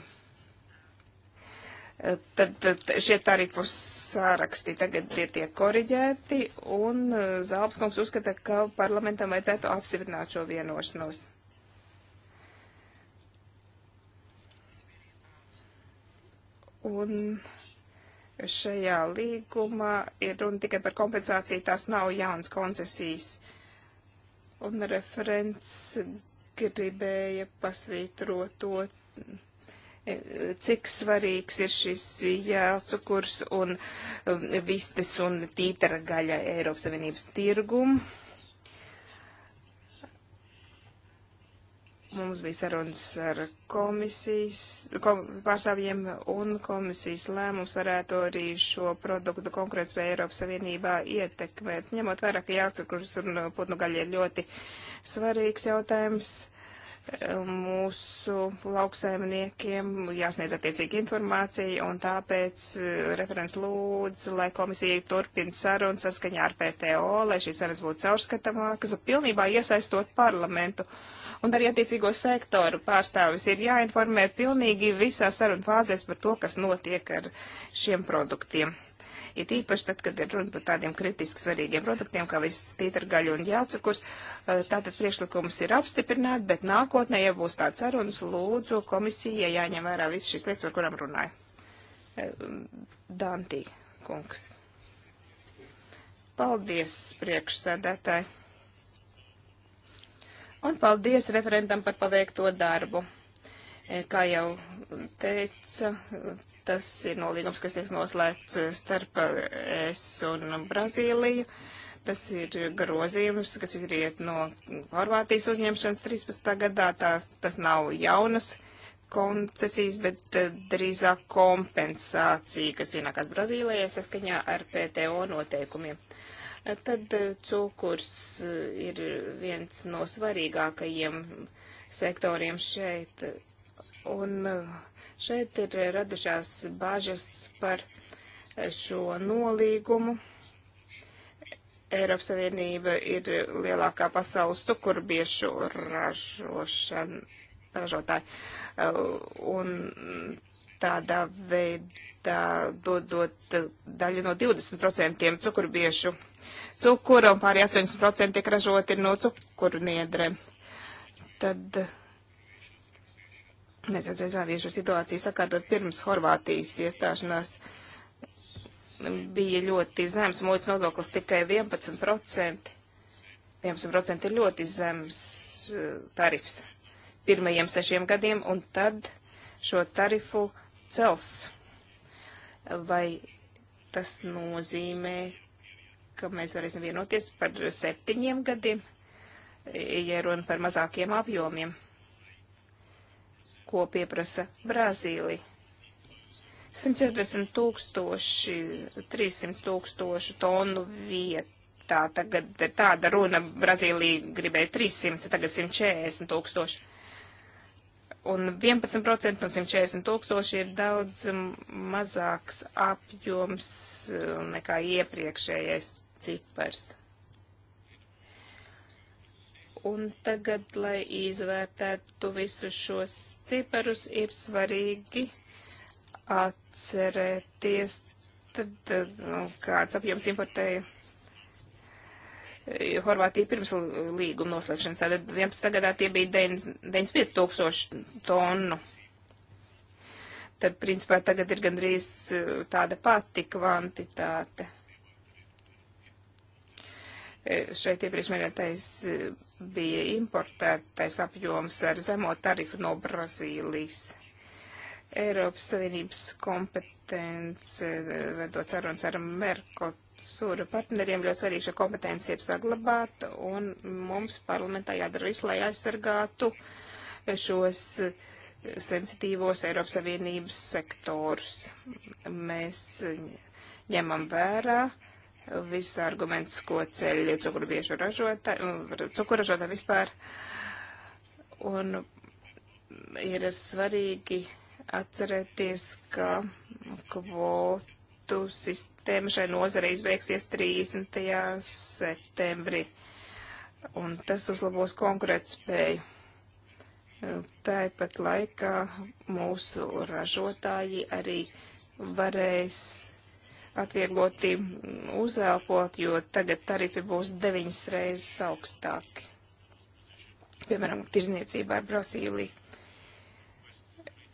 Eh, tad, tad šie tarifu sāraksti tagad tie tiek koriģēti, un eh, Zālpskungs uzskata, ka parlamentam vajadzētu apstiprināt šo vienošanos. Un šajā līgumā ir runa tikai par kompensāciju, tās nav jaunas koncesijas. Un referents gribēja pasvītrot to, cik svarīgs ir šis jācukurs un um, vistes un tītara gaļa Eiropas Savienības tirgumu. Mums bija sarunas ar komisijas kom, pārstāvjiem, un komisijas lēmums varētu arī šo produktu konkurētspēju Eiropas Savienībā ietekmēt. Ņemot vairāk, ka jācukurs un putnu gaļa ir ļoti svarīgs jautājums mūsu lauksaimniekiem jāsniedz attiecīgi informācija, un tāpēc eh, referents lūdz, lai komisija turpina sarunu saskaņā ar PTO, lai šīs sarunas būtu caurskatāmākas un pilnībā iesaistot parlamentu. Un arī attiecīgo sektoru pārstāvis ir jāinformē pilnīgi visā sarunu fāzēs par to, kas notiek ar šiem produktiem. It īpaši tad, kad ir runa par tādiem kritiski svarīgiem produktiem, kā viss tītargaļu un jaucukurs, eh, tātad priekšlikums ir apstiprināt, bet nākotnē, ja būs tāds sarunas, lūdzu komisija jāņem vērā viss šis lietas, par kuram runāju. Eh, Dantī kungs. Paldies, priekšsēdētāji. Un paldies referentam par paveikto darbu. Eh, kā jau teica Tas ir nolīgums, kas tiks noslēgts starp es un Brazīliju. Tas ir grozījums, kas izriet no Horvātijas uzņemšanas 13. gadā. Tās, tas nav jaunas koncesijas, bet eh, drīzāk kompensācija, kas pienākās Brazīlijai saskaņā ar PTO noteikumiem. Eh, tad eh, cukurs ir viens no svarīgākajiem sektoriem šeit. Un uh, Šeit ir radušās bāžas par šo nolīgumu. Eiropas Savienība ir lielākā pasaules cukurbiešu ražošana, ražotāja. Un tādā veidā dodot daļu no 20% cukurbiešu cukura un pārējie 80% tiek ražoti no cukurniedrēm. Tad uh, Mēs jau cenšāmies šo situāciju sakārtot pirms Horvātijas iestāšanās. Bija ļoti zems muitas nodoklis tikai 11%. 11% ir ļoti zems eh, tarifs pirmajiem sešiem gadiem, un tad šo tarifu cels. Vai tas nozīmē, ka mēs varēsim vienoties par septiņiem gadiem, ja runa par mazākiem apjomiem? ko pieprasa Brazīlija. 140 tūkstoši, 300 tūkstošu tonu vietā. Tagad ir tāda runa, Brazīlija gribēja 300, tagad 140 tūkstoši. Un 11% no 140 tūkstoši ir daudz mazāks apjoms uh, nekā iepriekšējais cipars. Un tagad, lai izvērtētu visus šos ciparus, ir svarīgi atcerēties, tad, nu, kāds apjoms importēja Horvātija pirms līguma noslēgšanas. Tad 11. gadā tie bija 95 tūkstoši tonu. Tad, principā, tagad ir gandrīz eh, tāda pati kvantitāte. E, šeit iepriekš minētais e, bija importētais apjoms ar zemo tarifu no Brazīlijas. Eiropas Savienības kompetence, e, vedot sarunas ar Merkosura partneriem, ļoti svarīgi šo kompetenci ir saglabāt, un mums parlamentā jādara visu, lai aizsargātu šos uh, sensitīvos Eiropas Savienības sektorus. Mēs ņemam vērā viss arguments, ko ceļ cukurbiešu ražotāji, cukuražotāji vispār. Un ir svarīgi atcerēties, ka kvotu sistēma šai nozarei izbeigsies 30. septembrī, un tas uzlabos konkurētspēju. Tāpat laikā mūsu ražotāji arī varēs atviegloti uzelpot, jo tagad tarifi būs deviņas reizes augstāki. Piemēram, tirzniecībā ar Brazīliju.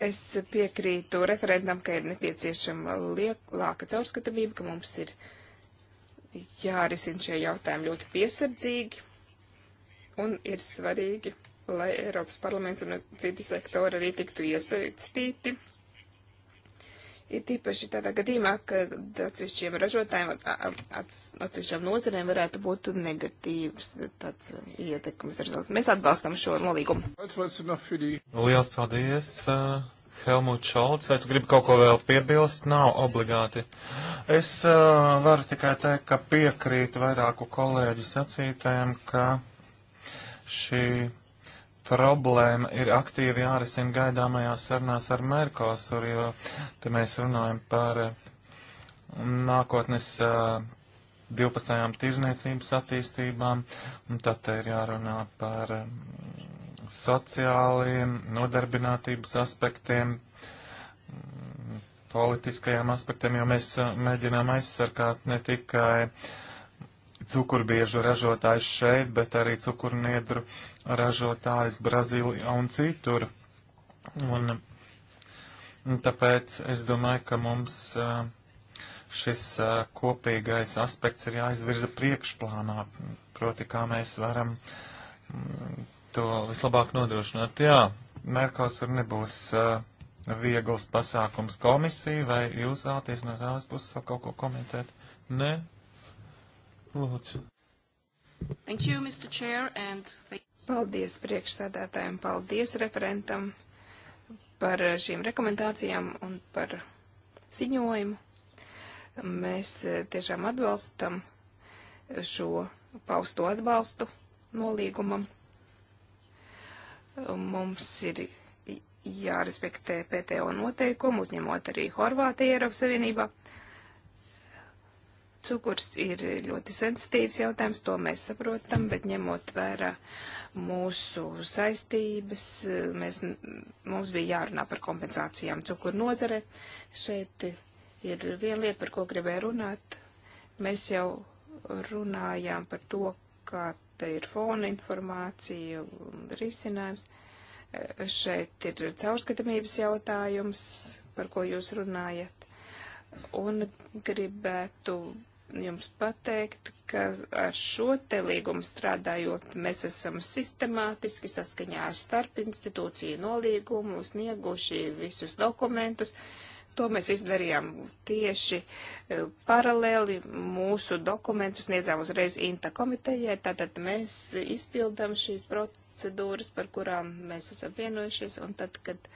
Es piekrītu referentam, ka ir nepieciešama lielāka caurskatāmība, ka mums ir jārisina šie jautājumi ļoti piesardzīgi un ir svarīgi, lai Eiropas parlaments un citi sektori arī tiktu iesaistīti Ir tīpaši tādā gadījumā, ka atsevišķiem ražotājiem, atsevišķām nozarēm varētu būt negatīvs tāds uh, ietekmes rezultāts. Mēs atbalstam šo nolīgumu. Nu, Lielas paldies! Uh, Helmut Šalts, vai tu gribi kaut ko vēl piebilst? Nav obligāti. Es uh, varu tikai teikt, ka piekrītu vairāku kolēģu sacītājiem, ka šī problēma ir aktīvi jārisina gaidāmajās sarunās ar Merkosur, jo te mēs runājam par um, nākotnes uh, 12. tirzniecības attīstībām, un tad te ir jārunā par um, sociāliem, nodarbinātības aspektiem, um, politiskajiem aspektiem, jo mēs uh, mēģinām aizsargāt ne tikai uh, cukurbiežu ražotājs šeit, bet arī cukurniedru ražotājs Brazīlijā un citur. Un, un tāpēc es domāju, ka mums šis kopīgais aspekts ir jāizvirza priekšplānā, proti kā mēs varam mm, to vislabāk nodrošināt. Jā, Merkosur nebūs uh, viegls pasākums komisija, vai jūs vēlaties no savas puses kaut ko komentēt? Nē, Lūdzu. Thank you, Mr. Chair, and thank Paldies priekšsēdētājiem, paldies referentam par šīm rekomendācijām un par ziņojumu. Mēs eh, tiešām atbalstam šo pausto atbalstu nolīgumam. Mums ir jārespektē PTO noteikumu, uzņemot arī Horvātiju Eiropas Savienībā. Uh, Cukurs ir ļoti sensitīvs jautājums, to mēs saprotam, bet ņemot vērā mūsu saistības, mēs, mums bija jārunā par kompensācijām cukuru nozare. Šeit ir viena lieta, par ko gribēju runāt. Mēs jau runājām par to, kā te ir fona informācija, risinājums. Šeit ir caurskatamības jautājums, par ko jūs runājat. Un gribētu jums pateikt, ka ar šo te līgumu strādājot, mēs esam sistemātiski saskaņā ar starp institūciju nolīgumu snieguši visus dokumentus. To mēs izdarījām tieši e, paralēli mūsu dokumentu sniedzām uzreiz INTA komitejai, tātad mēs izpildām šīs procedūras, par kurām mēs esam vienojušies, un tad, kad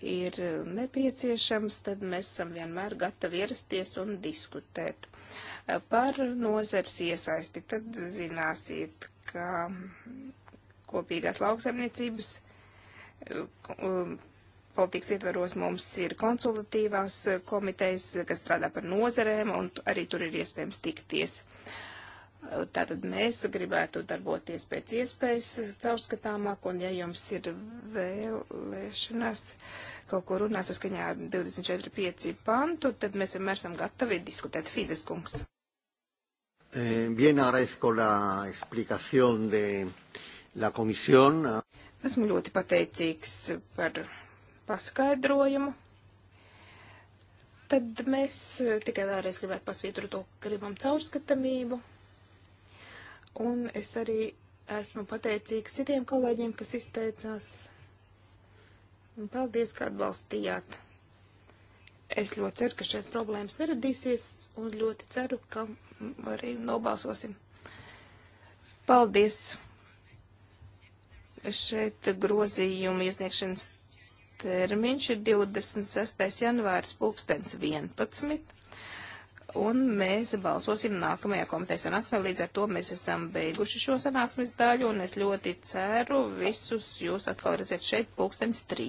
ir nepieciešams, tad mēs esam vienmēr gatavi ierasties un diskutēt. Par nozars iesaisti tad zināsiet, ka kopīgās lauksaimniecības politikas ietveros mums ir konsultatīvās komitejas, kas strādā par nozerēm, un arī tur ir iespējams tikties. Tātad mēs gribētu darboties pēc iespējas caurskatāmāk, un ja jums ir vēlēšanas, uh, kaut ko runā saskaņā ar 24.5 pantu, tad mēs vienmēr esam gatavi diskutēt fiziskungs. Eh, bien agradezco la explicación de la comisión. Esmu ļoti pateicīgs par paskaidrojumu. Tad mēs eh, tikai vēlreiz gribētu pasvītrot to, ka gribam caurskatamību. Un es arī esmu pateicīgs citiem kolēģiem, kas izteicās Un paldies, ka atbalstījāt. Es ļoti ceru, ka šeit problēmas neradīsies, un ļoti ceru, ka arī nobalsosim. Paldies! Šeit grozījuma iesniegšanas termiņš ir 26. janvārs pulkstens 11. Un mēs balsosim nākamajā komitejas sanāksmē. Līdz ar to mēs esam beiguši šo sanāksmes daļu, un es ļoti ceru visus jūs atkal redzēt šeit pulkstens 3.